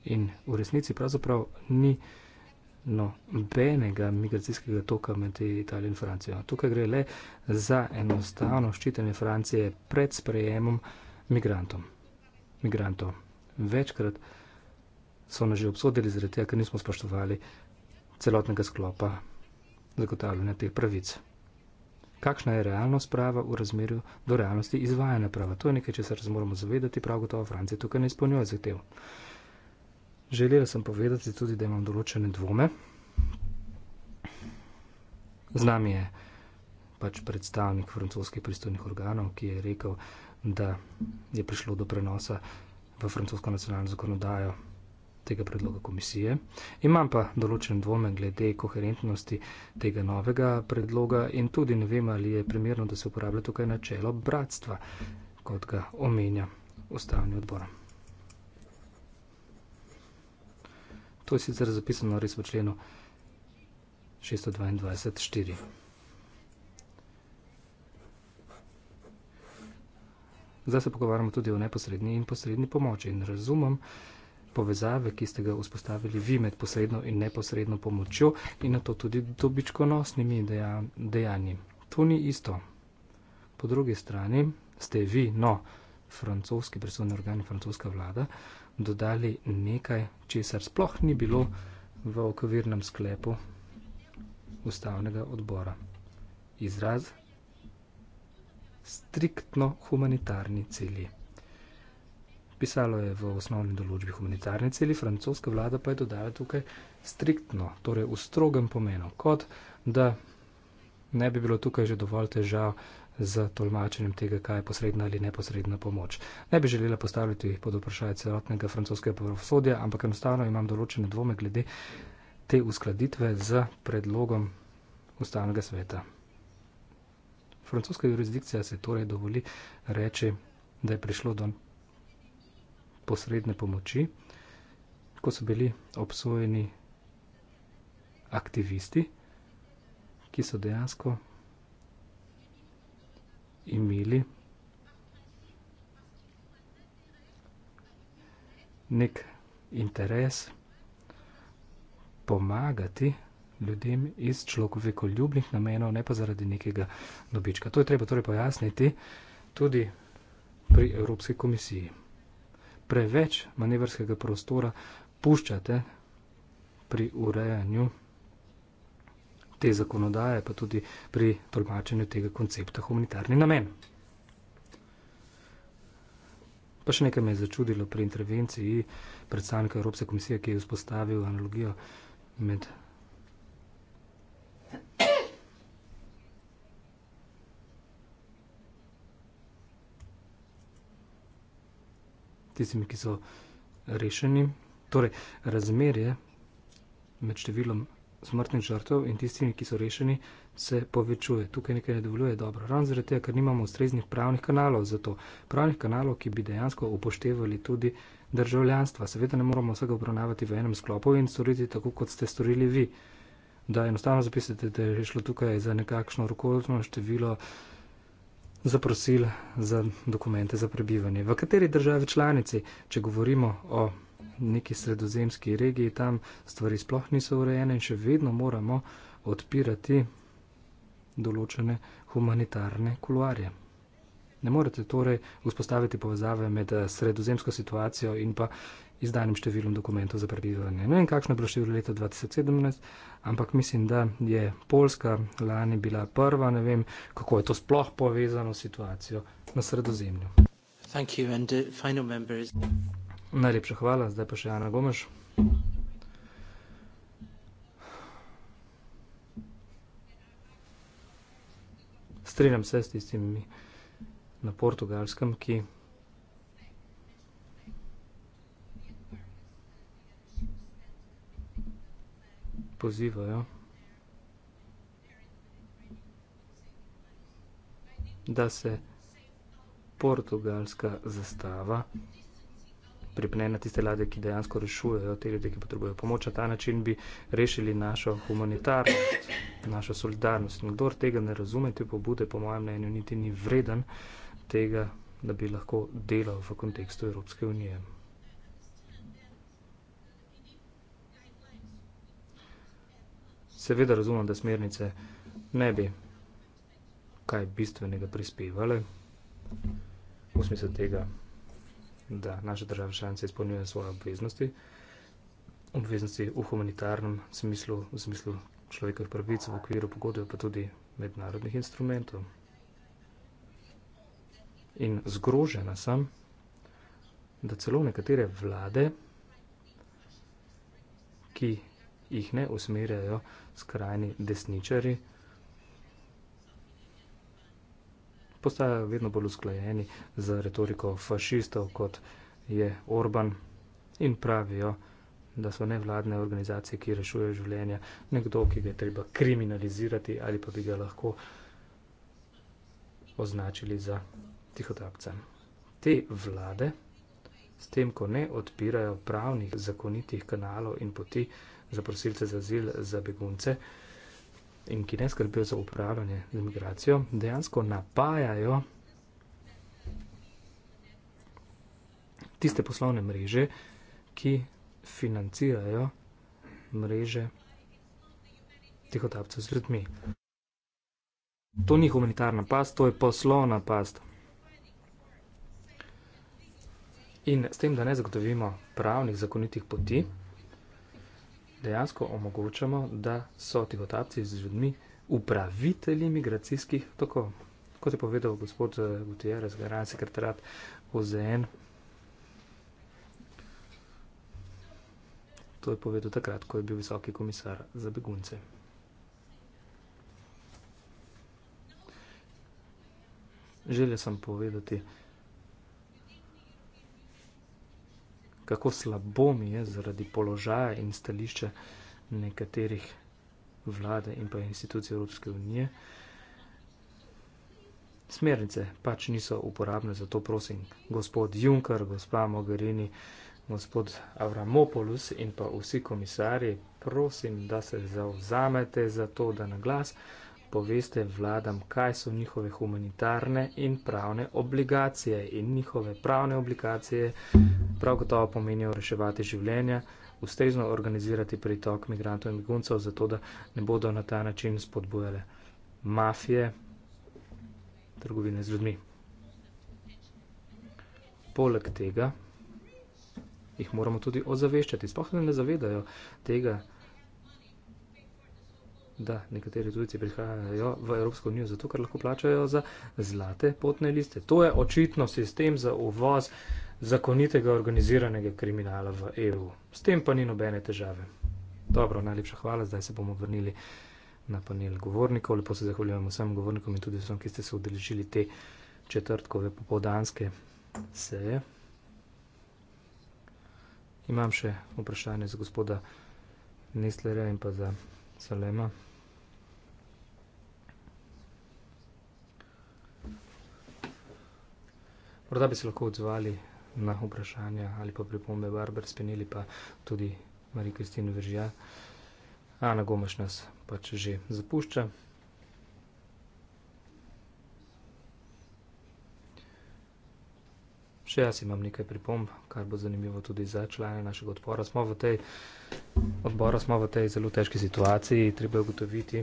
In v resnici pravzaprav ni nobenega migracijskega toka med Italijo in Francijo. Tukaj gre le za enostavno ščitenje Francije pred sprejemom migrantom. migrantov. Večkrat so nas že obsodili zaradi tega, ker nismo spoštovali celotnega sklopa zagotavljanja teh pravic. Kakšna je realnost prava v razmerju do realnosti izvajanja prava? To je nekaj, če se moramo zavedati, prav gotovo Francija tukaj ne izpolnjuje zahtev. Želela sem povedati tudi, da imam določene dvome. Z nami je pač predstavnik francoskih pristojnih organov, ki je rekel, da je prišlo do prenosa v francosko nacionalno zakonodajo tega predloga komisije. Imam pa določene dvome glede koherentnosti tega novega predloga in tudi ne vem, ali je primerno, da se uporablja tukaj načelo bratstva, kot ga omenja ustavni odbor. To je sicer zapisano res v členu 622.4. Zdaj se pogovarjamo tudi o neposredni in posredni pomoči in razumem povezave, ki ste ga vzpostavili vi med posredno in neposredno pomočjo in na to tudi dobičkonosnimi dejanji. To ni isto. Po drugi strani ste vi, no, francoski presodni organ in francoska vlada, dodali nekaj, česar sploh ni bilo v okvirnem sklepu ustavnega odbora. Izraz striktno humanitarni celi. Pisalo je v osnovni določbi humanitarni celi, francoska vlada pa je dodala tukaj striktno, torej v strogem pomenu, kot da ne bi bilo tukaj že dovolj težav, z tolmačenjem tega, kaj je posredna ali neposredna pomoč. Ne bi želela postaviti pod vprašanje celotnega francoskega pravosodja, ampak enostavno imam določene dvome glede te uskladitve z predlogom ustavnega sveta. Francoska jurisdikcija se torej dovoli reči, da je prišlo do posredne pomoči, ko so bili obsojeni aktivisti, ki so dejansko imeli nek interes pomagati ljudem iz človekovih ljubnih namenov, ne pa zaradi nekega dobička. To je treba torej pojasniti tudi pri Evropski komisiji. Preveč manevrskega prostora puščate pri urejanju te zakonodaje, pa tudi pri tolmačenju tega koncepta humanitarni namen. Pa še nekaj me je začudilo pri intervenciji predstavnika Evropske komisije, ki je vzpostavil analogijo med. Tistimi, ki so rešeni. Torej, razmerje med številom smrtnih žrtev in tistimi, ki so rešeni, se povečuje. Tukaj nekaj ne deluje dobro. Ravno zaradi tega, ker nimamo ustreznih pravnih kanalov za to. Pravnih kanalov, ki bi dejansko upoštevali tudi državljanstva. Seveda ne moramo vsega obravnavati v enem sklopu in storiti tako, kot ste storili vi. Da enostavno zapisate, da je šlo tukaj za nekakšno rokovno število zaprosil za dokumente za prebivanje. V kateri državi članici, če govorimo o neki sredozemski regiji, tam stvari sploh niso urejene in še vedno moramo odpirati določene humanitarne kuluarje. Ne morete torej vzpostaviti povezave med eh, sredozemsko situacijo in pa izdanim številom dokumentov za prebivanje. Ne vem, kakšno je bilo število leta 2017, ampak mislim, da je Poljska lani bila prva. Ne vem, kako je to sploh povezano s situacijo na sredozemlju. Hvala. Najlepša hvala, zdaj pa še Ana Gomes. Strinjam se s tistimi na portugalskem, ki. Pozivajo, da se portugalska zastava pripne na tiste lade, ki dejansko rešujejo te ljudi, ki potrebujejo pomoč. Na ta način bi rešili našo humanitarnost, našo solidarnost. In kdor tega ne razume, te pobude, po mojem mnenju, niti ni vreden tega, da bi lahko delal v kontekstu Evropske unije. Seveda razumem, da smernice ne bi kaj bistvenega prispevale v smislu tega da naša država članica izpolnjuje svoje obveznosti, obveznosti v humanitarnem smislu, v smislu človekovih pravic v okviru pogodbe, pa tudi mednarodnih instrumentov. In zgrožena sem, da celo nekatere vlade, ki jih ne usmerjajo skrajni desničari, postajajo vedno bolj usklajeni z retoriko fašistov, kot je Orban in pravijo, da so nevladne organizacije, ki rešujejo življenja, nekdo, ki ga je treba kriminalizirati ali pa bi ga lahko označili za tihotapca. Te vlade s tem, ko ne odpirajo pravnih zakonitih kanalov in poti za prosilce za zil, za begunce, in ki ne skrbijo za upravljanje z imigracijo, dejansko napajajo tiste poslovne mreže, ki financirajo mreže tihotapcev z ljudmi. To ni humanitarna past, to je poslovna past. In s tem, da ne zagotovimo pravnih zakonitih poti, dejansko omogočamo, da so tihotapci z ljudmi upravitelji migracijskih tokov. Kot je povedal gospod eh, Gutierrez, generalni sekretarat OZN, to je povedal takrat, ko je bil visoki komisar za begunce. Želel sem povedati, da kako slabo mi je zaradi položaja in stališče nekaterih vlade in pa institucij Evropske unije. Smernice pač niso uporabne, zato prosim, gospod Juncker, gospa Mogherini, gospod Avramopoulos in pa vsi komisarji, prosim, da se zauzamete za to, da na glas poveste vladam, kaj so njihove humanitarne in pravne obligacije. In njihove pravne obligacije prav gotovo pomenijo reševati življenja, ustrezno organizirati pritok migrantov in beguncev, zato da ne bodo na ta način spodbujale mafije, trgovine z ljudmi. Poleg tega jih moramo tudi ozaveščati. Spohne ne zavedajo tega, da nekateri tujci prihajajo v Evropsko unijo zato, ker lahko plačajo za zlate potne liste. To je očitno sistem za uvoz zakonitega organiziranega kriminala v EU. S tem pa ni nobene težave. Dobro, najlepša hvala, zdaj se bomo vrnili na panel govornikov. Lepo se zahvaljujem vsem govornikom in tudi vsem, ki ste se udeležili te četrtkove popovdanske seje. Imam še vprašanje za gospoda Neslerja in pa za Salema. Morda bi se lahko odzvali na vprašanja ali pa pripombe Barbara Spinelli, pa tudi Marija Kristina Veržja. Ana Gomaš nas pač že zapušča. Še jaz imam nekaj pripomb, kar bo zanimivo tudi za člane našega odpora. Smo v tej odboru, smo v tej zelo težki situaciji, treba je ugotoviti,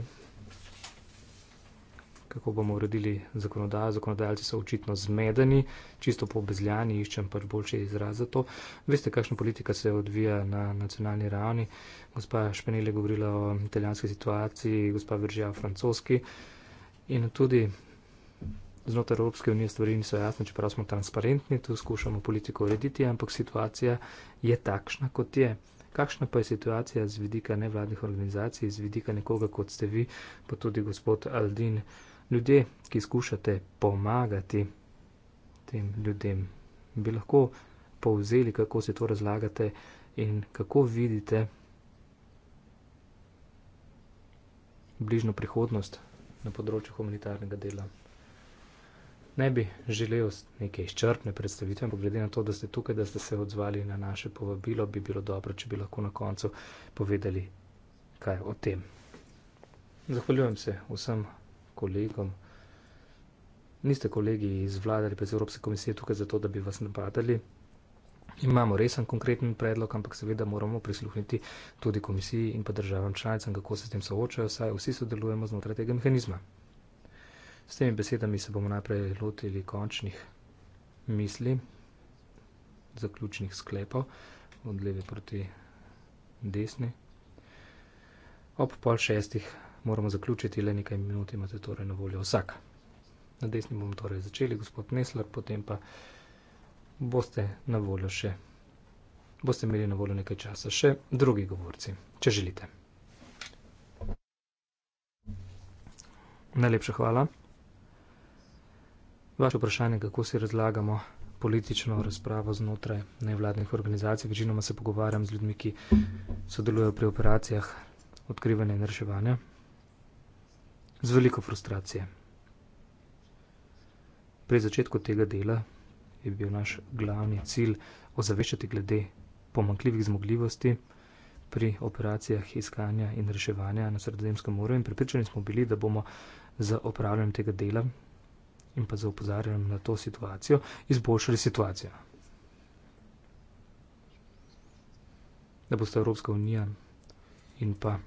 kako bomo uredili zakonodajo. Zakonodajalci so očitno zmedeni, čisto po obezljani, iščem pač boljši izraz za to. Veste, kakšna politika se odvija na nacionalni ravni. Gospa Špenele govorila o italijanski situaciji, gospa Virža o francoski in tudi znotraj Evropske unije stvari niso jasne, čeprav smo transparentni, tu skušamo politiko urediti, ampak situacija je takšna, kot je. Kakšna pa je situacija z vidika nevladnih organizacij, z vidika nekoga, kot ste vi, pa tudi gospod Aldin, ljudje, ki skušate pomagati tem ljudem? Bi lahko povzeli, kako se to razlagate in kako vidite bližnjo prihodnost na področju humanitarnega dela? ne bi želel neke izčrpne predstavitve, ampak glede na to, da ste tukaj, da ste se odzvali na naše povabilo, bi bilo dobro, če bi lahko na koncu povedali kaj o tem. Zahvaljujem se vsem kolegom. Niste kolegi iz vlade ali pa iz Evropske komisije tukaj zato, da bi vas napadali. Imamo resen konkreten predlog, ampak seveda moramo prisluhniti tudi komisiji in pa državam članicam, kako se s tem soočajo, saj vsi sodelujemo znotraj tega mehanizma. S temi besedami se bomo najprej lotili končnih misli, zaključnih sklepov, od leve proti desni. Ob pol šestih moramo zaključiti, le nekaj minut imate torej na voljo vsak. Na desni bomo torej začeli, gospod Nesler, potem pa boste na voljo še, boste imeli na voljo nekaj časa še drugi govorci, če želite. Najlepša hvala. Vaše vprašanje, kako si razlagamo politično razpravo znotraj nevladnih organizacij, večinoma se pogovarjam z ljudmi, ki sodelujejo pri operacijah odkrivanja in reševanja, z veliko frustracije. Pri začetku tega dela je bil naš glavni cilj ozaveščati glede pomankljivih zmogljivosti pri operacijah iskanja in reševanja na Sredozemskem morju in pripričani smo bili, da bomo za opravljanje tega dela in pa za upozarjanjem na to situacijo, izboljšali situacijo. Da bosta Evropska unija in pa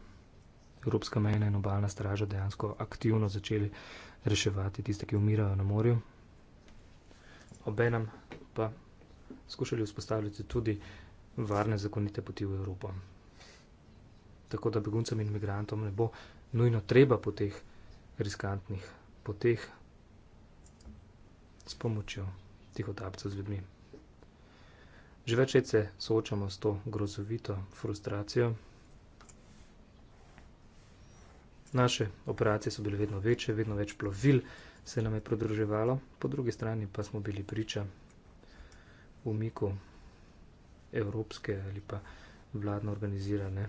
Evropska mejna in obaljna straža dejansko aktivno začeli reševati tiste, ki umirajo na morju. Obenem pa skušali vzpostavljati tudi varne zakonite poti v Evropo. Tako da beguncem in imigrantom ne bo nujno treba po teh riskantnih poteh s pomočjo tihotapcev z ljudmi. Že več let se soočamo s to grozovito frustracijo. Naše operacije so bile vedno večje, vedno več plovil se nam je pridruževalo, po drugi strani pa smo bili priča umiku evropske ali pa vladno organizirane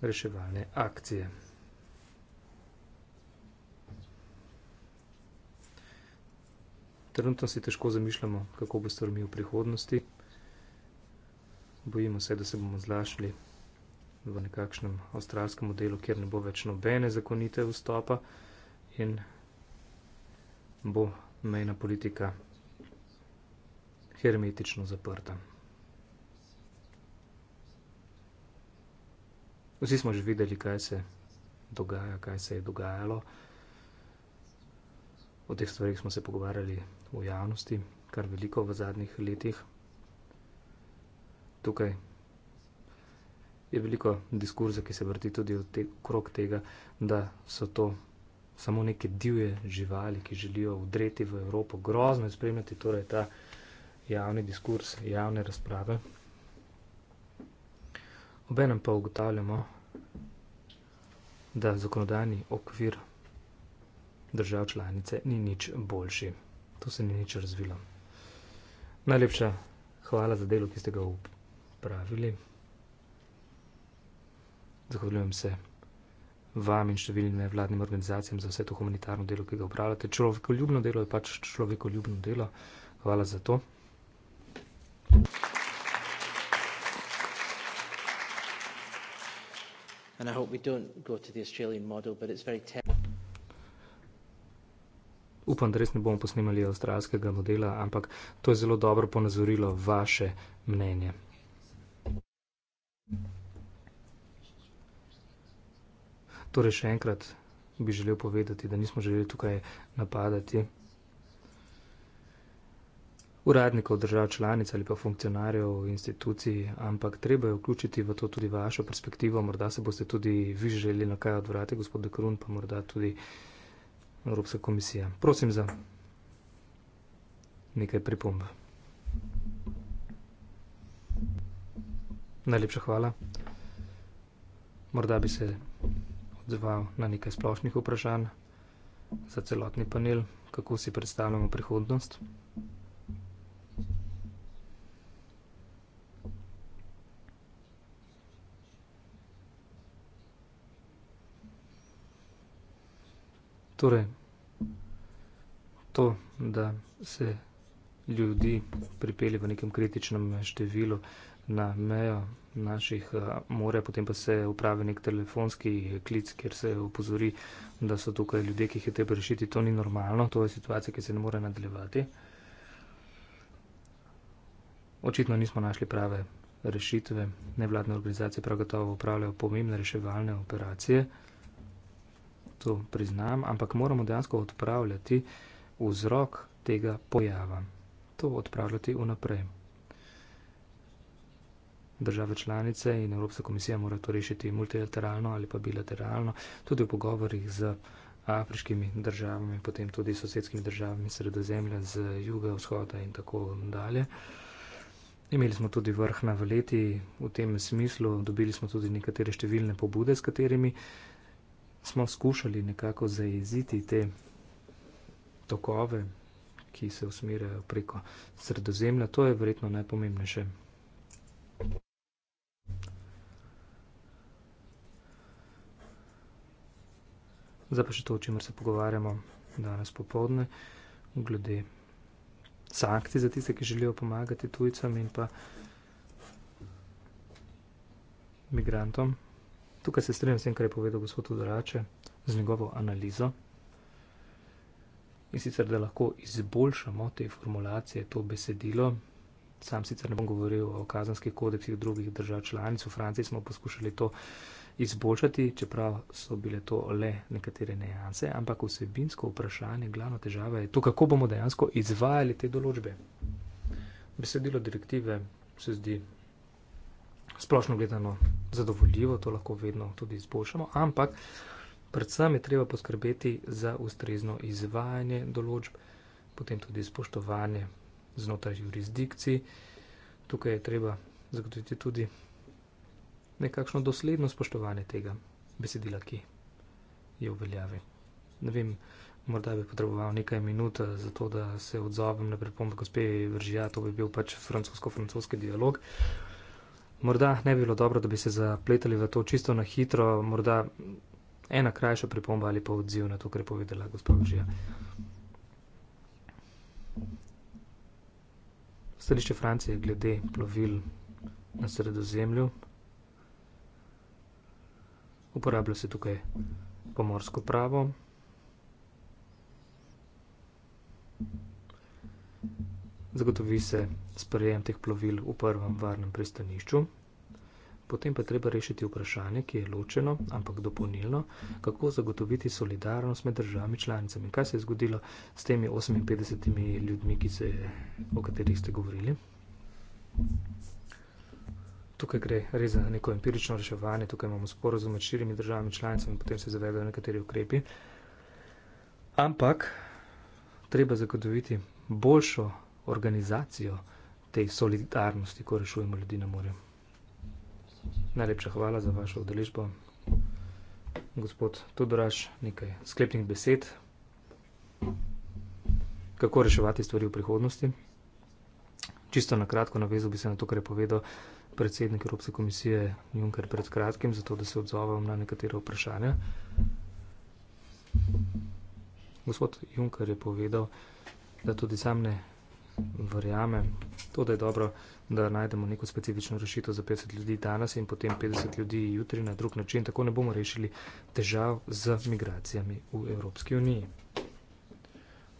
reševalne akcije. Trenutno si težko zamišljamo, kako bo stvarmi v prihodnosti. Bojimo se, da se bomo zlašli v nekakšnem avstralskem modelu, kjer ne bo več nobene zakonite vstopa in bo mejna politika hermetično zaprta. Vsi smo že videli, kaj se dogaja, kaj se je dogajalo. O teh stvarih smo se pogovarjali v javnosti, kar veliko v zadnjih letih. Tukaj je veliko diskurza, ki se vrti tudi te, okrog tega, da so to samo neke divje živali, ki želijo vdreti v Evropo. Grozno je spremljati torej ta javni diskurs, javne razprave. Obenem pa ugotavljamo, da zakonodajni okvir držav članice ni nič boljši to se ni nič razvilo. Najlepša hvala za delo, ki ste ga upravili. Zahvaljujem se vam in številnim nevladnim organizacijam za vse to humanitarno delo, ki ga upravljate. Človekoljubno delo je pač človekoljubno delo. Hvala za to. And I hope we don't go to the Australian model, but it's very tempting upam, da res ne bomo posnemali avstralskega modela, ampak to je zelo dobro ponazorilo vaše mnenje. Torej, še enkrat bi želel povedati, da nismo želeli tukaj napadati uradnikov držav članic ali pa funkcionarjev institucij, ampak treba je vključiti v to tudi vašo perspektivo. Morda se boste tudi vi želeli na kaj odvrati, gospod Dekrun, pa morda tudi uh, Evropska komisija. Prosim za nekaj pripomb. Najlepša hvala. Morda bi se odzval na nekaj splošnih vprašanj za celotni panel, kako si predstavljamo prihodnost. Torej, to, da se ljudi pripeli v nekem kritičnem številu na mejo naših eh, more, potem pa se upravi nek telefonski klic, kjer se upozori, da so tukaj ljudje, ki jih je treba rešiti, to ni normalno, to je situacija, ki se ne more nadaljevati. Očitno nismo našli prave rešitve, nevladne organizacije prav gotovo upravljajo pomembne reševalne operacije to priznam, ampak moramo dejansko odpravljati vzrok tega pojava. To odpravljati vnaprej. Države članice in Evropska komisija mora to rešiti multilateralno ali pa bilateralno, tudi v pogovorih z afriškimi državami, potem tudi sosedskimi državami sredozemlja z juga, vzhoda in tako dalje. Imeli smo tudi vrh na valeti v tem smislu, dobili smo tudi nekatere številne pobude, s katerimi smo skušali nekako zajeziti te tokove, ki se usmerjajo preko sredozemlja. To je verjetno najpomembnejše. Zdaj pa še to, o čemer se pogovarjamo danes popovdne, glede sankcij za tiste, ki želijo pomagati tujcem in pa migrantom. Tukaj se strinjam s tem, kar je povedal gospod Udrače, z njegovo analizo. In sicer, da lahko izboljšamo te formulacije, to besedilo. Sam sicer ne bom govoril o kazanskih kodeksih drugih držav članic. V Franciji smo poskušali to izboljšati, čeprav so bile to le nekatere nejance, ampak vsebinsko vprašanje, glavna težava je to, kako bomo dejansko izvajali te določbe. Besedilo direktive se zdi splošno gledano zadovoljivo, to lahko vedno tudi izboljšamo, ampak predvsem je treba poskrbeti za ustrezno izvajanje določb, potem tudi spoštovanje znotraj jurisdikcij. Tukaj je treba zagotoviti tudi nekakšno dosledno spoštovanje tega besedila, ki je v veljavi. Ne vem, morda bi potreboval nekaj minut eh, za to, da se odzovem na pripombe gospe Vržija, to bi bil pač francosko-francoski dialog. Uh, Morda ne bi bilo dobro, da bi se zapletali v to čisto na hitro, morda ena krajša pripomba ali pa odziv na to, kar je povedala gospod Žija. Stališče Francije glede plovil na sredozemlju. Uporablja se tukaj pomorsko pravo. zagotovi se sprejem teh plovil v prvem varnem pristanišču. Potem pa je treba rešiti vprašanje, ki je ločeno, ampak dopolnilno, kako zagotoviti solidarnost med državami članicami. Kaj se je zgodilo s temi 58 ljudmi, se, o katerih ste govorili? Tukaj gre res za neko empirično reševanje, tukaj imamo sporozum med širimi državami članicami, potem se zavedajo nekateri ukrepi. Ampak treba zagotoviti boljšo organizacijo te solidarnosti, ko rešujemo ljudi na morju. Najlepša hvala za vašo udeležbo. Gospod Tudoraš, nekaj sklepnih besed. Kako reševati stvari v prihodnosti? Čisto na kratko navezal bi se na to, kar je povedal predsednik Evropske komisije Juncker pred kratkim, zato da se odzovem na nekatere vprašanja. Gospod Juncker je povedal, da tudi sam ne verjamem. To, da je dobro, da najdemo neko specifično rešitev za 50 ljudi danes in potem 50 ljudi jutri na drug način, tako ne bomo rešili težav z migracijami v Evropski uniji.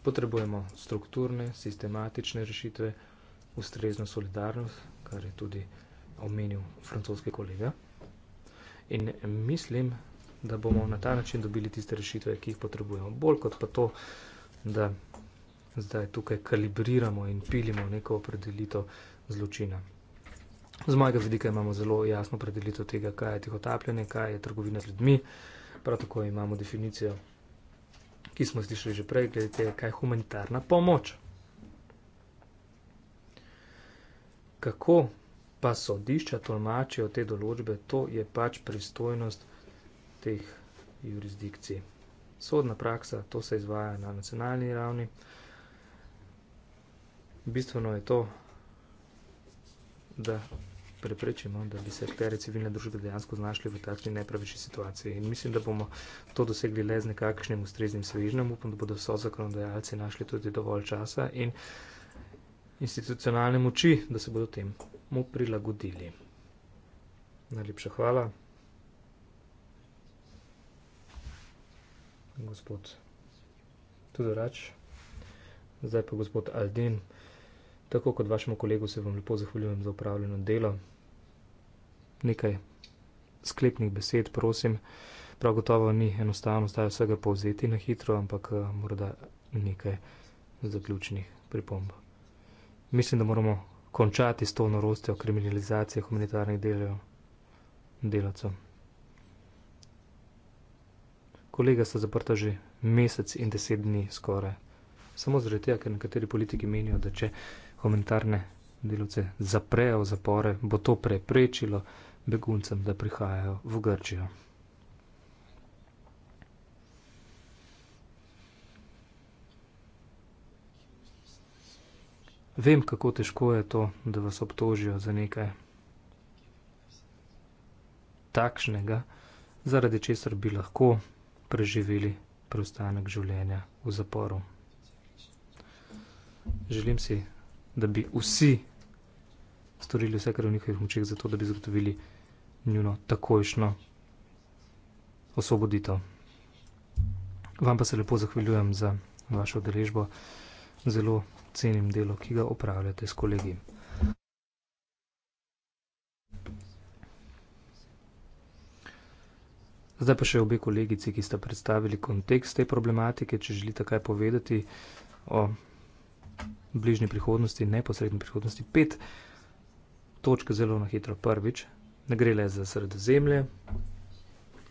Potrebujemo strukturne, sistematične rešitve, ustrezno solidarnost, kar je tudi omenil francoski kolega. In mislim, da bomo na ta način dobili tiste rešitve, ki jih potrebujemo. Bolj kot pa to, da zdaj tukaj kalibriramo in pilimo neko opredelitev zločina. Z mojega vidika imamo zelo jasno opredelitev tega, kaj je tihotapljanje, kaj je trgovina z ljudmi. Prav tako imamo definicijo, ki smo slišali že prej, glede tega, kaj je humanitarna pomoč. Kako pa sodišča tolmačijo te določbe, to je pač pristojnost teh jurisdikcij. Sodna praksa, to se izvaja na nacionalni ravni bistveno je to, da preprečimo, da bi se akteri civilne družbe dejansko znašli v takšni nepravični situaciji. In mislim, da bomo to dosegli le z nekakšnim ustreznim svežnjem. Upam, da bodo so zakonodajalci našli tudi dovolj časa in institucionalne moči, da se bodo temu prilagodili. Najlepša hvala. Gospod Tudorač, zdaj pa gospod Aldin. Tako kot vašemu kolegu se vam lepo zahvaljujem za upravljeno delo. Nekaj sklepnih besed, prosim. Prav gotovo ni enostavno staj vsega povzeti na hitro, ampak eh, morda nekaj zaključnih pripomb. Mislim, da moramo končati s to norostjo kriminalizacije humanitarnih delov delavcev. Kolega sta zaprta že mesec in deset dni skoraj. Samo zaradi tega, ker nekateri politiki menijo, da če komentarne delovce zaprejo v zapore, bo to preprečilo beguncem, da prihajajo v Grčijo. Vem, kako težko je to, da vas obtožijo za nekaj takšnega, zaradi česar bi lahko preživeli preostanek življenja v zaporu. Želim si da bi vsi storili vse, kar je v njihovih močeh, zato da bi zagotovili njuno takojšno osvoboditev. Vam pa se lepo zahvaljujem za vašo deležbo, zelo cenim delo, ki ga opravljate s kolegi. Zdaj pa še obe kolegici, ki sta predstavili kontekst te problematike, če želite kaj povedati o bližnji prihodnosti, neposredni prihodnosti. Pet točk zelo na hitro. Prvič, ne gre le za sredo zemlje,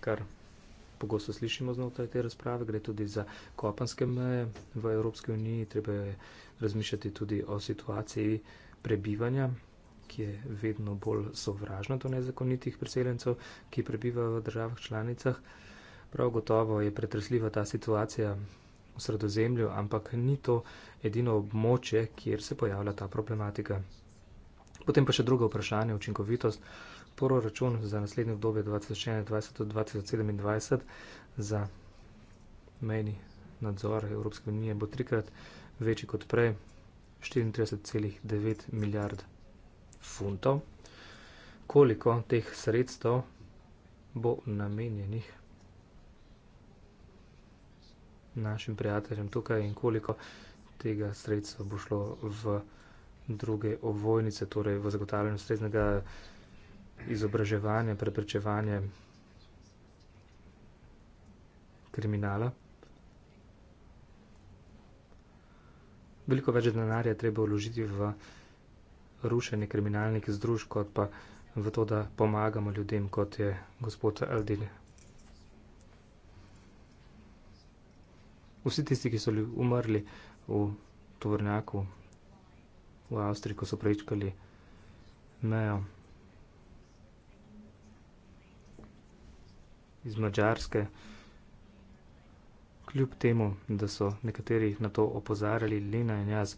kar pogosto slišimo znotraj te razprave, gre tudi za kopanske meje v Evropski uniji. Treba je razmišljati tudi o situaciji prebivanja, ki je vedno bolj sovražna do nezakonitih priseljencev, ki prebivajo v državah članicah. Prav gotovo je pretresljiva ta situacija v sredozemlju, ampak ni to edino območje, kjer se pojavlja ta problematika. Potem pa še drugo vprašanje, učinkovitost. Proračun za naslednje obdobje 2021-2027 za mejni nadzor Evropske unije bo trikrat večji kot prej, 34,9 milijard funtov. Koliko teh sredstev bo namenjenih našim prijateljem tukaj in koliko tega sredstva bo šlo v druge ovojnice, torej v zagotavljanje ustreznega izobraževanja, preprečevanja kriminala. Veliko več denarja treba vložiti v rušenje kriminalnih združb, kot pa v to, da pomagamo ljudem, kot je gospod Aldin Vsi tisti, ki so umrli v tovrnjaku v Avstriji, ko so prečkali mejo iz Mačarske, kljub temu, da so nekateri na to opozarjali, Lina in jaz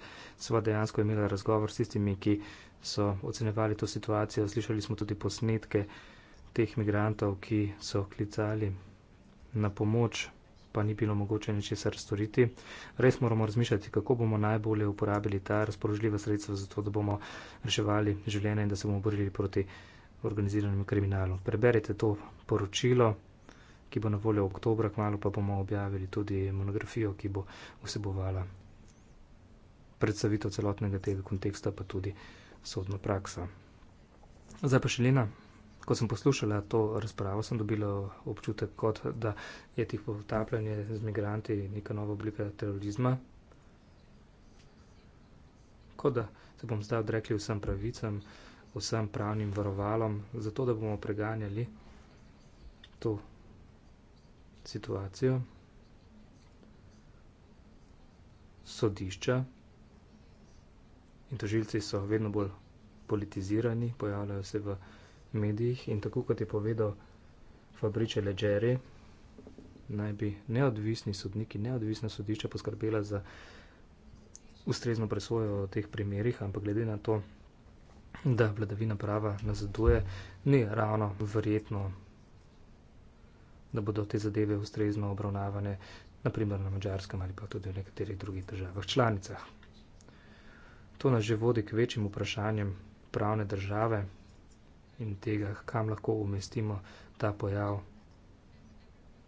sva dejansko imela razgovor s tistimi, ki so ocenevali to situacijo. Slišali smo tudi posnetke teh migrantov, ki so klicali na pomoč pa ni bilo mogoče ničesar storiti. Res moramo razmišljati, kako bomo najbolje uporabili ta razpoložljiva sredstva za to, da bomo reševali življenje in da se bomo borili proti organiziranemu kriminalu. Preberite to poročilo, ki bo na voljo v oktobra, kmalo pa bomo objavili tudi monografijo, ki bo vsebovala predstavitev celotnega tega konteksta, pa tudi sodno prakso. Zdaj pa še Lena, Ko sem poslušala to razpravo, sem dobila občutek, kot da je tih potapljanje z migranti neka nova oblika terorizma. Kot da se bom zdaj odrekli vsem pravicam, vsem pravnim varovalom, zato da bomo preganjali to situacijo. Sodišča in tožilci so vedno bolj politizirani, pojavljajo se v medijih in tako kot je povedal Fabrice Leggeri, naj bi neodvisni sodniki, neodvisna sodišča poskrbela za ustrezno presojo o teh primerih, ampak glede na to, da vladavina prava nazaduje, ni ravno verjetno, da bodo te zadeve ustrezno obravnavane, naprimer na mačarskem ali pa tudi v nekaterih drugih državah članicah. To nas že vodi k večjim vprašanjem pravne države in tega, kam lahko umestimo ta pojav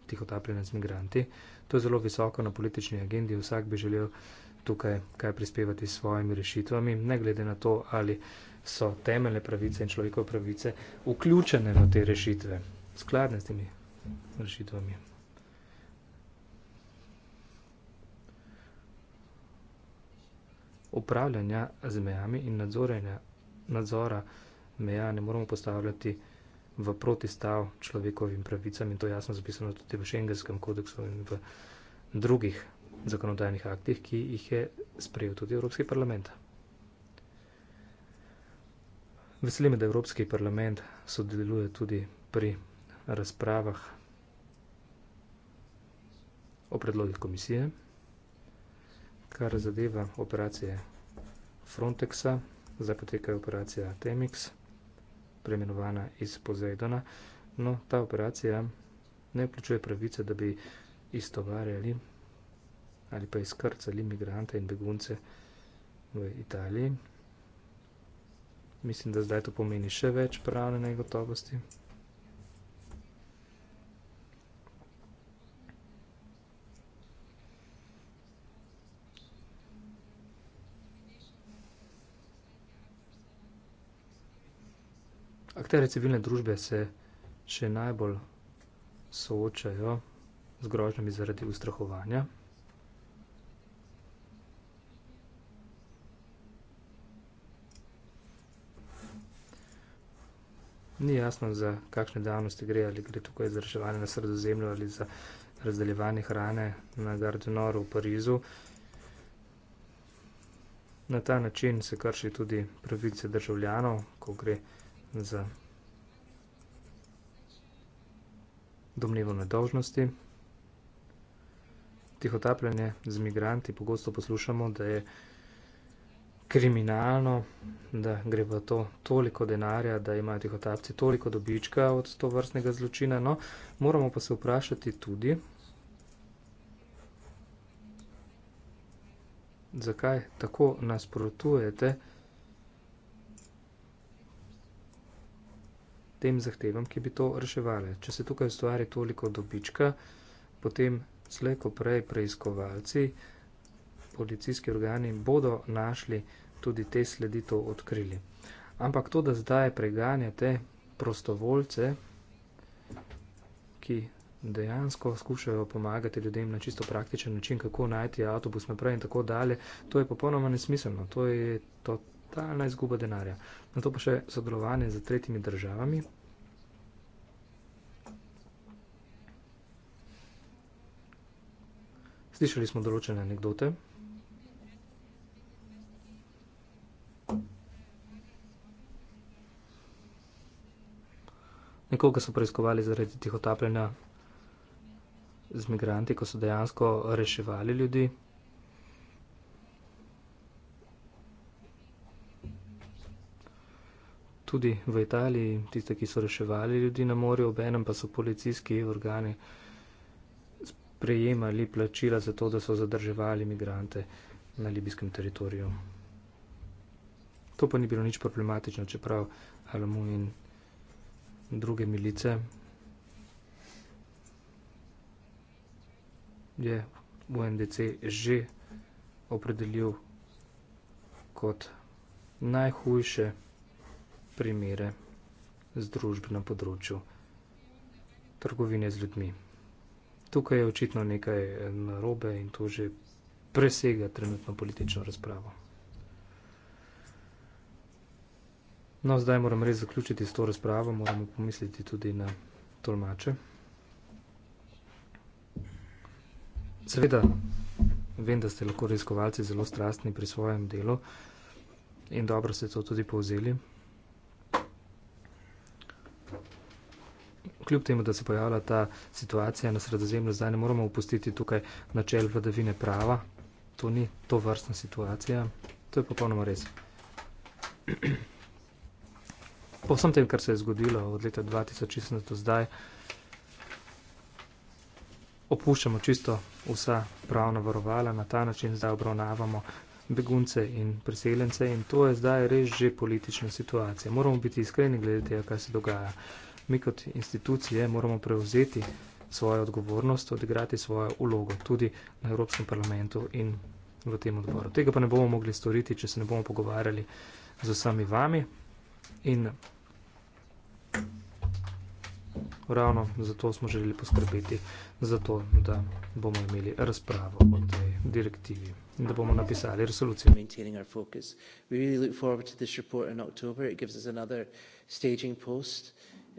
tihotapljenja z migranti. To je zelo visoko na politični agendi, vsak bi želel tukaj kaj prispevati s svojimi rešitvami, ne glede na to, ali so temeljne pravice in človekove pravice vključene v te rešitve, skladne s temi rešitvami. Upravljanja z mejami in nadzora meja ne moremo postavljati v protistav človekovim pravicam in to je jasno zapisano tudi v šengenskem kodeksu in v drugih zakonodajnih aktih, ki jih je sprejel tudi Evropski parlament. Veseli me, da Evropski parlament sodeluje tudi pri razpravah o predlogih komisije, kar zadeva operacije Frontexa, zdaj poteka operacija Temix preimenovana iz Pozejdona, no ta operacija ne vključuje pravice, da bi istovarjali ali pa izkrcali imigrante in begunce v Italiji. Mislim, da zdaj to pomeni še več pravne negotovosti. Nekatere civilne družbe se še najbolj soočajo z grožnjami zaradi ustrahovanja. Ni jasno, za kakšne dejavnosti gre, ali gre tukaj za reševanje na sredozemlju ali za razdeljevanje hrane na Gardenoru v Parizu. Na ta način se krši tudi pravice državljanov, ko gre za domnevo nedožnosti. Tihotapljanje z imigranti pogosto poslušamo, da je kriminalno, da gre v to toliko denarja, da imajo tihotapci toliko dobička od to vrstnega zločina. No, moramo pa se vprašati tudi, zakaj tako nasprotujete. tem zahtevam, ki bi to reševali. Če se tukaj ustvari toliko dobička, potem slej ko prej preiskovalci, policijski organi bodo našli tudi te sledi, to odkrili. Ampak to, da zdaj preganjate prostovoljce, ki dejansko skušajo pomagati ljudem na čisto praktičen način, kako najti avtobus naprej in tako dalje, to je popolnoma nesmiselno. To je to totalna izguba denarja. Na to pa še sodelovanje z tretjimi državami. Slišali smo določene anekdote. Nekoga so preiskovali zaradi tih otapljanja z migranti, ko so dejansko reševali ljudi. tudi v Italiji, tiste, ki so reševali ljudi na morju, obenem pa so policijski organi prejemali plačila za to, da so zadrževali migrante na libijskem teritoriju. To pa ni bilo nič problematično, čeprav Alamu in druge milice je UNDC že opredelil kot najhujše primere z družb na področju trgovine z ljudmi. Tukaj je očitno nekaj eh, narobe in to že presega trenutno politično razpravo. No, zdaj moram res zaključiti s to razpravo, moramo pomisliti tudi na tolmače. Seveda, vem, da ste lahko reskovalci zelo strastni pri svojem delu in dobro ste to tudi povzeli. kljub temu, da se pojavlja ta situacija na sredozemlju, zdaj ne moramo upustiti tukaj načel vladavine prava. To ni to vrstna situacija. To je popolnoma res. Po vsem tem, kar se je zgodilo od leta 2016 do zdaj, opuščamo čisto vsa pravna varovala, na ta način zdaj obravnavamo begunce in priseljence in to je zdaj res že politična situacija. Moramo biti iskreni glede tega, kaj se dogaja. Uh, mi kot institucije moramo prevzeti svojo odgovornost, odigrati svojo ulogo tudi na Evropskem parlamentu in v tem odboru. Tega pa ne bomo mogli storiti, če se ne bomo pogovarjali z vsemi vami. In ravno zato smo želeli poskrbeti, zato, da bomo imeli razpravo o tej direktivi. Da bomo napisali resolucijo. Really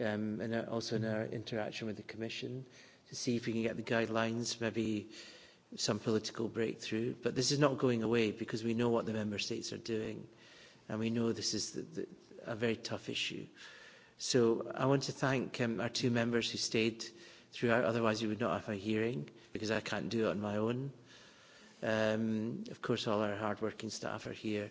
um, in our, uh, also in our interaction with the Commission, to see if we can get the guidelines, maybe some political breakthrough. But this is not going away because we know what the Member States are doing and we know this is the, the, a very tough issue. So I want to thank um, our two members who stayed throughout, otherwise we would not have a hearing because I can't do it on my own. Um, of course, all our hard-working staff are here,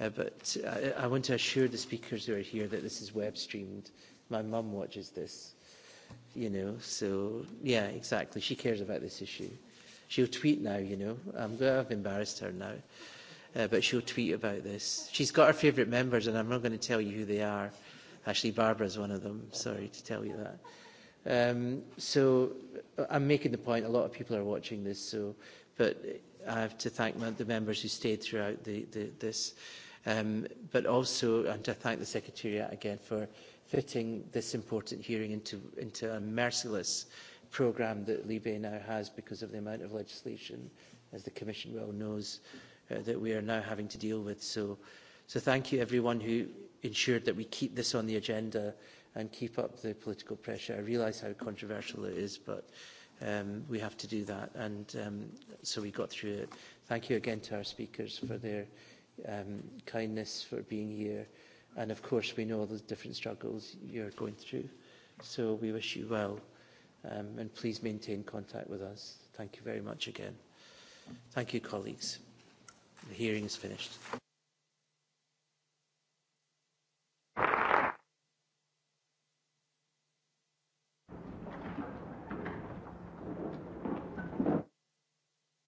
uh, but I, I want to assure the speakers who are here that this is web-streamed my mum watches this, you know. So yeah, exactly. She cares about this issue. She'll tweet now, you know. I'm going I've embarrassed her now, uh, but she'll tweet about this. She's got her favourite members, and I'm not going to tell you who they are. Actually, Barbara's one of them. Sorry to tell you that. Um, so uh, I'm making the point. A lot of people are watching this. So, but I have to thank the members who stayed throughout the, the, this. Um, but also, and to thank the Secretariat again for fitting this important hearing into, into a merciless programme that Libé now has because of the amount of legislation, as the Commission well knows, uh, that we are now having to deal with. So, so thank you everyone who ensured that we keep this on the agenda and keep up the political pressure. I realise how controversial it is, but um, we have to do that. And um, so we got through it. Thank you again to our speakers for their um, kindness for being here. And of course, we know the different struggles you're going through. So we wish you well. Um, and please maintain contact with us. Thank you very much again. Thank you, colleagues. The hearing is finished.